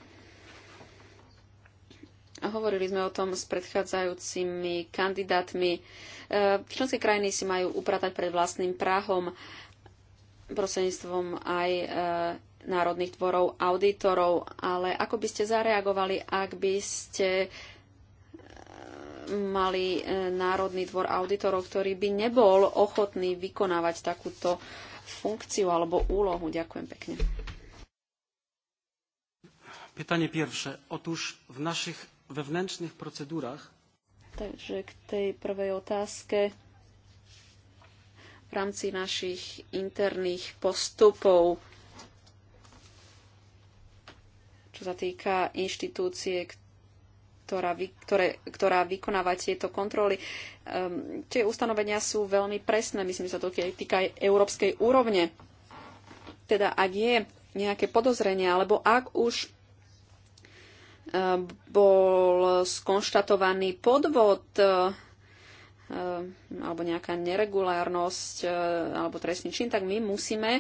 A hovorili sme o tom s predchádzajúcimi kandidátmi. E, členské krajiny si majú upratať pred vlastným prahom prostredníctvom aj e, národných dvorov auditorov, ale ako by ste zareagovali, ak by ste eh, mali eh, Národný dvor auditorov, ktorý by nebol ochotný vykonávať takúto funkciu alebo úlohu. Ďakujem pekne. Pytanie pierwsze. Otóż w naszych wewnętrznych procedurach. Takže k tej prvej otázke. V rámci našich interných postupov čo sa týka inštitúcie, ktorá, vy, ktoré, ktorá vykonáva tieto kontroly. Um, tie ustanovenia sú veľmi presné, myslím, že sa to týka aj európskej úrovne. Teda ak je nejaké podozrenie, alebo ak už um, bol skonštatovaný podvod um, alebo nejaká neregulárnosť alebo trestný čin, tak my musíme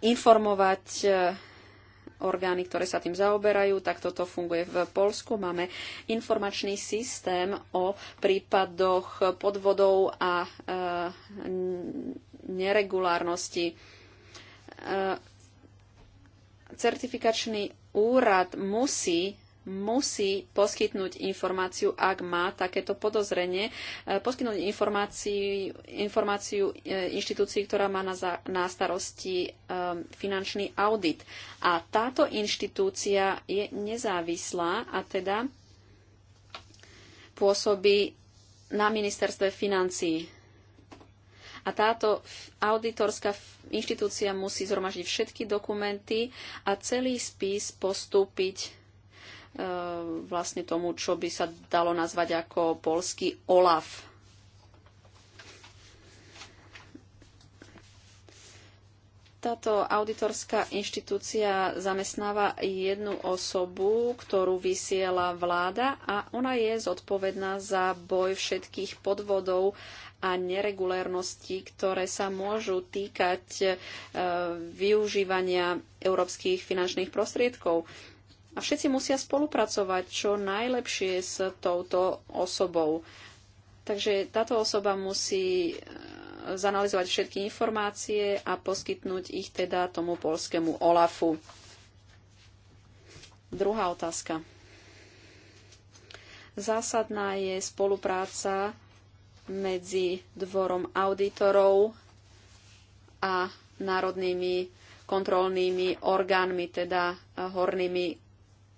informovať orgány, ktoré sa tým zaoberajú. Tak toto funguje v Polsku. Máme informačný systém o prípadoch podvodov a e, neregulárnosti. E, certifikačný úrad musí musí poskytnúť informáciu, ak má takéto podozrenie, e, poskytnúť informáciu, informáciu e, inštitúcii, ktorá má na, za, na starosti um, finančný audit. A táto inštitúcia je nezávislá a teda pôsobí na ministerstve financií. A táto auditorská inštitúcia musí zhromaždiť všetky dokumenty a celý spis postúpiť E, vlastne tomu, čo by sa dalo nazvať ako polský OLAF. Táto auditorská inštitúcia zamestnáva jednu osobu, ktorú vysiela vláda a ona je zodpovedná za boj všetkých podvodov a neregulérností, ktoré sa môžu týkať e, využívania európskych finančných prostriedkov. A všetci musia spolupracovať čo najlepšie s touto osobou. Takže táto osoba musí eh, zanalizovať všetky informácie a poskytnúť ich teda tomu polskému OLAFu. Druhá otázka. Zásadná je spolupráca medzi dvorom auditorov a národnými kontrolnými orgánmi, teda hornými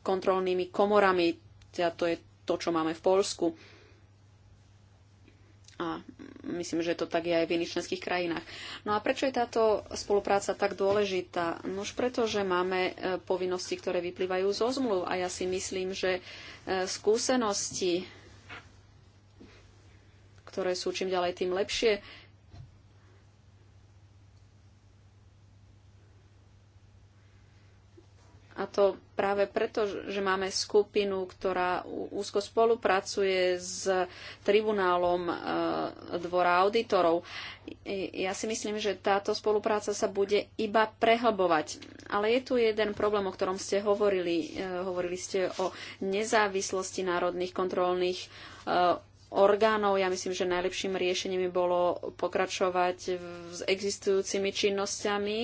kontrolnými komorami. Teda to je to, čo máme v Polsku. A myslím, že to tak je aj v iných členských krajinách. No a prečo je táto spolupráca tak dôležitá? už preto, že máme e, povinnosti, ktoré vyplývajú zo zmluv a ja si myslím, že e, skúsenosti, ktoré sú čím ďalej tým lepšie, A to práve preto, že máme skupinu, ktorá úzko spolupracuje s tribunálom e, dvora auditorov. Ja si myslím, že táto spolupráca sa bude iba prehlbovať. Ale je tu jeden problém, o ktorom ste hovorili. E, hovorili ste o nezávislosti národných kontrolných e, orgánov. Ja myslím, že najlepším riešením by bolo pokračovať s existujúcimi činnosťami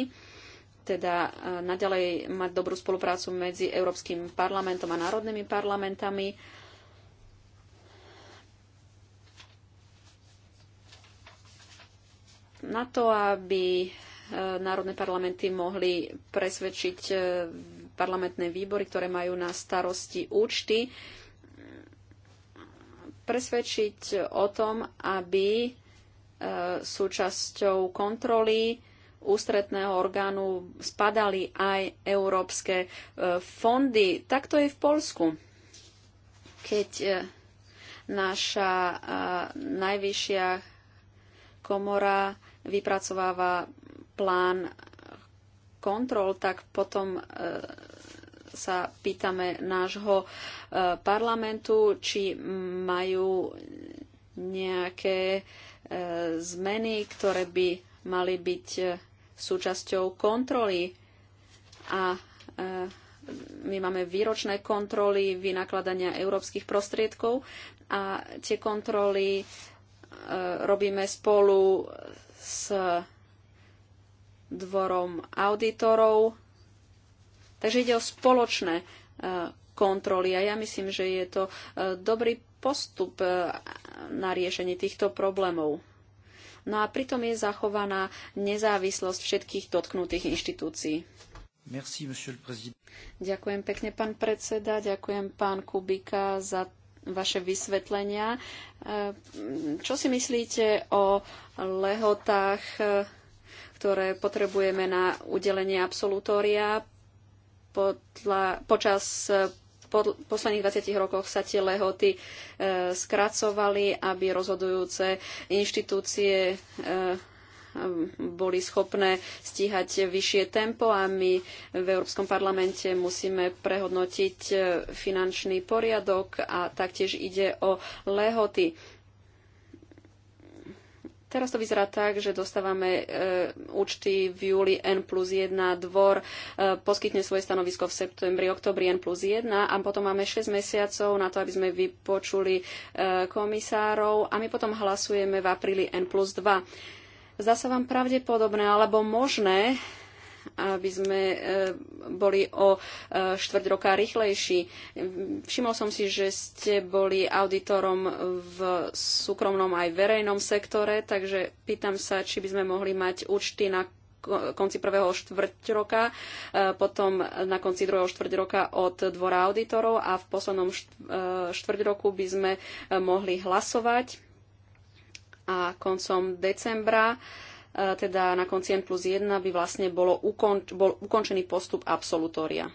teda e, naďalej mať dobrú spoluprácu medzi Európskym parlamentom a národnými parlamentami. Na to, aby e, národné parlamenty mohli presvedčiť e, parlamentné výbory, ktoré majú na starosti účty, presvedčiť o tom, aby súčasťou kontroly ústretného orgánu spadali aj európske e, fondy. Takto je v Polsku. Keď e, naša e, najvyššia komora vypracováva plán kontrol, tak potom sa pýtame nášho parlamentu, či majú nejaké zmeny, ktoré by mali byť súčasťou kontroly. A e, my máme výročné kontroly vynakladania európskych prostriedkov a tie kontroly e, robíme spolu s dvorom auditorov. Takže ide o spoločné e, kontroly a ja myslím, že je to dobrý postup na riešenie týchto problémov. No a pritom je zachovaná nezávislosť všetkých dotknutých inštitúcií. Merci, ďakujem pekne, pán predseda, ďakujem pán Kubika za vaše vysvetlenia. Ehm, čo si myslíte o lehotách, e, ktoré potrebujeme na udelenie absolutória podľa, počas posledných 20 rokoch sa tie lehoty e, skracovali, aby rozhodujúce inštitúcie e, boli schopné stíhať vyššie tempo a my v Európskom parlamente musíme prehodnotiť e, finančný poriadok a taktiež ide o lehoty Teraz to vyzerá tak, že dostávame e, účty v júli N plus 1, dvor e, poskytne svoje stanovisko v septembri, oktobri N plus 1 a potom máme 6 mesiacov na to, aby sme vypočuli e, komisárov a my potom hlasujeme v apríli N plus 2. Zdá sa vám pravdepodobné alebo možné, aby sme e, boli o e, štvrť roka rýchlejší. Všimol som si, že ste boli auditorom v súkromnom aj verejnom sektore, takže pýtam sa, či by sme mohli mať účty na konci prvého štvrť roka, e, potom na konci druhého štvrť roka od dvora auditorov a v poslednom štvrť roku by sme mohli hlasovať a koncom decembra uh, E, teda na konci N plus 1 by vlastne bolo ukonč- bol ukončený postup absolutória.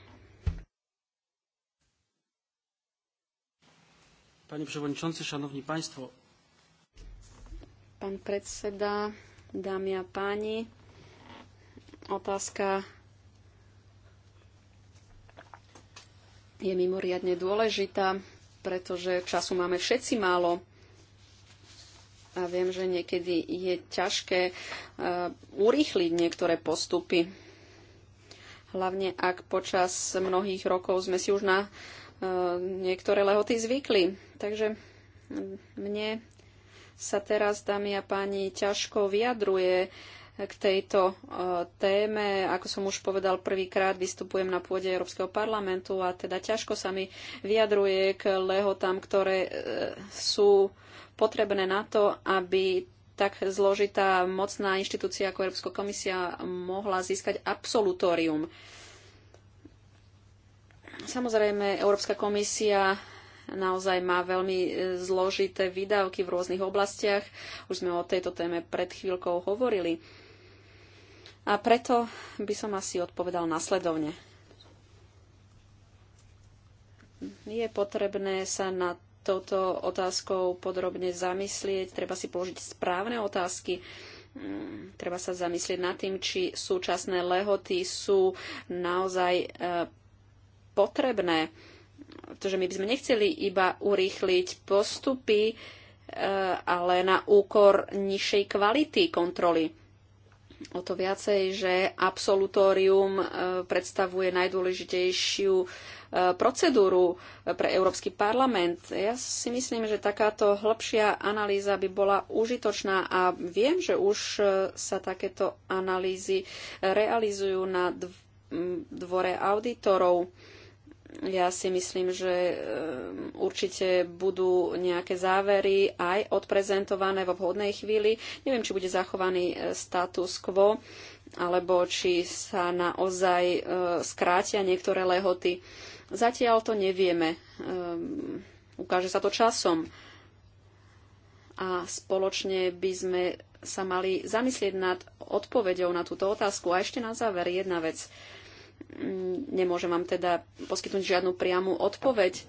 Pani przewodniczący, szanowni państwo. Pan predseda, dámy a páni, otázka je mimoriadne dôležitá, pretože času máme všetci málo. A viem, že niekedy je ťažké e, urýchliť niektoré postupy. Hlavne ak počas mnohých rokov sme si už na e, niektoré lehoty zvykli. Takže mne sa teraz, dámy a páni, ťažko vyjadruje k tejto e, téme. Ako som už povedal, prvýkrát vystupujem na pôde Európskeho parlamentu a teda ťažko sa mi vyjadruje k lehotám, ktoré e, sú potrebné na to, aby tak zložitá mocná inštitúcia ako Európska komisia mohla získať absolutórium. Samozrejme, Európska komisia naozaj má veľmi e, zložité výdavky v rôznych oblastiach. Už sme o tejto téme pred chvíľkou hovorili. A preto by som asi odpovedal nasledovne. Je potrebné sa na touto otázkou podrobne zamyslieť, treba si položiť správne otázky, treba sa zamyslieť nad tým, či súčasné lehoty sú naozaj e, potrebné, pretože my by sme nechceli iba urýchliť postupy, e, ale na úkor nižšej kvality kontroly o to viacej, že absolutórium e, predstavuje najdôležitejšiu e, procedúru e, pre Európsky parlament. Ja si myslím, že takáto hĺbšia analýza by bola užitočná a viem, že už sa takéto analýzy realizujú na dvore auditorov. Ja si myslím, že ehm, určite budú nejaké závery aj odprezentované vo vhodnej chvíli. Neviem, či bude zachovaný e, status quo, alebo či sa naozaj e, skrátia niektoré lehoty. Zatiaľ to nevieme. Ehm, ukáže sa to časom. A spoločne by sme sa mali zamyslieť nad odpoveďou na túto otázku. A ešte na záver jedna vec. Mm, nemôžem vám teda poskytnúť žiadnu priamu odpoveď.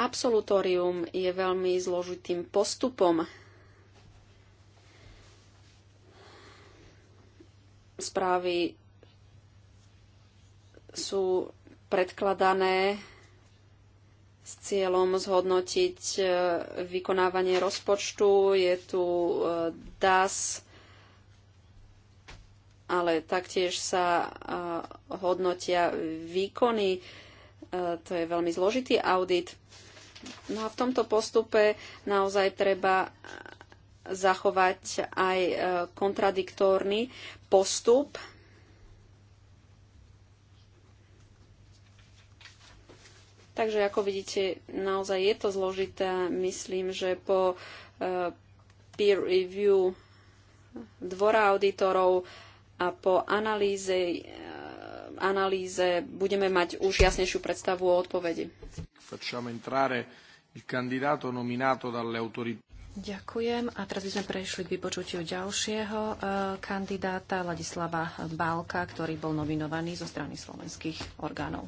Absolutórium je veľmi zložitým postupom. Správy sú predkladané s cieľom zhodnotiť e, vykonávanie rozpočtu. Je tu e, DAS, ale taktiež sa hodnotia výkony. To je veľmi zložitý audit. No a v tomto postupe naozaj treba zachovať aj e, kontradiktórny postup. Takže ako vidíte, naozaj je to zložité. Myslím, že po e, peer review dvora auditorov a po analýze, eh, analýze budeme mať už jasnejšiu predstavu o odpovedi. Ďakujem. A teraz by sme prešli k vypočutiu ďalšieho eh, kandidáta Ladislava Bálka, ktorý bol nominovaný zo strany slovenských orgánov.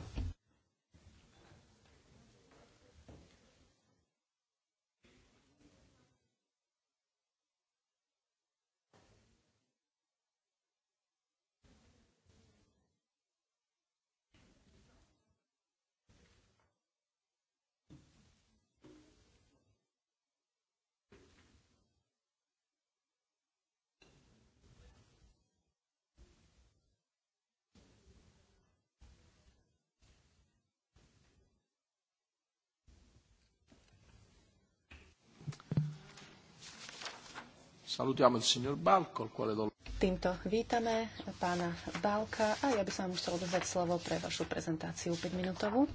Salutiamo il signor Balco, al quale do... Týmto vítame pána Balka a ja by som vám už chcel odovzdať slovo pre vašu prezentáciu 5-minútovú.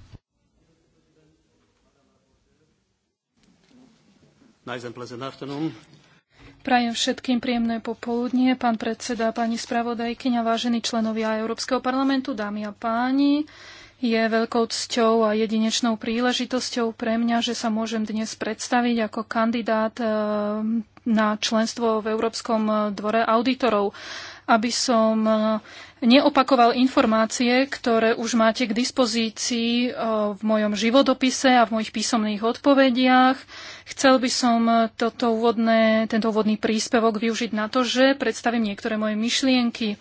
Prajem všetkým príjemné popoludnie, pán predseda, pani spravodajkyňa, vážení členovia Európskeho parlamentu, dámy a páni. Je veľkou cťou a jedinečnou príležitosťou pre mňa, že sa môžem dnes predstaviť ako kandidát eh, na členstvo v Európskom eh, dvore auditorov, aby som eh, neopakoval informácie, ktoré už máte k dispozícii v mojom životopise a v mojich písomných odpovediach. Chcel by som toto úvodné, tento úvodný príspevok využiť na to, že predstavím niektoré moje myšlienky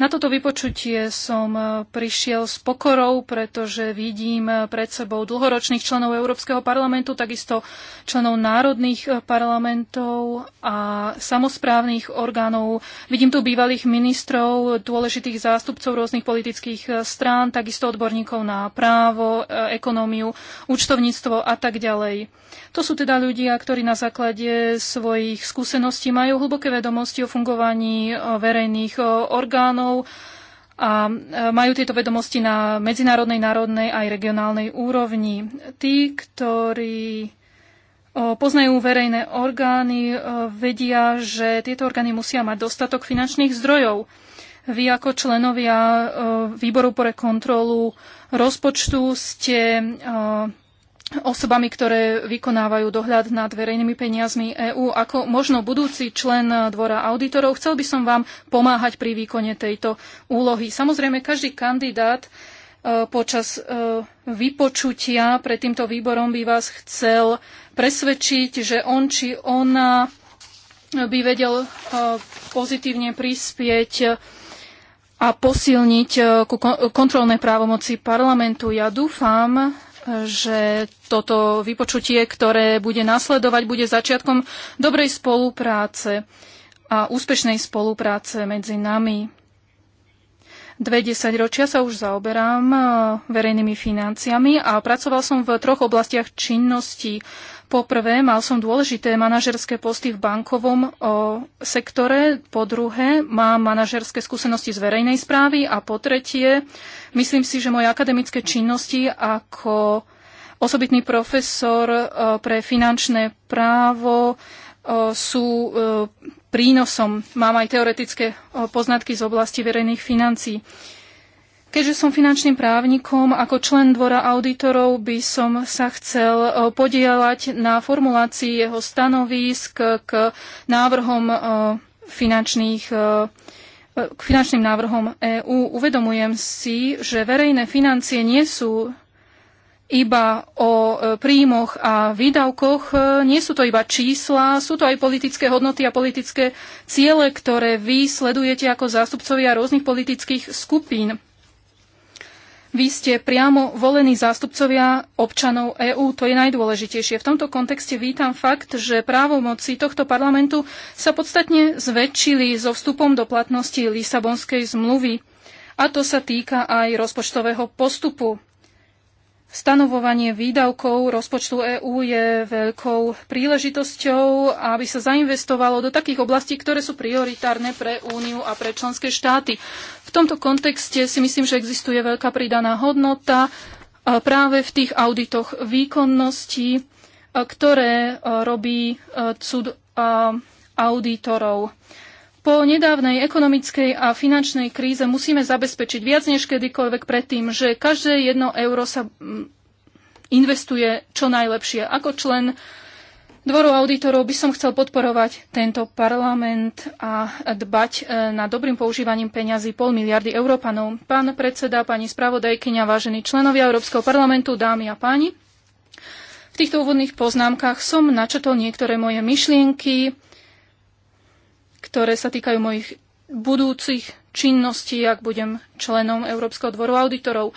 na toto vypočutie som e, prišiel s pokorou, pretože vidím e, pred sebou dlhoročných členov Európskeho parlamentu, takisto členov národných e, parlamentov a samozprávnych orgánov. Vidím tu bývalých ministrov, dôležitých zástupcov rôznych politických strán, takisto odborníkov na právo, ekonómiu, účtovníctvo a tak ďalej. To sú teda ľudia, ktorí na základe svojich skúseností majú hlboké vedomosti o fungovaní verejných orgánov, občanov a e, majú tieto vedomosti na medzinárodnej, národnej aj regionálnej úrovni. Tí, ktorí poznajú verejné orgány, e, vedia, že tieto orgány musia mať dostatok finančných zdrojov. Vy ako členovia e, Výboru pre kontrolu rozpočtu ste osobami, ktoré vykonávajú dohľad nad verejnými peniazmi EÚ. Ako možno budúci člen Dvora auditorov, chcel by som vám pomáhať pri výkone tejto úlohy. Samozrejme, každý kandidát e, počas e, vypočutia pred týmto výborom by vás chcel presvedčiť, že on či ona by vedel e, pozitívne prispieť a posilniť kontrolné právomoci parlamentu. Ja dúfam, že toto vypočutie, ktoré bude nasledovať, bude začiatkom dobrej spolupráce a úspešnej spolupráce medzi nami dve desaťročia sa už zaoberám e, verejnými financiami a pracoval som v troch oblastiach činnosti. Poprvé, mal som dôležité manažerské posty v bankovom o, e, sektore, po druhé, mám manažerské skúsenosti z verejnej správy a po tretie, myslím si, že moje akademické činnosti ako osobitný profesor o, e, pre finančné právo o, sú prínosom. Mám aj teoretické eh, poznatky z oblasti verejných financií. Keďže som finančným právnikom, ako člen dvora auditorov by som sa chcel eh, podielať na formulácii jeho stanovisk k návrhom eh, finančných k finančným návrhom EÚ. Uvedomujem si, že verejné financie nie sú iba o e, príjmoch a výdavkoch. E, nie sú to iba čísla, sú to aj politické hodnoty a politické ciele, ktoré vy sledujete ako zástupcovia rôznych politických skupín. Vy ste priamo volení zástupcovia občanov EÚ, to je najdôležitejšie. V tomto kontexte vítam fakt, že právomoci tohto parlamentu sa podstatne zväčšili so vstupom do platnosti Lisabonskej zmluvy. A to sa týka aj rozpočtového postupu. Stanovovanie výdavkov rozpočtu EÚ je veľkou príležitosťou, aby sa zainvestovalo do takých oblastí, ktoré sú prioritárne pre Úniu a pre členské štáty. V tomto kontexte si myslím, že existuje veľká pridaná hodnota e, práve v tých auditoch výkonnosti, e, ktoré e, robí súd auditorov. Po nedávnej ekonomickej a finančnej kríze musíme zabezpečiť viac než kedykoľvek predtým, že každé jedno euro sa mm, investuje čo najlepšie. Ako člen Dvoru auditorov by som chcel podporovať tento parlament a dbať e, na dobrým používaním peňazí pol miliardy Európanov. Pán predseda, pani spravodajkyňa, vážení členovia Európskeho parlamentu, dámy a páni. V týchto úvodných poznámkach som načetol niektoré moje myšlienky, ktoré sa týkajú mojich budúcich činností, ak budem členom Európskeho dvoru auditorov.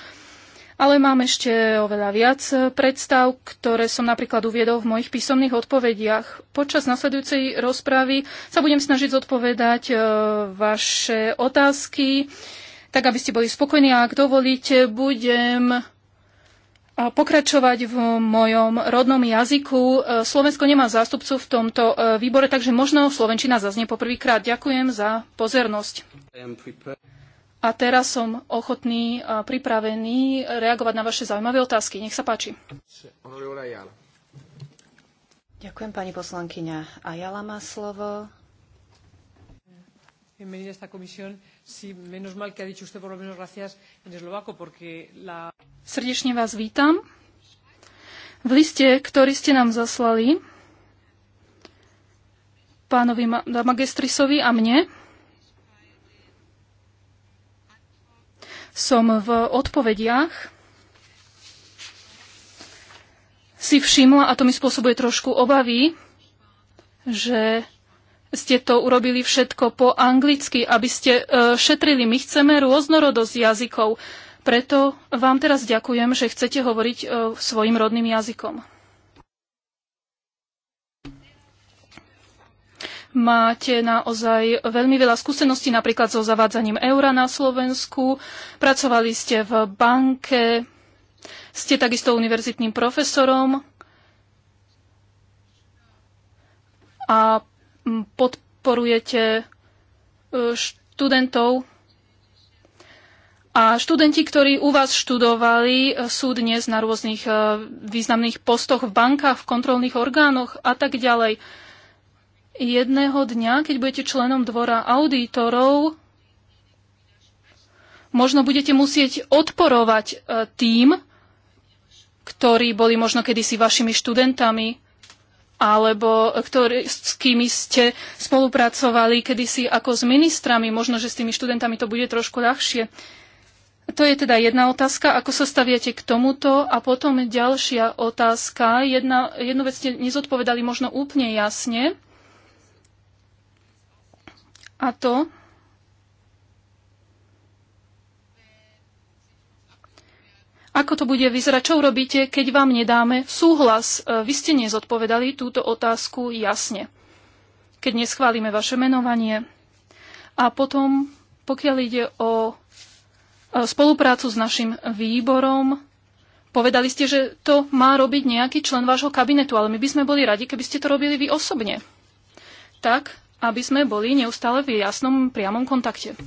Ale mám ešte oveľa viac predstav, ktoré som napríklad uviedol v mojich písomných odpovediach. Počas nasledujúcej rozpravy sa budem snažiť zodpovedať e, vaše otázky, tak aby ste boli spokojní a ak dovolíte, budem pokračovať v mojom rodnom jazyku. E, Slovensko nemá zástupcu v tomto e, výbore, takže možno Slovenčina zaznie poprvýkrát. Ďakujem za pozornosť. A teraz som ochotný a pripravený reagovať na vaše zaujímavé otázky. Nech sa páči. Ďakujem, pani poslankyňa. Ajala má slovo bienvenida a esta comisión. Sí, menos mal que ha dicho usted por lo menos gracias en eslovaco, porque la... Srdečne vás vítam. V liste, ktorý ste nám zaslali, pánovi ma magistrisovi a mne, som v odpovediach si všimla, a to mi spôsobuje trošku obavy, že ste to urobili všetko po anglicky, aby ste e, šetrili. My chceme rôznorodosť jazykov. Preto vám teraz ďakujem, že chcete hovoriť e, svojim rodným jazykom. Máte naozaj veľmi veľa skúseností napríklad so zavádzaním eura na Slovensku, pracovali ste v banke, ste takisto univerzitným profesorom a podporujete e, študentov a študenti, ktorí u vás študovali, e, sú dnes na rôznych e, významných postoch v bankách, v kontrolných orgánoch a tak ďalej. Jedného dňa, keď budete členom dvora auditorov, možno budete musieť odporovať tým, ktorí boli možno kedysi vašimi študentami alebo ktorý, s kými ste spolupracovali kedysi ako s ministrami. Možno, že s tými študentami to bude trošku ľahšie. To je teda jedna otázka, ako sa staviate k tomuto. A potom ďalšia otázka. Jedna, jednu vec ste nezodpovedali možno úplne jasne. A to, Ako to bude vyzerať? Čo urobíte, keď vám nedáme súhlas? E, vy ste nezodpovedali túto otázku jasne. Keď neschválime vaše menovanie. A potom, pokiaľ ide o e, spoluprácu s našim výborom, povedali ste, že to má robiť nejaký člen vášho kabinetu, ale my by sme boli radi, keby ste to robili vy osobne. Tak, aby sme boli neustále v jasnom priamom kontakte.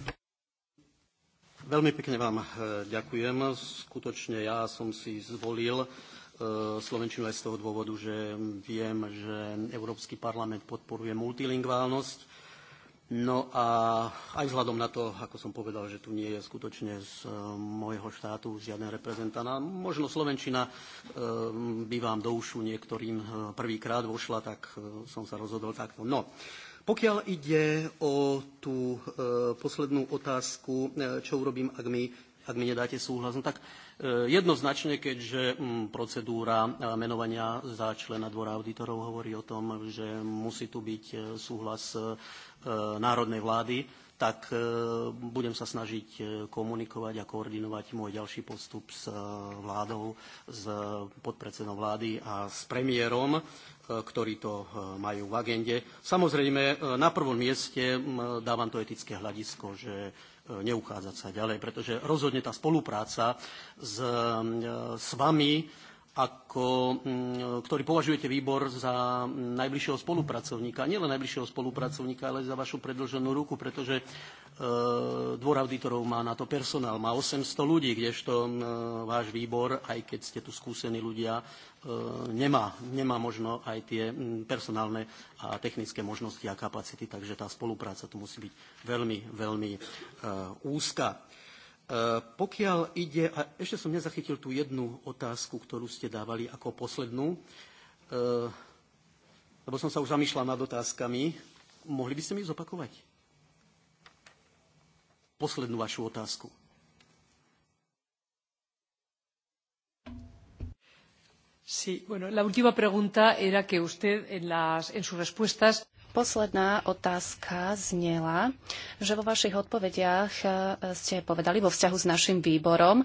Veľmi pekne vám eh, ďakujem. Skutočne ja som si zvolil eh, Slovenčinu aj z toho dôvodu, že viem, že Európsky parlament podporuje multilingválnosť. No a aj vzhľadom na to, ako som povedal, že tu nie je skutočne z eh, môjho štátu žiaden reprezentant. A možno Slovenčina by vám do ušu niektorým prvýkrát vošla, tak som sa rozhodol takto. No, pokiaľ ide o tú e, poslednú otázku, e, čo urobím, ak mi, ak mi nedáte súhlas, no tak e, Jednoznačne, keďže mm, procedúra menovania za člena dvora auditorov hovorí o tom, že musí tu byť súhlas národnej vlády, tak e, budem sa snažiť e, komunikovať a koordinovať môj ďalší postup s e, vládou, s podpredsedom vlády a s premiérom, ktorí to majú v agende. Samozrejme, na prvom mieste dávam to etické hľadisko, že neuchádzať sa ďalej, pretože rozhodne tá spolupráca s, s vami ako, mm, ktorý považujete výbor za mm, najbližšieho spolupracovníka. Nielen najbližšieho spolupracovníka, ale za vašu predlženú ruku, pretože e, dvor auditorov má na to personál, má 800 ľudí, kdežto mm, váš výbor, aj keď ste tu skúsení ľudia, e, nemá, nemá možno aj tie personálne a technické možnosti a kapacity, takže tá spolupráca tu musí byť veľmi, veľmi e, úzka. E, pokiaľ ide, a ešte som nezachytil tú jednu otázku, ktorú ste dávali ako poslednú, e, lebo som sa už zamýšľal nad otázkami. Mohli by ste mi zopakovať? Poslednú vašu otázku. Sí, bueno, la última pregunta era que usted en, las, en sus respuestas Posledná otázka znela, že vo vašich odpovediach e, ste povedali vo vzťahu s našim výborom, e,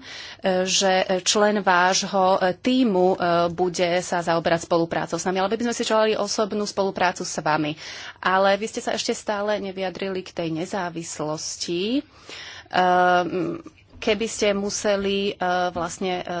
že člen vášho e, týmu bude sa zaoberať spoluprácou s nami, ale by sme si čovali osobnú spoluprácu s vami. Ale vy ste sa ešte stále nevyjadrili k tej nezávislosti. Um, keby ste museli e, vlastne e,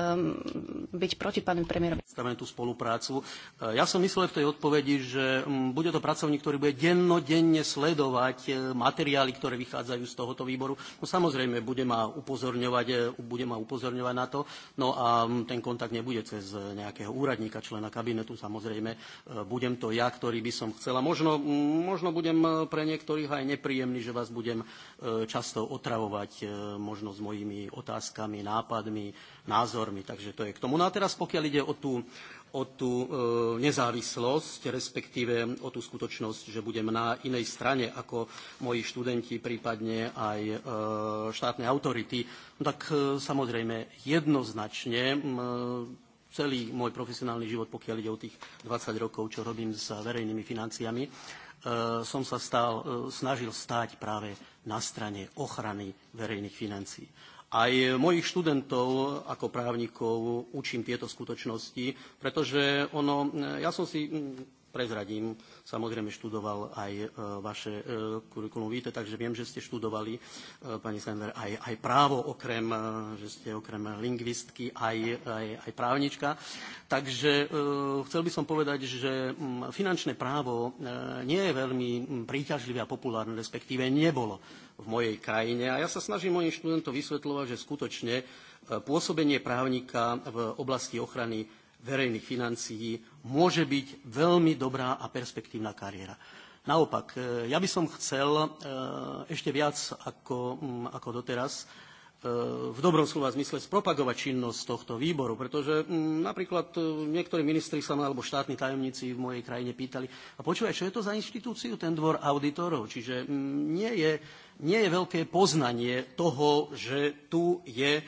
byť proti pánu premiérovi? tú spoluprácu. E, ja som myslel v tej odpovedi, že mm, bude to pracovník, ktorý bude dennodenne sledovať materiály, ktoré vychádzajú z tohoto výboru. No samozrejme, bude ma upozorňovať, bude ma upozorňovať na to. No a mm, ten kontakt nebude cez nejakého úradníka, člena kabinetu. Samozrejme, budem to ja, ktorý by som chcela. Možno, mm, možno budem pre niektorých aj nepríjemný, že vás budem E, často otravovať e, možno s mojimi otázkami, nápadmi, názormi. Takže to je k tomu. No a teraz pokiaľ ide o tú, o tú e, nezávislosť, respektíve o tú skutočnosť, že budem na inej strane ako moji študenti, prípadne aj štátne autority, no tak samozrejme jednoznačne celý môj profesionálny život, pokiaľ ide o tých 20 rokov, čo robím s verejnými financiami, E, som sa stal, e, snažil stať práve na strane ochrany verejných financií. Aj mojich študentov ako právnikov učím tieto skutočnosti, pretože ono, e, ja som si prezradím, samozrejme študoval aj e, vaše e, kurikulum vitae, takže viem, že ste študovali, e, pani Sender, aj, aj právo, okrem, že ste okrem lingvistky aj, aj, aj právnička. Takže chcel by som povedať, že finančné právo nie je veľmi príťažlivé a populárne, respektíve nebolo v mojej krajine. A ja sa snažím mojim študentom vysvetľovať, že skutočne pôsobenie právnika v oblasti ochrany verejných financií môže byť veľmi dobrá a perspektívna kariéra. Naopak, e, ja by som chcel e, ešte viac ako, mm, ako doteraz e, v dobrom slova zmysle spropagovať činnosť tohto výboru, pretože mm, napríklad niektorí ministri sa ma, alebo štátni tajomníci v mojej krajine pýtali, a počúvaj, čo je to za inštitúciu, ten dvor auditorov? Čiže mm, nie je, nie je veľké poznanie toho, že tu je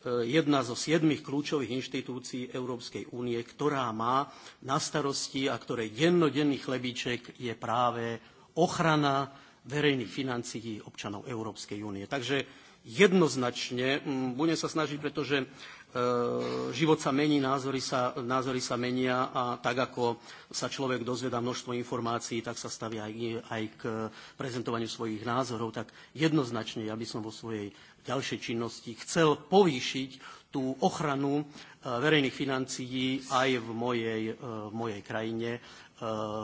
E, jedna zo siedmých kľúčových inštitúcií Európskej únie, ktorá má na starosti a ktorej dennodenný chlebíček je práve ochrana verejných financií občanov Európskej únie. Takže jednoznačne budem sa snažiť, pretože e, život sa mení, názory sa, názory sa menia a tak, ako sa človek dozvedá množstvo informácií, tak sa stavia aj, aj k prezentovaniu svojich názorov. Tak jednoznačne ja by som vo svojej ďalšej činnosti chcel povýšiť tú ochranu e, verejných financií aj v mojej, e, v mojej krajine e,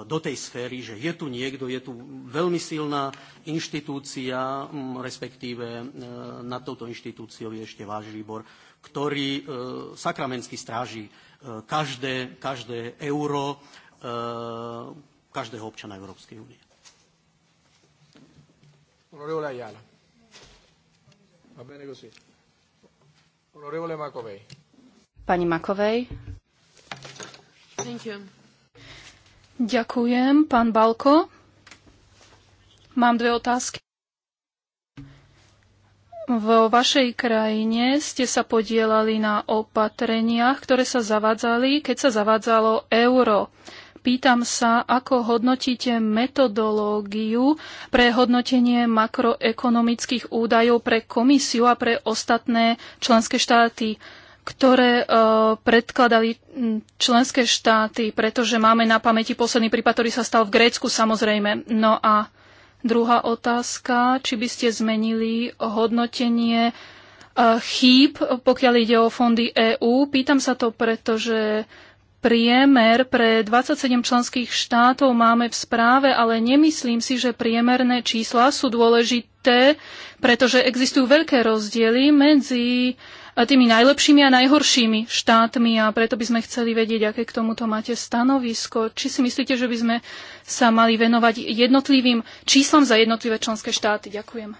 do tej sféry, že je tu niekto, je tu veľmi silná inštitúcia, respektíve na touto inštitúciou je ešte váš výbor, ktorý sakramentsky stráži každé, každé euro každého občana Európskej únie. Honorable Ayala. Pani Makovej. Ďakujem, pán Balko. Mám dve otázky. Vo vašej krajine ste sa podielali na opatreniach, ktoré sa zavádzali, keď sa zavádzalo euro. Pýtam sa, ako hodnotíte metodológiu pre hodnotenie makroekonomických údajov pre komisiu a pre ostatné členské štáty ktoré e, predkladali členské štáty, pretože máme na pamäti posledný prípad, ktorý sa stal v Grécku samozrejme. No a druhá otázka, či by ste zmenili hodnotenie e, chýb, pokiaľ ide o fondy EÚ. Pýtam sa to, pretože priemer pre 27 členských štátov máme v správe, ale nemyslím si, že priemerné čísla sú dôležité, pretože existujú veľké rozdiely medzi eh, tými najlepšími a najhoršími štátmi a preto by sme chceli vedieť, aké k tomuto máte stanovisko. Či si myslíte, že by sme sa mali venovať jednotlivým číslam za jednotlivé členské štáty? Ďakujem. Eh,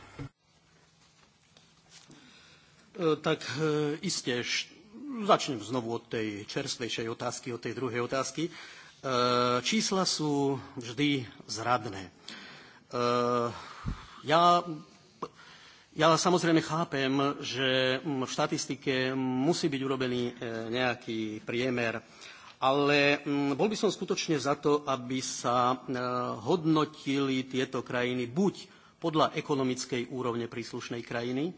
tak eh, iste, Začnem znovu od tej čerstvejšej otázky, od tej druhej otázky. E, čísla sú vždy zradné. E, ja, ja samozrejme chápem, že v štatistike musí byť urobený e, nejaký priemer, ale mm, bol by som skutočne za to, aby sa hodnotili tieto krajiny buď podľa ekonomickej úrovne príslušnej krajiny,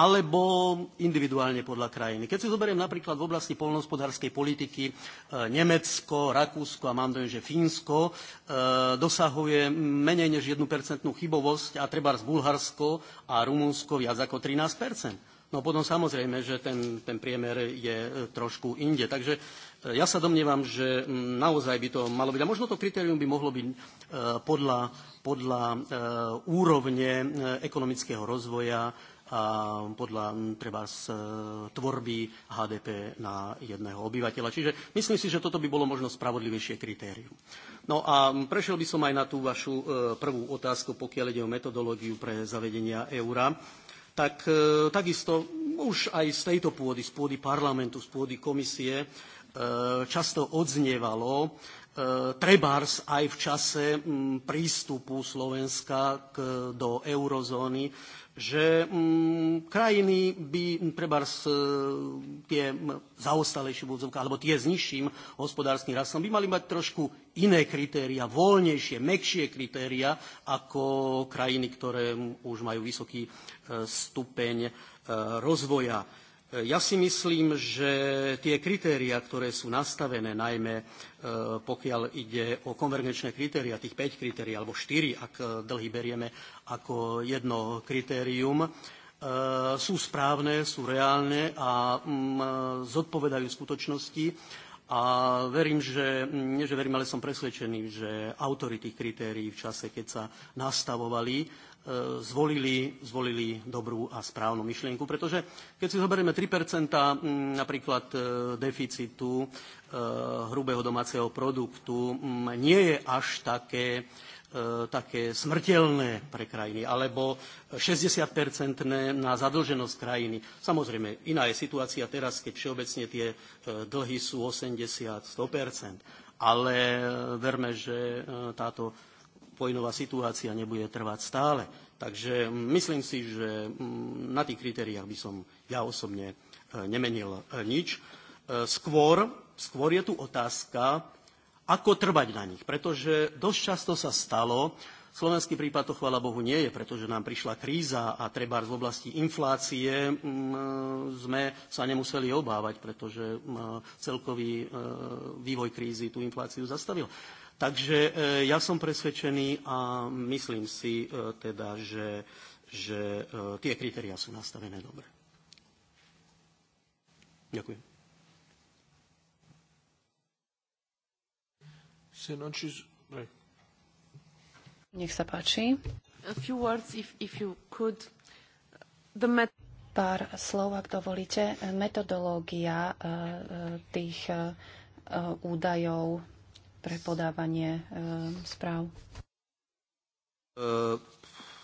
alebo individuálne podľa krajiny. Keď si zoberiem napríklad v oblasti polnohospodárskej politiky e, Nemecko, Rakúsko a mám dojem, že Fínsko e, dosahuje menej než 1% chybovosť a treba z Bulharsko a Rumunsko viac ako 13%. No potom samozrejme, že ten, ten priemer je e, trošku inde. Takže ja sa domnievam, že naozaj by to malo byť. A možno to kritérium by mohlo byť podľa, podľa úrovne ekonomického rozvoja podľa treba z e, tvorby HDP na jedného obyvateľa. Čiže myslím si, že toto by bolo možno spravodlivejšie kritérium. No a prešiel by som aj na tú vašu e, prvú otázku, pokiaľ ide o metodológiu pre zavedenia eura tak e, takisto už aj z tejto pôdy, z pôdy parlamentu, z pôdy komisie, často odznievalo, trebárs aj v čase mm, prístupu Slovenska k, do eurozóny, že mm, krajiny by mm, trebárs e, tie zaostalejšie budovky, alebo tie s nižším hospodárským rastom by mali mať trošku iné kritéria, voľnejšie, mekšie kritéria ako krajiny, ktoré už majú vysoký e, stupeň e, rozvoja. E, ja si myslím, že tie kritéria, ktoré sú nastavené, najmä e, pokiaľ ide o konvergenčné kritéria, tých 5 kritérií alebo 4, ak e, dlhy berieme ako jedno kritérium, sú správne, sú reálne a mm, zodpovedajú skutočnosti. A verím, že, mm, nie že verím, ale som presvedčený, že autory tých kritérií v čase, keď sa nastavovali, E, zvolili, zvolili dobrú a správnu myšlienku. Pretože keď si zoberieme 3 napríklad e, deficitu e, hrubého domáceho produktu, nie je až také také smrteľné pre krajiny, alebo 60-percentné na zadlženosť krajiny. Samozrejme, iná je situácia teraz, keď všeobecne tie dlhy sú 80-100%, ale verme, že táto vojnová situácia nebude trvať stále. Takže mm, myslím si, že mm, na tých kritériách by som ja osobne e, nemenil e, nič. E, skôr, skôr je tu otázka, ako trvať na nich, pretože dosť často sa stalo, Slovenský prípad to chvála Bohu nie je, pretože nám prišla kríza a treba v oblasti inflácie mm, sme sa nemuseli obávať, pretože celkový vývoj krízy tú infláciu zastavil. Takže e, ja som presvedčený a myslím si e, teda, že, že e, tie kritériá sú nastavené dobre. Ďakujem. Nech sa páči. Pár slov, ak dovolíte. Metodológia tých údajov pre podávanie e, správ? Uh,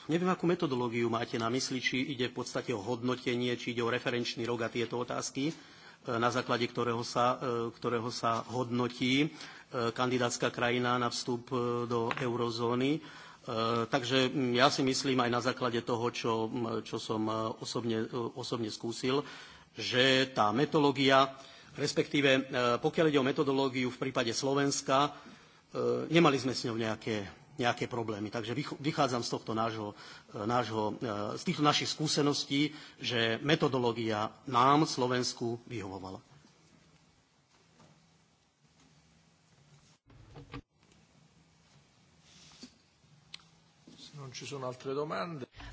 neviem, akú metodológiu máte na mysli, či ide v podstate o hodnotenie, či ide o referenčný rok a tieto otázky, e, na základe ktorého sa, ktorého sa hodnotí kandidátska krajina na vstup do eurozóny. Takže ja si myslím aj na základe toho, čo, čo som osobne, osobne skúsil, že tá metológia Respektíve, e, pokiaľ ide o metodológiu v prípade Slovenska, e, nemali sme s ňou nejaké, nejaké problémy. Takže vychádzam z, tohto nášho, e, nášho, z týchto našich skúseností, že metodológia nám, Slovensku, vyhovovala.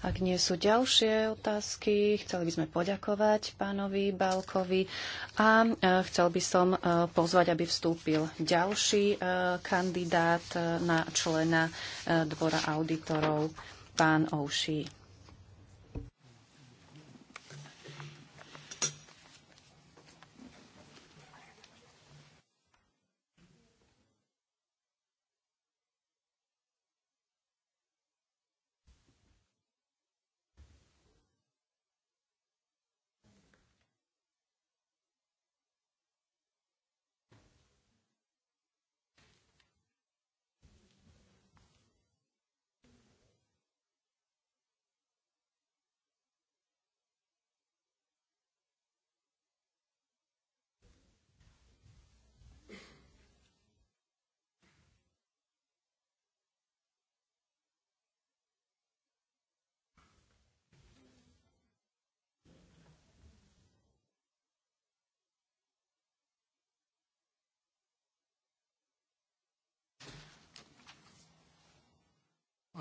Ak nie sú ďalšie otázky, chceli by sme poďakovať pánovi Balkovi a e, chcel by som e, pozvať, aby vstúpil ďalší e, kandidát na člena Dvora auditorov, pán Ouší.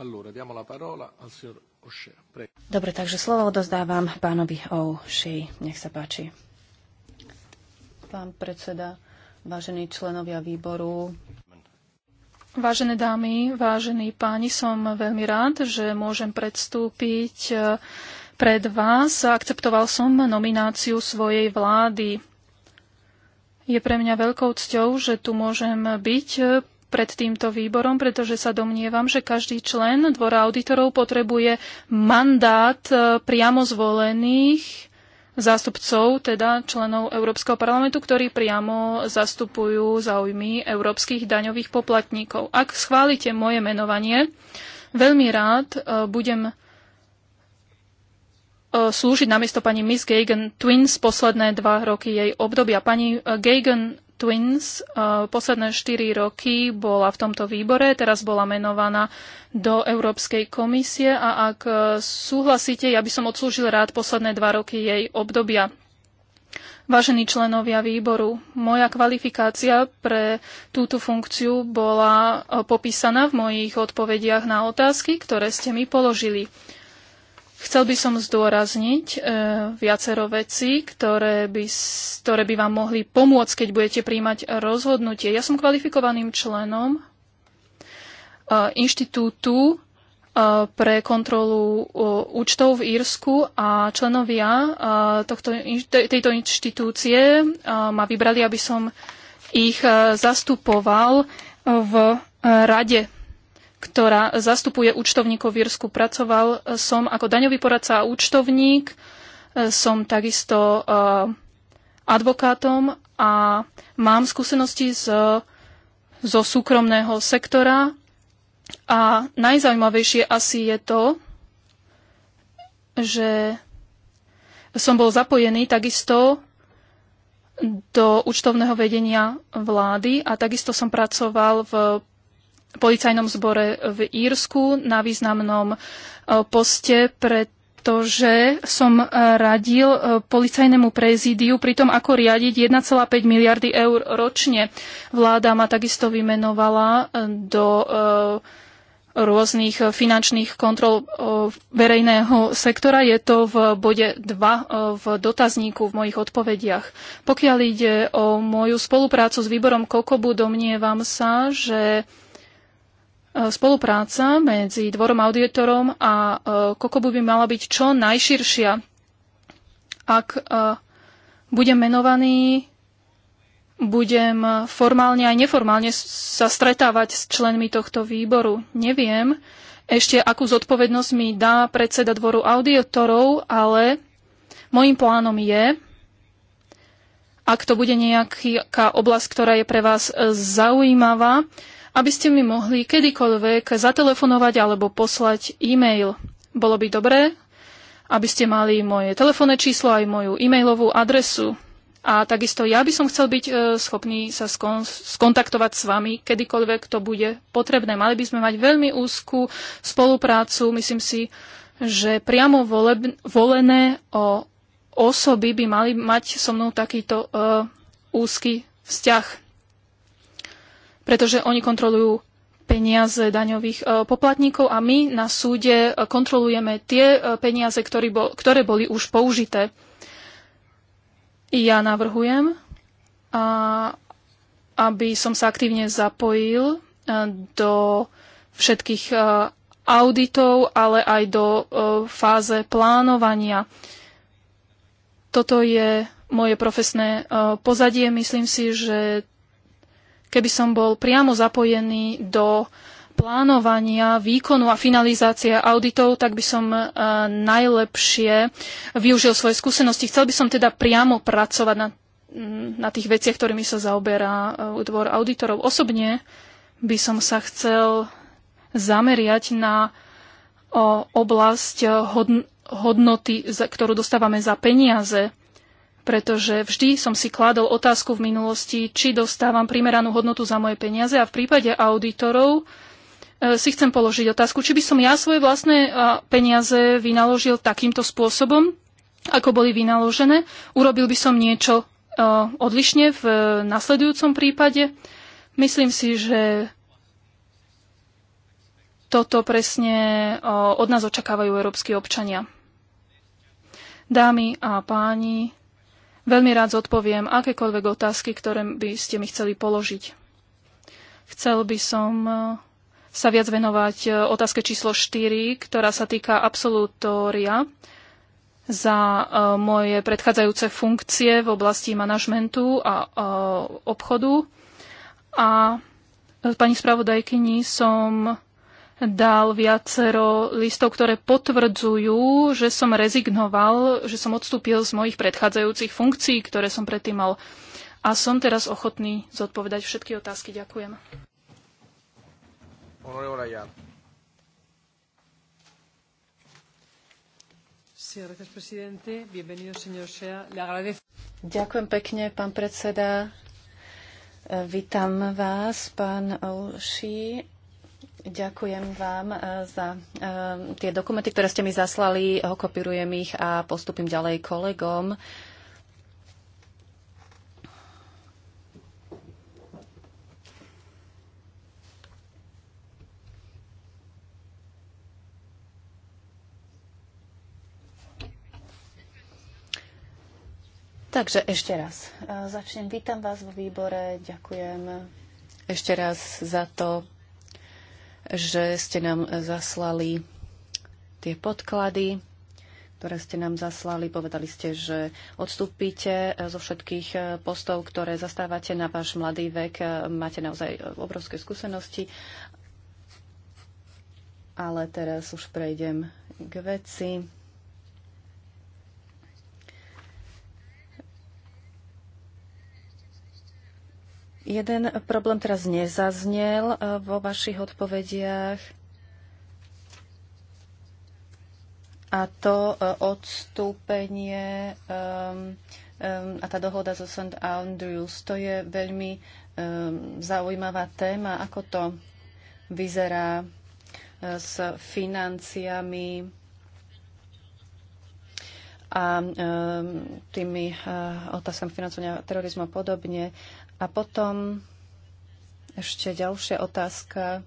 Allora, diamo la parola al signor O'Shea. Prego. Dobre, takže slovo odozdávam pánovi O'Shea. Nech sa páči. Pán predseda, vážení členovia výboru, Vážené dámy, vážení páni, som veľmi rád, že môžem predstúpiť eh, pred vás. Akceptoval som nomináciu svojej vlády. Je pre mňa veľkou cťou, že tu môžem byť eh, pred týmto výborom, pretože sa domnievam, že každý člen dvora auditorov potrebuje mandát e, priamo zvolených zástupcov, teda členov Európskeho parlamentu, ktorí priamo zastupujú záujmy európskych daňových poplatníkov. Ak schválite moje menovanie, veľmi rád e, budem e, slúžiť namiesto pani Miss Gagan Twins posledné dva roky jej obdobia. Pani Gagan Twins. E, posledné 4 roky bola v tomto výbore, teraz bola menovaná do Európskej komisie a ak e, súhlasíte, ja by som odslúžil rád posledné 2 roky jej obdobia. Vážení členovia výboru, moja kvalifikácia pre túto funkciu bola e, popísaná v mojich odpovediach na otázky, ktoré ste mi položili. Chcel by som zdôrazniť e, viacero vecí, ktoré by, ktoré by vám mohli pomôcť, keď budete príjmať rozhodnutie. Ja som kvalifikovaným členom e, inštitútu e, pre kontrolu e, účtov v Írsku a členovia e, tohto, te, tejto inštitúcie e, ma vybrali, aby som ich e, zastupoval v e, rade ktorá zastupuje účtovníkov v Írsku. Pracoval e, som ako daňový poradca a účtovník, e, som takisto e, advokátom a mám skúsenosti z, zo súkromného sektora. A najzaujímavejšie asi je to, že som bol zapojený takisto do účtovného vedenia vlády a takisto som pracoval v policajnom zbore v Írsku na významnom e, poste, pretože som e, radil e, policajnému prezídiu pri tom, ako riadiť 1,5 miliardy eur ročne. Vláda ma takisto vymenovala do rôznych finančných kontrol verejného sektora. Je to v bode 2 v dotazníku v mojich odpovediach. Pokiaľ ide o moju spoluprácu s výborom Kokobu, domnievam sa, že E, spolupráca medzi dvorom auditorom a e, Kokobu by mala byť čo najširšia. Ak e, budem menovaný, budem formálne aj neformálne sa stretávať s členmi tohto výboru. Neviem ešte, akú zodpovednosť mi dá predseda dvoru auditorov, ale môjim plánom je, ak to bude nejaká oblasť, ktorá je pre vás zaujímavá, aby ste mi mohli kedykoľvek zatelefonovať alebo poslať e-mail. Bolo by dobré, aby ste mali moje telefónne číslo aj moju e-mailovú adresu. A takisto ja by som chcel byť e, schopný sa skon- skontaktovať s vami, kedykoľvek to bude potrebné. Mali by sme mať veľmi úzkú spoluprácu. Myslím si, že priamo voleb- volené o osoby by mali mať so mnou takýto uh, úzky vzťah pretože oni kontrolujú peniaze daňových e, poplatníkov a my na súde e, kontrolujeme tie e, peniaze, ktoré boli už použité. Ja navrhujem, aby som sa aktívne zapojil do všetkých auditov, ale aj do fáze plánovania. Toto je moje profesné pozadie. Myslím si, že keby som bol priamo zapojený do plánovania, výkonu a finalizácie auditov, tak by som eh, najlepšie využil svoje skúsenosti. Chcel by som teda priamo pracovať na, mm, na tých veciach, ktorými sa zaoberá eh, dvor auditorov. Osobne by som sa chcel zameriať na oblasť hodnoty, ktorú dostávame za peniaze pretože vždy som si kladol otázku v minulosti, či dostávam primeranú hodnotu za moje peniaze a v prípade auditorov e, si chcem položiť otázku, či by som ja svoje vlastné e, peniaze vynaložil takýmto spôsobom, ako boli vynaložené. Urobil by som niečo e, odlišne v nasledujúcom prípade. Myslím si, že toto presne od nás očakávajú európsky občania. Dámy a páni, Veľmi rád zodpoviem akékoľvek otázky, ktoré by ste mi chceli položiť. Chcel by som e, sa viac venovať e, otázke číslo 4, ktorá sa týka absolutória za e, moje predchádzajúce funkcie v oblasti manažmentu a obchodu. A pani spravodajkyni som dal viacero listov, ktoré potvrdzujú, že som rezignoval, že som odstúpil z mojich predchádzajúcich funkcií, ktoré som predtým mal. A som teraz ochotný zodpovedať všetky otázky. Ďakujem. Ďakujem pekne, pán predseda. Vítam vás, pán Olší. Ďakujem vám e, za e, tie dokumenty, ktoré ste mi zaslali. Kopírujem ich a postupím ďalej kolegom. Takže ešte raz. E, začnem. Vítam vás vo výbore. Ďakujem ešte raz za to, že ste nám zaslali tie podklady, ktoré ste nám zaslali. Povedali ste, že odstúpite zo všetkých postov, ktoré zastávate na váš mladý vek. Máte naozaj obrovské skúsenosti. Ale teraz už prejdem k veci. Jeden problém teraz nezaznel e, vo vašich odpovediach a to e, odstúpenie a tá dohoda zo St. Andrews. To je veľmi zaujímavá téma, ako to vyzerá e, s financiami a tými otázkami financovania terorizmu a podobne. A potom ešte ďalšia otázka.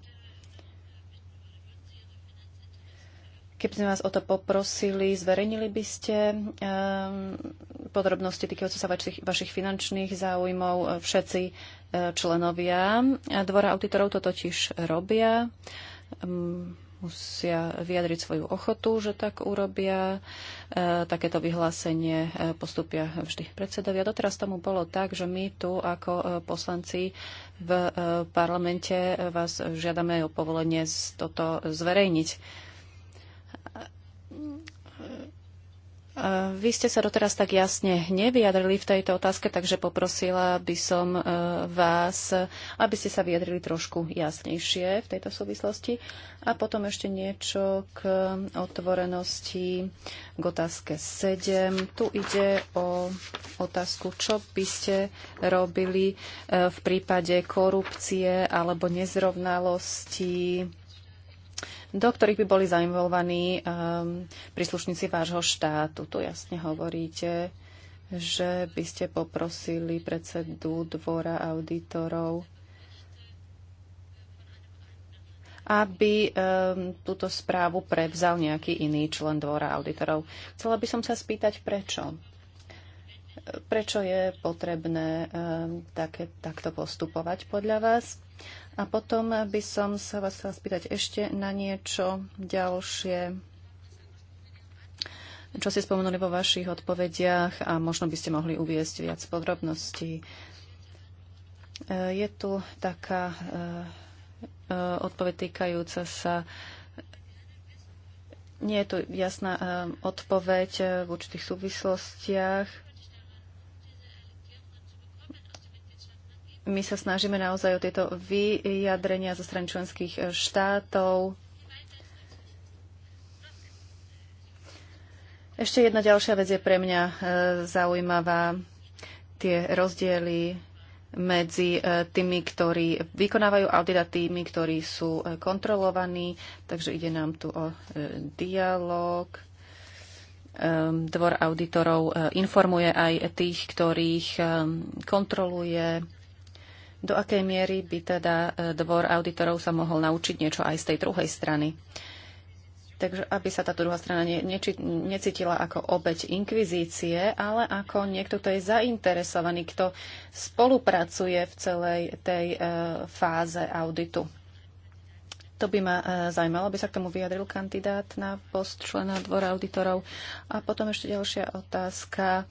Keby sme vás o to poprosili, zverejnili by ste um, podrobnosti týkajúce sa vašich, vašich finančných záujmov. E, všetci e, členovia Dvora auditorov to totiž robia. Um, musia vyjadriť svoju ochotu, že tak urobia. E, takéto vyhlásenie e, postupia vždy predsedovia. Doteraz tomu bolo tak, že my tu ako e, poslanci v parlamente vás žiadame o povolenie toto zverejniť Eh, vy ste sa doteraz tak jasne nevyjadrili v tejto otázke, takže poprosila by som eh, vás, aby ste sa vyjadrili trošku jasnejšie v tejto súvislosti. A potom ešte niečo k otvorenosti k otázke 7. Tu ide o otázku, čo by ste robili eh, v prípade korupcie alebo nezrovnalosti do ktorých by boli zainvolovaní um, ehm, príslušníci vášho štátu. Tu jasne hovoríte, že by ste poprosili predsedu dvora auditorov, aby um, túto správu prevzal nejaký iný člen dvora auditorov. Chcela by som sa spýtať, prečo? prečo je potrebné eh, také, takto postupovať podľa vás. A potom by som sa vás chcela spýtať ešte na niečo ďalšie, čo ste spomenuli vo vašich odpovediach a možno by ste mohli uviesť viac podrobností. Eh, je tu taká eh, odpoveď týkajúca sa nie je tu jasná odpoveď v určitých súvislostiach my sa snažíme naozaj o tieto vyjadrenia zo strany členských e, štátov. Ešte jedna ďalšia vec je pre mňa e, zaujímavá. Tie rozdiely medzi e, tými, ktorí vykonávajú audit a tými, ktorí sú kontrolovaní. Takže ide nám tu o dialog. Ehm, dvor auditorov informuje aj tých, ktorých ehm, kontroluje do akej miery by teda e, dvor auditorov sa mohol naučiť niečo aj z tej druhej strany? Takže aby sa táto druhá strana ne, neči, necítila ako obeď inkvizície, ale ako niekto, kto je zainteresovaný, kto spolupracuje v celej tej e, fáze auditu. To by ma e, zaujímalo, aby sa k tomu vyjadril kandidát na post člena dvora auditorov. A potom ešte ďalšia otázka.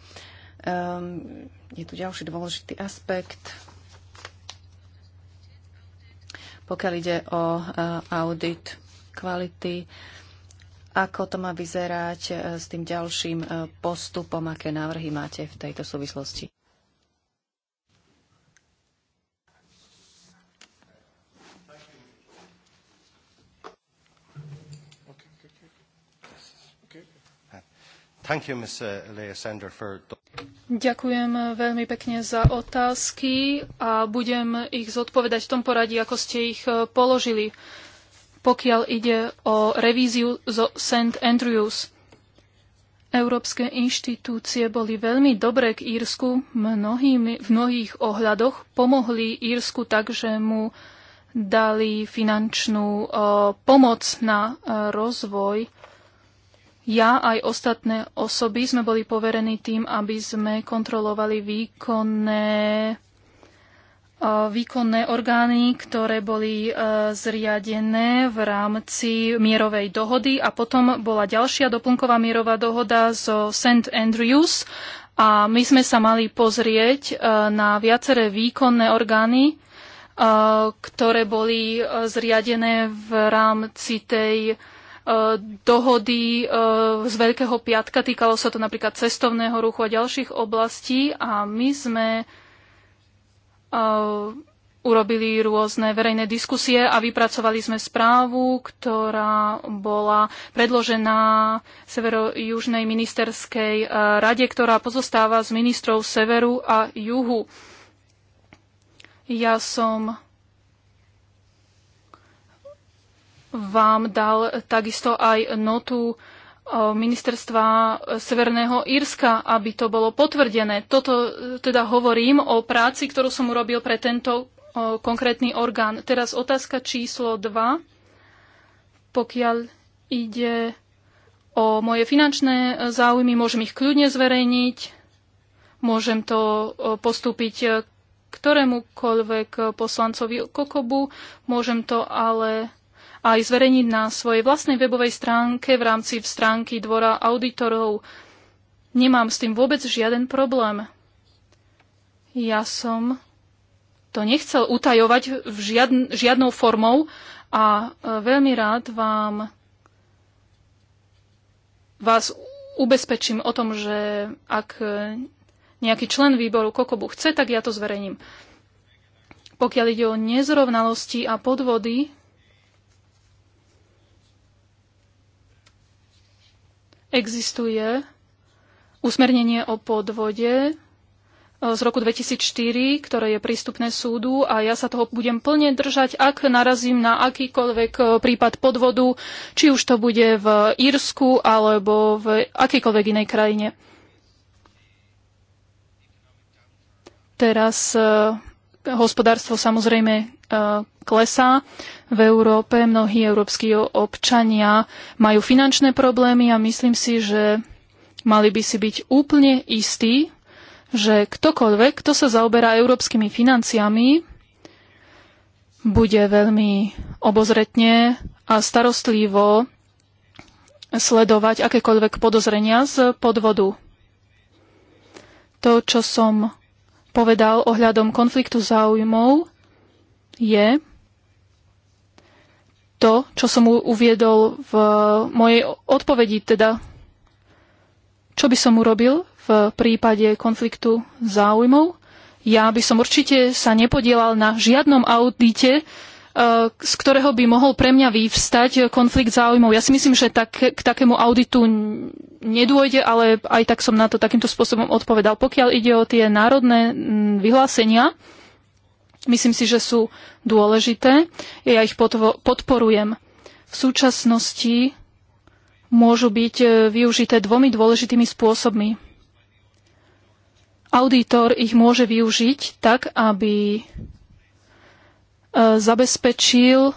Um, je tu ďalší dôležitý aspekt pokiaľ ide o e, audit kvality, ako to má vyzerať e, s tým ďalším e, postupom, aké návrhy máte v tejto súvislosti. You, uh, Ďakujem uh, veľmi pekne za otázky a budem ich zodpovedať v tom poradí, ako ste ich uh, položili, pokiaľ ide o revíziu zo St. Andrews. Európske inštitúcie boli veľmi dobré k Írsku mnohými, v mnohých ohľadoch. Pomohli Írsku tak, že mu dali finančnú pomoc na rozvoj ja aj ostatné osoby sme boli poverení tým, aby sme kontrolovali výkonné výkonné orgány, ktoré boli e, zriadené v rámci mierovej dohody a potom bola ďalšia doplnková mierová dohoda zo St. Andrews a my sme sa mali pozrieť e, na viaceré výkonné orgány, e, ktoré boli zriadené v rámci tej E, dohody e, z Veľkého piatka. Týkalo sa to napríklad cestovného ruchu a ďalších oblastí a my sme e, urobili rôzne verejné diskusie a vypracovali sme správu, ktorá bola predložená Severo-Južnej ministerskej rade, ktorá pozostáva z ministrov severu a juhu. Ja som vám dal takisto aj notu eh, ministerstva Severného Írska, aby to bolo potvrdené. Toto eh, teda hovorím o práci, ktorú som urobil pre tento eh, konkrétny orgán. Teraz otázka číslo 2. Pokiaľ ide o moje finančné záujmy, môžem ich kľudne zverejniť, môžem to postúpiť ktorémukoľvek poslancovi Kokobu, môžem to ale aj zverejniť na svojej vlastnej webovej stránke v rámci v stránky Dvora auditorov. Nemám s tým vôbec žiaden problém. Ja som to nechcel utajovať v žiadn, žiadnou formou a e, veľmi rád vám vás ubezpečím o tom, že ak e, nejaký člen výboru Kokobu chce, tak ja to zverejním. Pokiaľ ide o nezrovnalosti a podvody, existuje usmernenie o podvode e, z roku 2004, ktoré je prístupné súdu a ja sa toho budem plne držať, ak narazím na akýkoľvek e, prípad podvodu, či už to bude v Írsku alebo v akýkoľvek inej krajine. Teraz e, hospodárstvo samozrejme klesá v Európe. Mnohí európsky občania majú finančné problémy a myslím si, že mali by si byť úplne istí, že ktokoľvek, kto sa zaoberá európskymi financiami, bude veľmi obozretne a starostlivo sledovať akékoľvek podozrenia z podvodu. To, čo som povedal ohľadom konfliktu záujmov, je, to, čo som uviedol v mojej odpovedi, teda čo by som urobil v prípade konfliktu záujmov. Ja by som určite sa nepodielal na žiadnom audite, e, z ktorého by mohol pre mňa vyvstať konflikt záujmov. Ja si myslím, že tak, k takému auditu nedôjde, ale aj tak som na to takýmto spôsobom odpovedal. Pokiaľ ide o tie národné vyhlásenia, Myslím si, že sú dôležité. Ja ich podporujem. V súčasnosti môžu byť e, využité dvomi dôležitými spôsobmi. Auditor ich môže využiť tak, aby e, zabezpečil,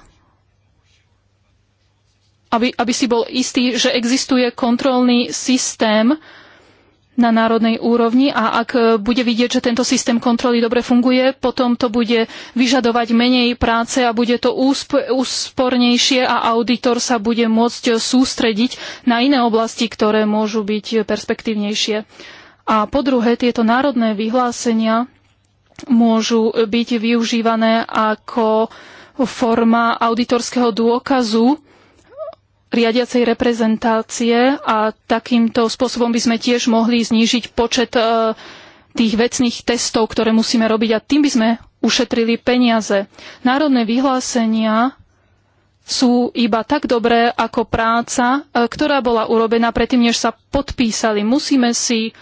aby, aby si bol istý, že existuje kontrolný systém, na národnej úrovni a ak e, bude vidieť, že tento systém kontroly dobre funguje, potom to bude vyžadovať menej práce a bude to úspornejšie a auditor sa bude môcť sústrediť na iné oblasti, ktoré môžu byť perspektívnejšie. A po druhé, tieto národné vyhlásenia môžu byť využívané ako forma auditorského dôkazu riadiacej reprezentácie a takýmto spôsobom by sme tiež mohli znížiť počet e, tých vecných testov, ktoré musíme robiť a tým by sme ušetrili peniaze. Národné vyhlásenia sú iba tak dobré ako práca, e, ktorá bola urobená predtým, než sa podpísali. Musíme si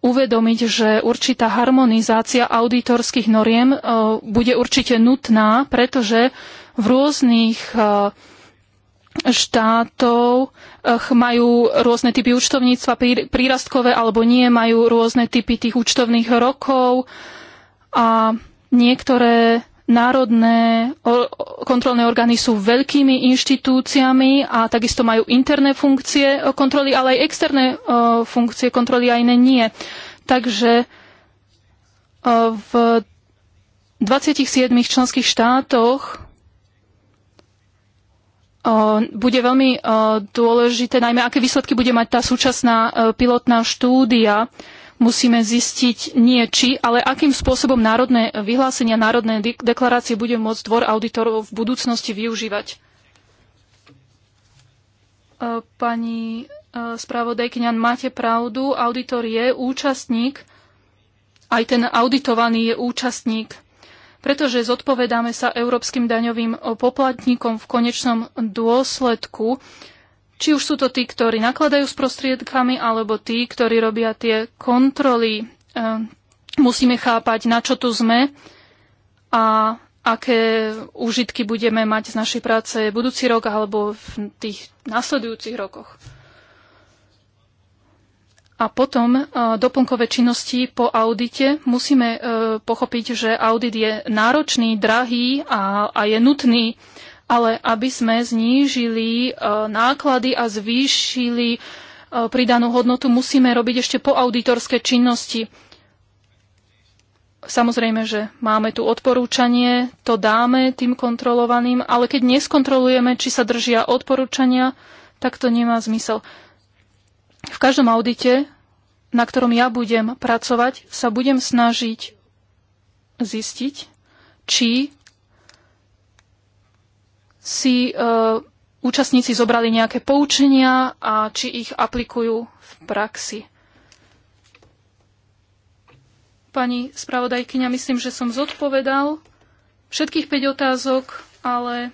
uvedomiť, že určitá harmonizácia auditorských noriem e, bude určite nutná, pretože v rôznych e, štátov majú rôzne typy účtovníctva, prírastkové alebo nie, majú rôzne typy tých účtovných rokov a niektoré národné kontrolné orgány sú veľkými inštitúciami a takisto majú interné funkcie kontroly, ale aj externé e, funkcie kontroly a iné nie. Takže e, v 27 členských štátoch bude veľmi dôležité, najmä aké výsledky bude mať tá súčasná e, pilotná štúdia. Musíme zistiť nie či, ale akým spôsobom národné vyhlásenia, národné deklarácie bude môcť dvor auditorov v budúcnosti využívať. E, pani e, spravodajkyňan, máte pravdu, auditor je účastník, aj ten auditovaný je účastník pretože zodpovedáme sa európskym daňovým poplatníkom v konečnom dôsledku, či už sú to tí, ktorí nakladajú s prostriedkami, alebo tí, ktorí robia tie kontroly. Ehm, musíme chápať, na čo tu sme a aké úžitky budeme mať z našej práce budúci rok alebo v tých nasledujúcich rokoch. A potom e, doplnkové činnosti po audite. Musíme e, pochopiť, že audit je náročný, drahý a, a je nutný, ale aby sme znížili e, náklady a zvýšili pridanú hodnotu, musíme robiť ešte po auditorské činnosti. Samozrejme, že máme tu odporúčanie, to dáme tým kontrolovaným, ale keď neskontrolujeme, či sa držia odporúčania, tak to nemá zmysel. V každom audite, na ktorom ja budem pracovať, sa budem snažiť zistiť, či si e, účastníci zobrali nejaké poučenia a či ich aplikujú v praxi. Pani spravodajkyňa, myslím, že som zodpovedal všetkých 5 otázok, ale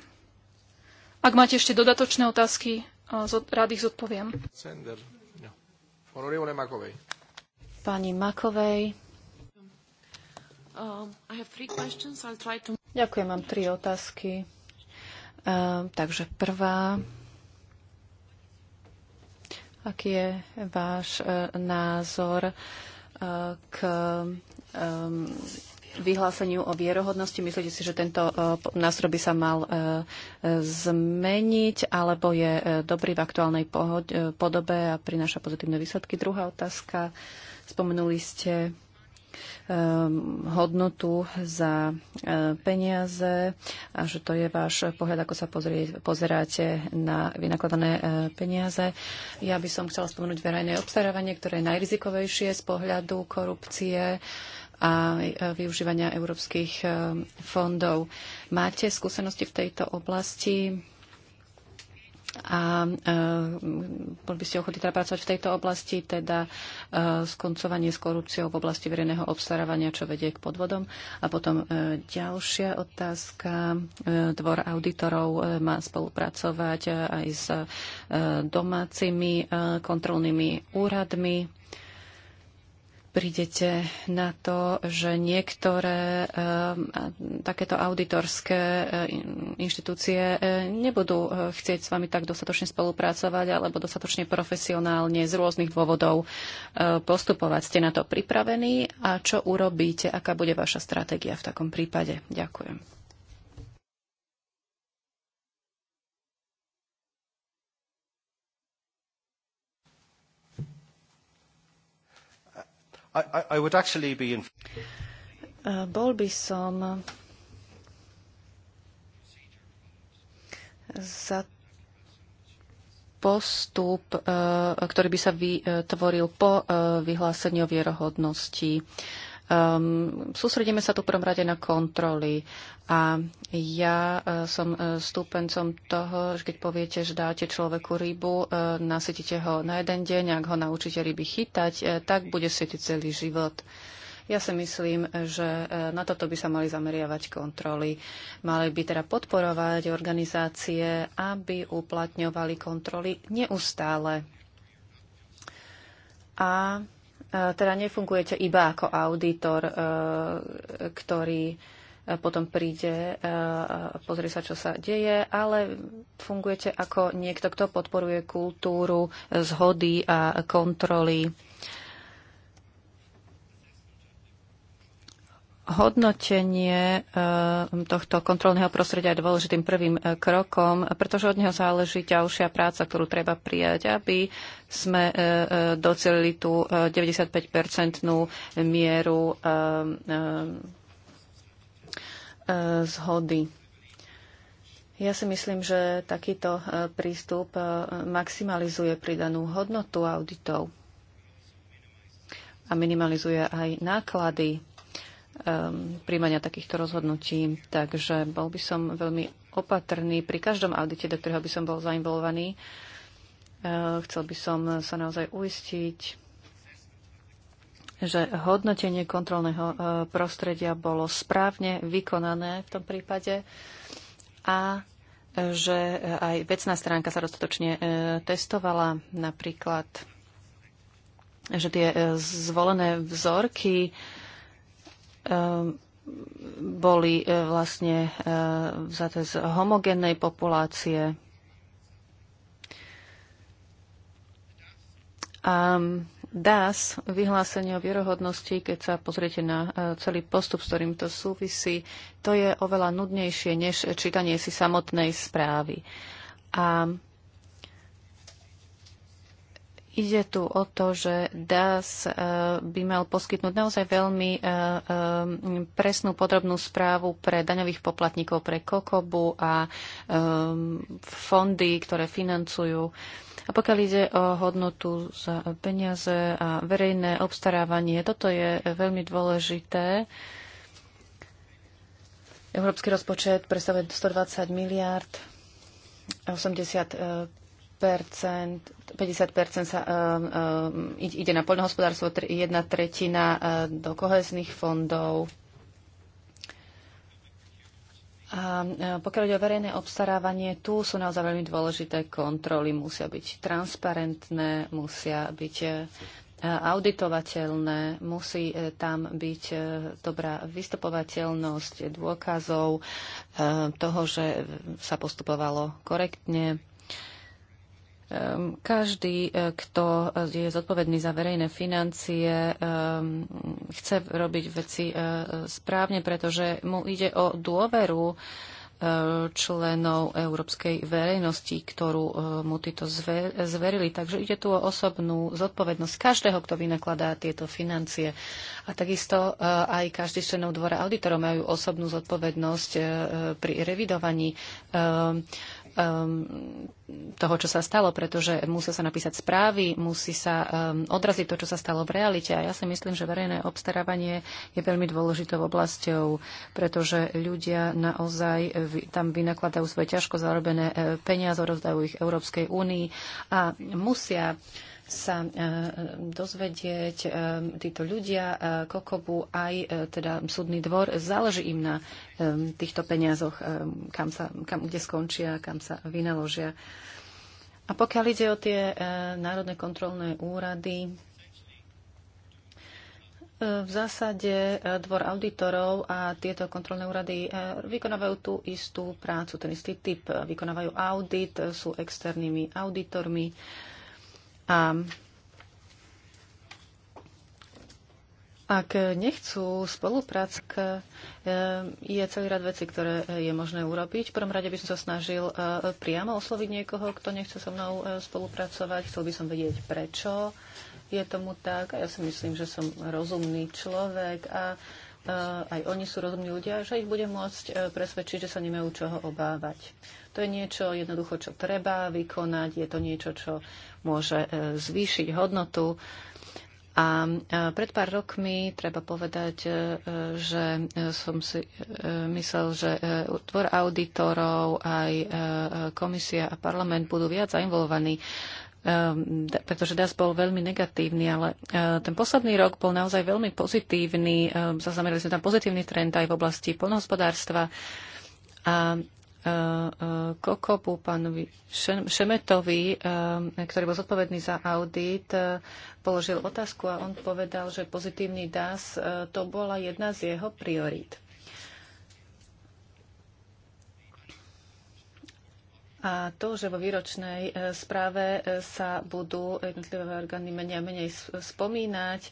ak máte ešte dodatočné otázky, e, rád ich zodpoviem. Sender. Onorevole Makovej. Pani Makovej. Um, to... Ďakujem, mám tri otázky. Um, takže prvá. Aký je váš uh, názor eh, k um, vyhláseniu o vierohodnosti. Myslíte si, že tento e, nástroj by sa mal e, zmeniť, alebo je e, dobrý v aktuálnej podobe a prináša pozitívne výsledky? Druhá otázka. Spomenuli ste hodnotu za peniaze a že to je váš pohľad, ako sa pozeráte na vynakladané peniaze. Ja by som chcela spomenúť verejné obstarávanie, ktoré je najrizikovejšie z pohľadu korupcie a e, využívania európskych e, fondov. Máte skúsenosti v tejto oblasti? a e, boli by ste ochotní teda pracovať v tejto oblasti, teda e, skoncovanie s korupciou v oblasti verejného obstarávania, čo vedie k podvodom. A potom e, ďalšia otázka. E, dvor auditorov e, má spolupracovať e, aj s e, domácimi e, kontrolnými úradmi prídete na to, že niektoré eh, takéto auditorské eh, inštitúcie eh, nebudú chcieť s vami tak dostatočne spolupracovať alebo dostatočne profesionálne z rôznych dôvodov postupovať. Ste na to pripravení a čo urobíte? Aká bude vaša stratégia v takom prípade? Ďakujem. I, I would actually be in... Bol by som za postup, e, ktorý by sa vytvoril e, po e, vyhlásení o vierohodnosti Um, sústredíme sa tu prvom rade na kontroly. A ja uh, som uh, stúpencom toho, že keď poviete, že dáte človeku rybu, uh, nasytíte ho na jeden deň, ak ho naučíte ryby chytať, uh, tak bude sytiť celý život. Ja si myslím, že uh, na toto by sa mali zameriavať kontroly. Mali by teda podporovať organizácie, aby uplatňovali kontroly neustále. A teda nefungujete iba ako auditor, e, ktorý e, potom príde, e, pozrie sa, čo sa deje, ale fungujete ako niekto, kto podporuje kultúru zhody a kontroly hodnotenie eh, tohto kontrolného prostredia je dôležitým prvým eh, krokom, pretože od neho záleží ďalšia práca, ktorú treba prijať, aby sme eh, docelili tú 95-percentnú mieru zhody. Ja si myslím, že takýto prístup maximalizuje pridanú hodnotu auditov a minimalizuje aj náklady um, príjmania takýchto rozhodnutí. Takže bol by som veľmi opatrný pri každom audite, do ktorého by som bol zainvolovaný. Uh, chcel by som sa naozaj uistiť, že hodnotenie kontrolného uh, prostredia bolo správne vykonané v tom prípade a že aj vecná stránka sa dostatočne uh, testovala, napríklad, že tie uh, zvolené vzorky Ehm, boli e, vlastne e, vzaté z homogénnej populácie. A DAS, vyhlásenie o vierohodnosti, keď sa pozriete na e, celý postup, s ktorým to súvisí, to je oveľa nudnejšie než čítanie si samotnej správy. A Ide tu o to, že DAS eh, by mal poskytnúť naozaj veľmi eh, eh, presnú, podrobnú správu pre daňových poplatníkov, pre Kokobu a fondy, ktoré financujú. A pokiaľ ide o hodnotu za peniaze a verejné obstarávanie, toto je veľmi dôležité. Európsky rozpočet predstavuje 120 miliárd, 80 50 sa, um, um, ide na poľnohospodárstvo, jedna tretina uh, do kohezných fondov. A uh, pokiaľ ide o verejné obstarávanie, tu sú naozaj veľmi dôležité kontroly. Musia byť transparentné, musia byť uh, auditovateľné, musí tam byť dobrá vystupovateľnosť dôkazov toho, že sa postupovalo korektne. Ehm, každý, eh, kto eh, je zodpovedný za verejné financie, ehm, chce robiť veci eh, správne, pretože mu ide o dôveru členov európskej verejnosti, ktorú mu títo zverili. Takže ide tu o osobnú zodpovednosť každého, kto vynakladá tieto financie. A takisto aj každý z členov dvora auditorov majú osobnú zodpovednosť pri revidovaní ehm, um, toho, čo sa stalo, pretože musia sa napísať správy, musí sa um, odraziť to, čo sa stalo v realite. A ja si myslím, že verejné obstarávanie je veľmi dôležitou oblasťou, pretože ľudia naozaj tam vynakladajú svoje ťažko zarobené e, peniaze, rozdajú ich Európskej únii a musia sa e, dozvedieť e, títo ľudia e, Kokobu aj teda súdny dvor. Záleží im na týchto peniazoch, kam, sa, kam kde skončia, kam sa vynaložia. A pokiaľ ide o tie národné kontrolné úrady, v zásade dvor auditorov a tieto kontrolné úrady vykonávajú tú istú prácu, ten istý typ. Vykonávajú audit, sú externými auditormi ak nechcú spoluprác, e, je celý rad vecí, ktoré je možné urobiť. V prvom rade by som sa snažil e, priamo osloviť niekoho, kto nechce so mnou e, spolupracovať. Chcel by som vedieť, prečo je tomu tak. A ja si myslím, že som rozumný človek a aj oni sú rozumní ľudia, že ich budem môcť presvedčiť, že sa nemajú čoho obávať. To je niečo jednoducho, čo treba vykonať, je to niečo, čo môže e, zvýšiť hodnotu. A e, pred pár rokmi treba povedať, e, že som si myslel, že tvor auditorov, aj komisia a parlament budú viac zainvolovaní pretože DAS bol veľmi negatívny, ale ten posledný rok bol naozaj veľmi pozitívny. Zaznamenali sme tam pozitívny trend aj v oblasti polnohospodárstva. A E, e, Kokopu, pánovi Šemetovi, e, ktorý bol zodpovedný za audit, položil otázku a on povedal, že pozitívny DAS to bola jedna z jeho priorít. A to, že vo výročnej správe sa budú jednotlivé orgány menej a menej spomínať,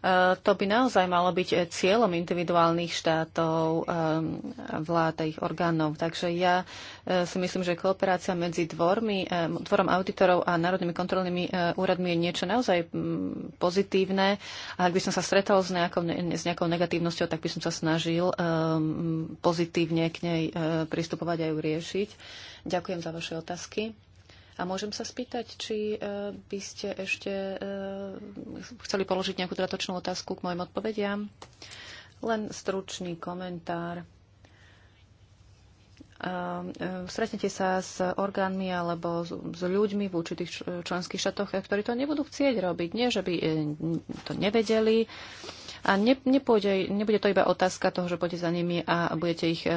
Eh, to by naozaj malo byť eh, cieľom individuálnych štátov, eh, vlád a ich orgánov. Takže ja si myslím, že kooperácia medzi dvormi, dvorom auditorov a národnými kontrolnými úradmi je niečo naozaj mm, pozitívne. A ak by som sa stretol s nejakou, s nejakou negatívnosťou, tak by som sa snažil pozitívne k nej pristupovať a ju riešiť. Ďakujem za vaše otázky. A môžem sa spýtať, či e, by ste ešte e, chceli položiť nejakú dodatočnú otázku k mojim odpovediam? Len stručný komentár. E, stretnete sa s orgánmi alebo s ľuďmi v určitých členských šatoch, ktorí to nebudú chcieť robiť. Nie, že by to nevedeli, a ne, nepôjde, nebude to iba otázka toho, že pôjdete za nimi a budete ich e,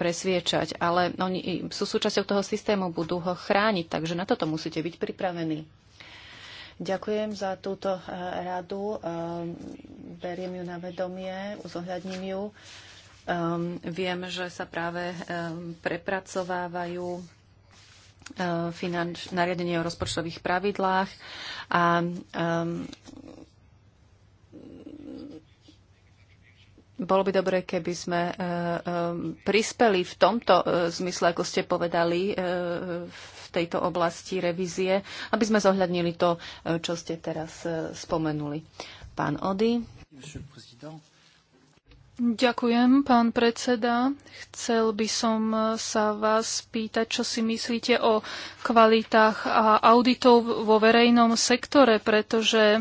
presviečať, ale oni sú súčasťou toho systému, budú ho chrániť, takže na toto musíte byť pripravení. Ďakujem za túto e, radu, e, beriem ju na vedomie, uzohľadním ju. E, viem, že sa práve e, prepracovávajú e, finanč, nariadenie o rozpočtových pravidlách a um, bolo by dobre, keby sme e, e, prispeli v tomto e, zmysle, ako ste povedali, v tejto oblasti revízie, aby sme zohľadnili to, čo ste teraz spomenuli. Pán Ody. Ďakujem, pán predseda. Chcel by som sa vás pýtať, čo si myslíte o kvalitách a auditov vo verejnom sektore, pretože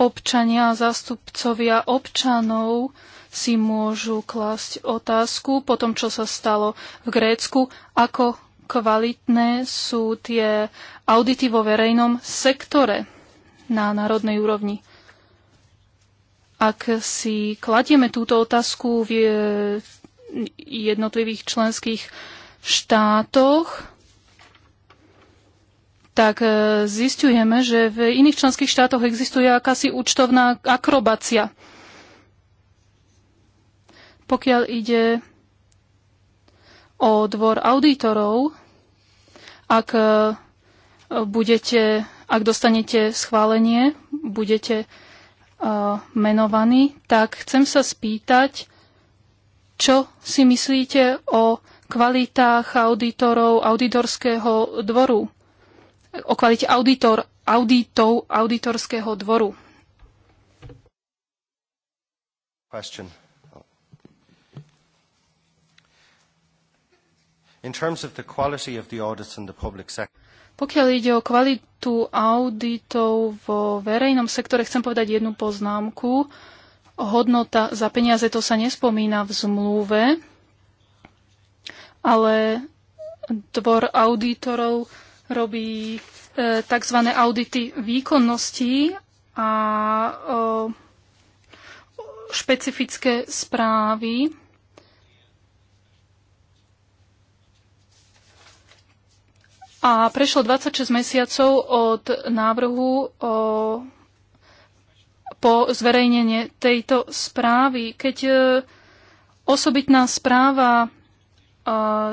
občania, zástupcovia občanov si môžu klásť otázku po tom, čo sa stalo v Grécku, ako kvalitné sú tie audity vo verejnom sektore na národnej úrovni. Ak si kladieme túto otázku v jednotlivých členských štátoch, tak e, zistujeme, že v iných členských štátoch existuje akási účtovná akrobácia. Pokiaľ ide o dvor auditorov, ak e, budete, ak dostanete schválenie, budete e, menovaní, tak chcem sa spýtať, čo si myslíte o kvalitách auditorov auditorského dvoru o kvalite auditor, auditov auditorského dvoru. Question. In terms of the quality of the audits in the public sector, pokiaľ ide o kvalitu auditov vo verejnom sektore, chcem povedať jednu poznámku. Hodnota za peniaze to sa nespomína v zmluve, ale dvor auditorov robí e, tzv. audity výkonnosti a e, špecifické správy. A prešlo 26 mesiacov od návrhu o po zverejnenie tejto správy. Keď e, osobitná správa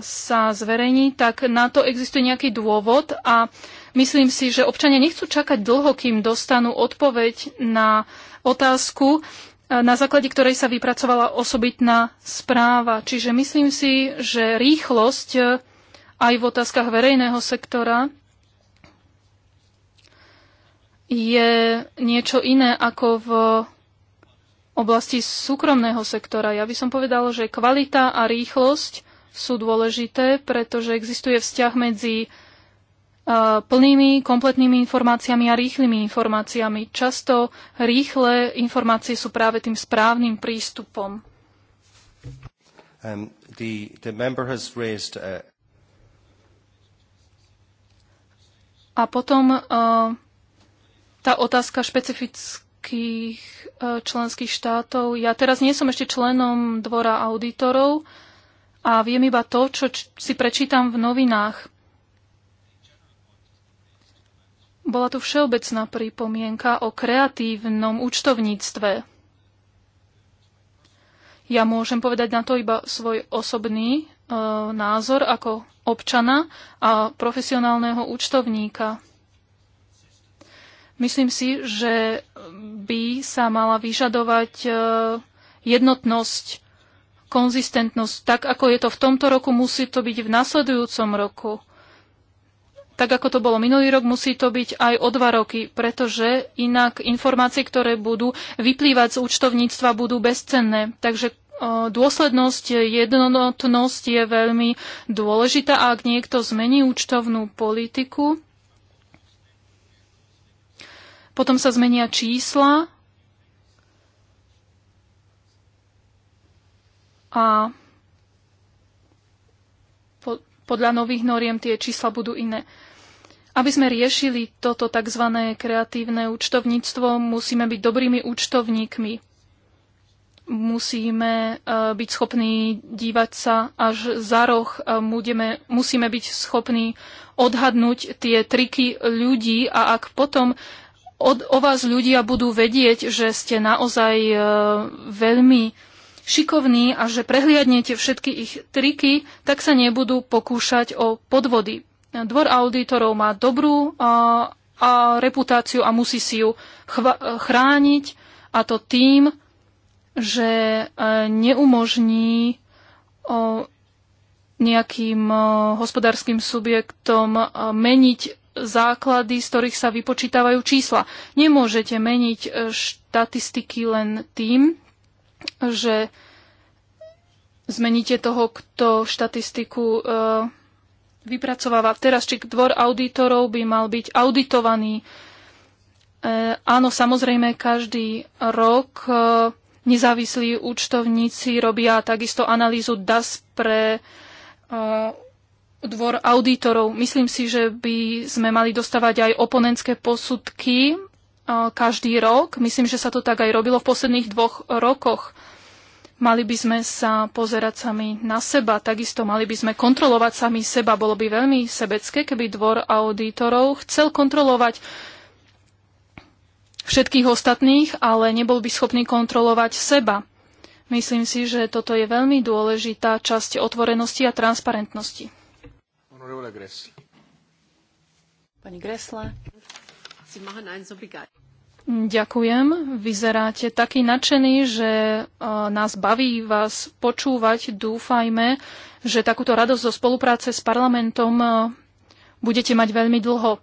sa zverejní, tak na to existuje nejaký dôvod a myslím si, že občania nechcú čakať dlho, kým dostanú odpoveď na otázku, na základe ktorej sa vypracovala osobitná správa. Čiže myslím si, že rýchlosť aj v otázkach verejného sektora je niečo iné ako v oblasti súkromného sektora. Ja by som povedala, že kvalita a rýchlosť sú dôležité, pretože existuje vzťah medzi e, plnými, kompletnými informáciami a rýchlymi informáciami. Často rýchle informácie sú práve tým správnym prístupom. Um, the, the member has raised, uh... A potom uh, tá otázka špecifických uh, členských štátov. Ja teraz nie som ešte členom dvora auditorov, uh, a viem iba to, čo si prečítam v novinách. Bola tu všeobecná pripomienka o kreatívnom účtovníctve. Ja môžem povedať na to iba svoj osobný e, názor ako občana a profesionálneho účtovníka. Myslím si, že by sa mala vyžadovať e, jednotnosť konzistentnosť. Tak, ako je to v tomto roku, musí to byť v nasledujúcom roku. Tak, ako to bolo minulý rok, musí to byť aj o dva roky, pretože inak informácie, ktoré budú vyplývať z účtovníctva, budú bezcenné. Takže dôslednosť, jednotnosť je veľmi dôležitá a ak niekto zmení účtovnú politiku, potom sa zmenia čísla a po, podľa nových noriem tie čísla budú iné. Aby sme riešili toto tzv. kreatívne účtovníctvo, musíme byť dobrými účtovníkmi. Musíme e, byť schopní dívať sa až za roh. E, budeme, musíme byť schopní odhadnúť tie triky ľudí a ak potom od, o vás ľudia budú vedieť, že ste naozaj e, veľmi šikovní a že prehliadnete všetky ich triky, tak sa nebudú pokúšať o podvody. Dvor auditorov má dobrú a, a reputáciu a musí si ju chrániť a to tým, že e, neumožní nejakým e, hospodárskym subjektom e, meniť základy, z ktorých sa vypočítavajú čísla. Nemôžete meniť štatistiky len tým, že zmeníte toho, kto štatistiku e, vypracováva. Teraz, či dvor auditorov by mal byť auditovaný. E, áno, samozrejme, každý rok e, nezávislí účtovníci robia takisto analýzu DAS pre e, dvor auditorov. Myslím si, že by sme mali dostávať aj oponentské posudky každý rok. Myslím, že sa to tak aj robilo v posledných dvoch rokoch. Mali by sme sa pozerať sami na seba, takisto mali by sme kontrolovať sami seba. Bolo by veľmi sebecké, keby dvor auditorov chcel kontrolovať všetkých ostatných, ale nebol by schopný kontrolovať seba. Myslím si, že toto je veľmi dôležitá časť otvorenosti a transparentnosti. Pani Gresle. Ďakujem. Vyzeráte taký nadšený, že e, nás baví vás počúvať. Dúfajme, že takúto radosť zo spolupráce s parlamentom e, budete mať veľmi dlho.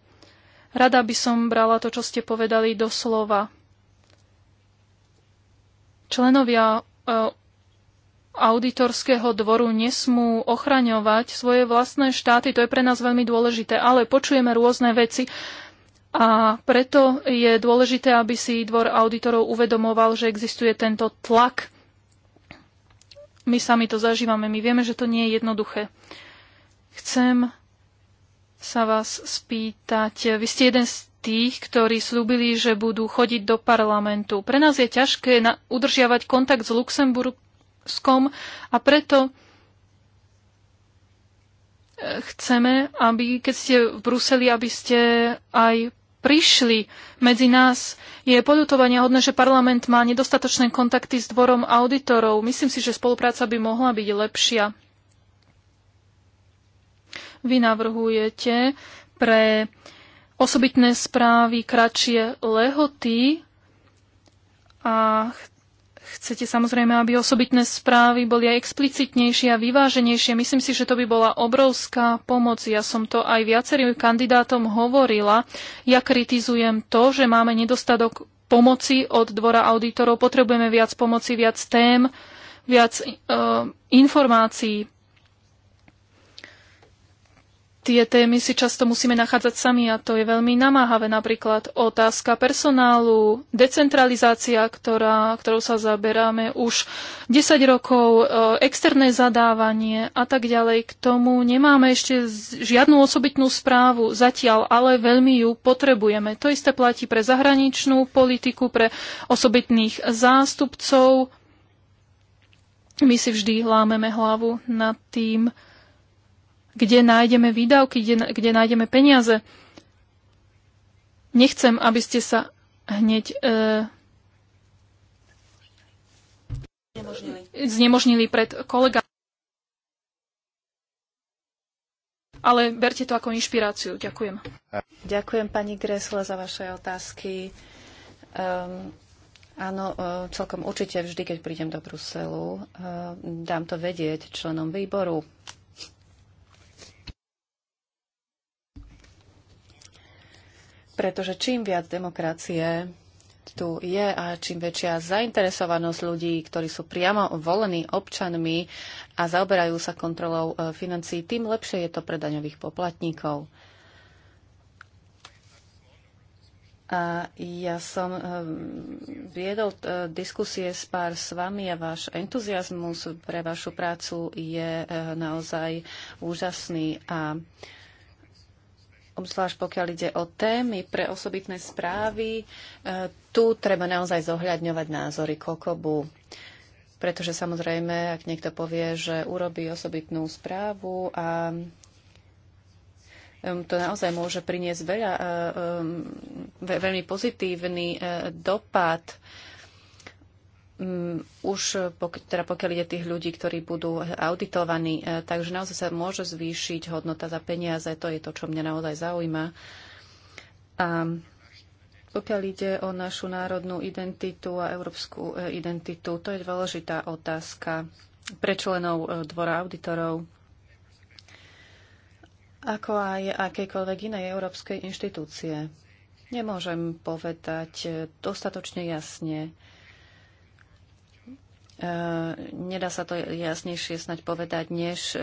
Rada by som brala to, čo ste povedali, do slova. Členovia e, auditorského dvoru nesmú ochraňovať svoje vlastné štáty, to je pre nás veľmi dôležité, ale počujeme rôzne veci a preto je dôležité, aby si dvor auditorov uvedomoval, že existuje tento tlak. My sami to zažívame, my vieme, že to nie je jednoduché. Chcem sa vás spýtať. Vy ste jeden z tých, ktorí slúbili, že budú chodiť do parlamentu. Pre nás je ťažké na- udržiavať kontakt s Luxemburskom a preto eh, chceme, aby, keď ste v Bruseli, aby ste aj prišli medzi nás. Je podutovania hodné, že parlament má nedostatočné kontakty s dvorom auditorov. Myslím si, že spolupráca by mohla byť lepšia. Vy navrhujete pre osobitné správy kratšie lehoty a Chcete samozrejme, aby osobitné správy boli aj explicitnejšie a vyváženejšie. Myslím si, že to by bola obrovská pomoc. Ja som to aj viacerým kandidátom hovorila. Ja kritizujem to, že máme nedostatok pomoci od dvora auditorov. Potrebujeme viac pomoci, viac tém, viac e, informácií tie témy si často musíme nachádzať sami a to je veľmi namáhavé. Napríklad otázka personálu, decentralizácia, ktorá, ktorou sa zaberáme už 10 rokov, e, externé zadávanie a tak ďalej. K tomu nemáme ešte žiadnu osobitnú správu zatiaľ, ale veľmi ju potrebujeme. To isté platí pre zahraničnú politiku, pre osobitných zástupcov. My si vždy lámeme hlavu nad tým, kde nájdeme výdavky, kde, kde nájdeme peniaze. Nechcem, aby ste sa hneď e, znemožnili. pred kolegami. Ale berte to ako inšpiráciu. Ďakujem. Ďakujem pani Gresle za vaše otázky. Um, Áno, e, celkom určite vždy, keď prídem do Bruselu, e, dám to vedieť členom výboru. Pretože čím viac demokracie tu je a čím väčšia zainteresovanosť ľudí, ktorí sú priamo volení občanmi a zaoberajú sa kontrolou e, financií, tým lepšie je to pre daňových poplatníkov. A ja som e, viedol e, diskusie s pár s vami a váš entuziasmus pre vašu prácu je naozaj úžasný. A obzvlášť pokiaľ ide o témy pre osobitné správy, e, tu treba naozaj zohľadňovať názory Kokobu. Pretože samozrejme, ak niekto povie, že urobí osobitnú správu a to naozaj môže priniesť veľa, e, e, veľmi pozitívny dopad um, už eh, pok- teda pokiaľ ide tých ľudí, ktorí budú eh, auditovaní, e, takže naozaj sa môže zvýšiť hodnota za peniaze, to je to, čo mňa naozaj zaujíma. A pokiaľ ide o našu národnú identitu a európsku e, identitu, to je dôležitá otázka pre členov e, dvora auditorov, ako aj akejkoľvek inej európskej inštitúcie. Nemôžem povedať dostatočne jasne, E, nedá sa to jasnejšie snať povedať, než e, e,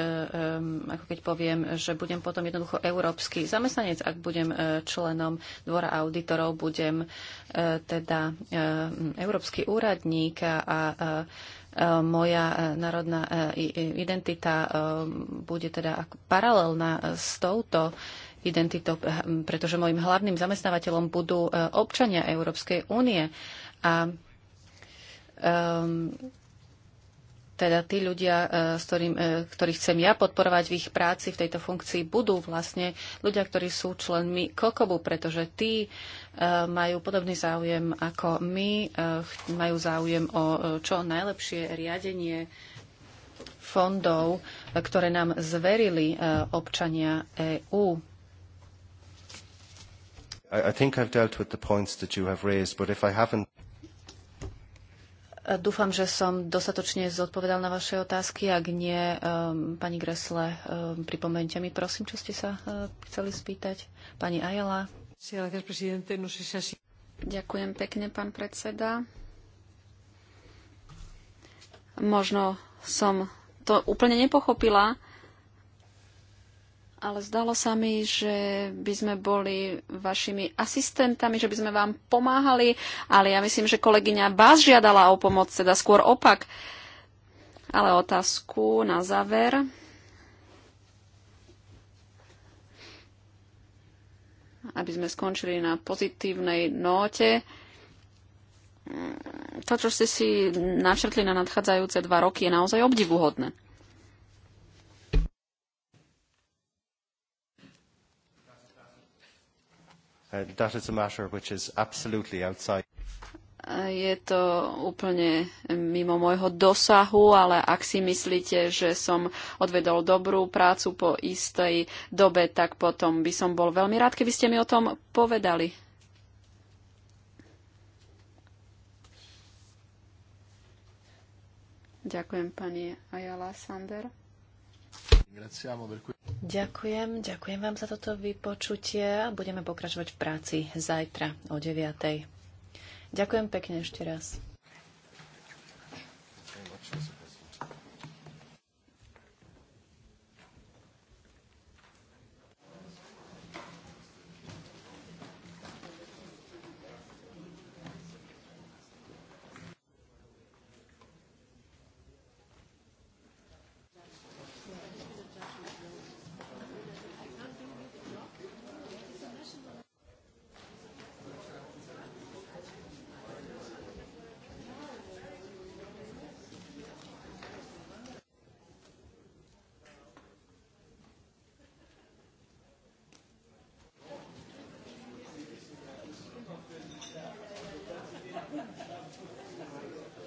ako keď poviem, že budem potom jednoducho európsky zamestnanec, ak budem členom dvora auditorov, budem teda európsky úradník a moja národná identita bude teda paralelná s touto identitou, pretože môjim hlavným zamestnávateľom budú občania Európskej únie. A um, teda tí ľudia, e, s ktorým, e, ktorých chcem ja podporovať v ich práci v tejto funkcii, budú vlastne ľudia, ktorí sú členmi Kokobu, pretože tí e, majú podobný záujem ako my, majú záujem o čo najlepšie riadenie fondov, ktoré nám zverili občania EÚ. I, think I've dealt with the points that you have raised, but if I haven't... Dúfam, že som dostatočne zodpovedal na vaše otázky. Ak nie, um, pani Gresle, um, pripomeňte mi, prosím, čo ste sa uh, chceli spýtať. Pani Ajela. No Ďakujem pekne, pán predseda. Možno som to úplne nepochopila, ale zdalo sa mi, že by sme boli vašimi asistentami, že by sme vám pomáhali, ale ja myslím, že kolegyňa vás žiadala o pomoc, teda skôr opak. Ale otázku na záver. Aby sme skončili na pozitívnej note. To, čo ste si načrtli na nadchádzajúce dva roky, je naozaj obdivuhodné. Uh, that is a matter which is absolutely outside. Eh, je to úplne mimo môjho dosahu, ale ak si myslíte, že som odvedol dobrú prácu po istej dobe, tak potom by som bol veľmi rád, keby ste mi o tom povedali. Ďakujem pani Ayala Sander. Ďakujem, ďakujem vám za toto vypočutie a budeme pokračovať v práci zajtra o 9. Ďakujem pekne ešte raz.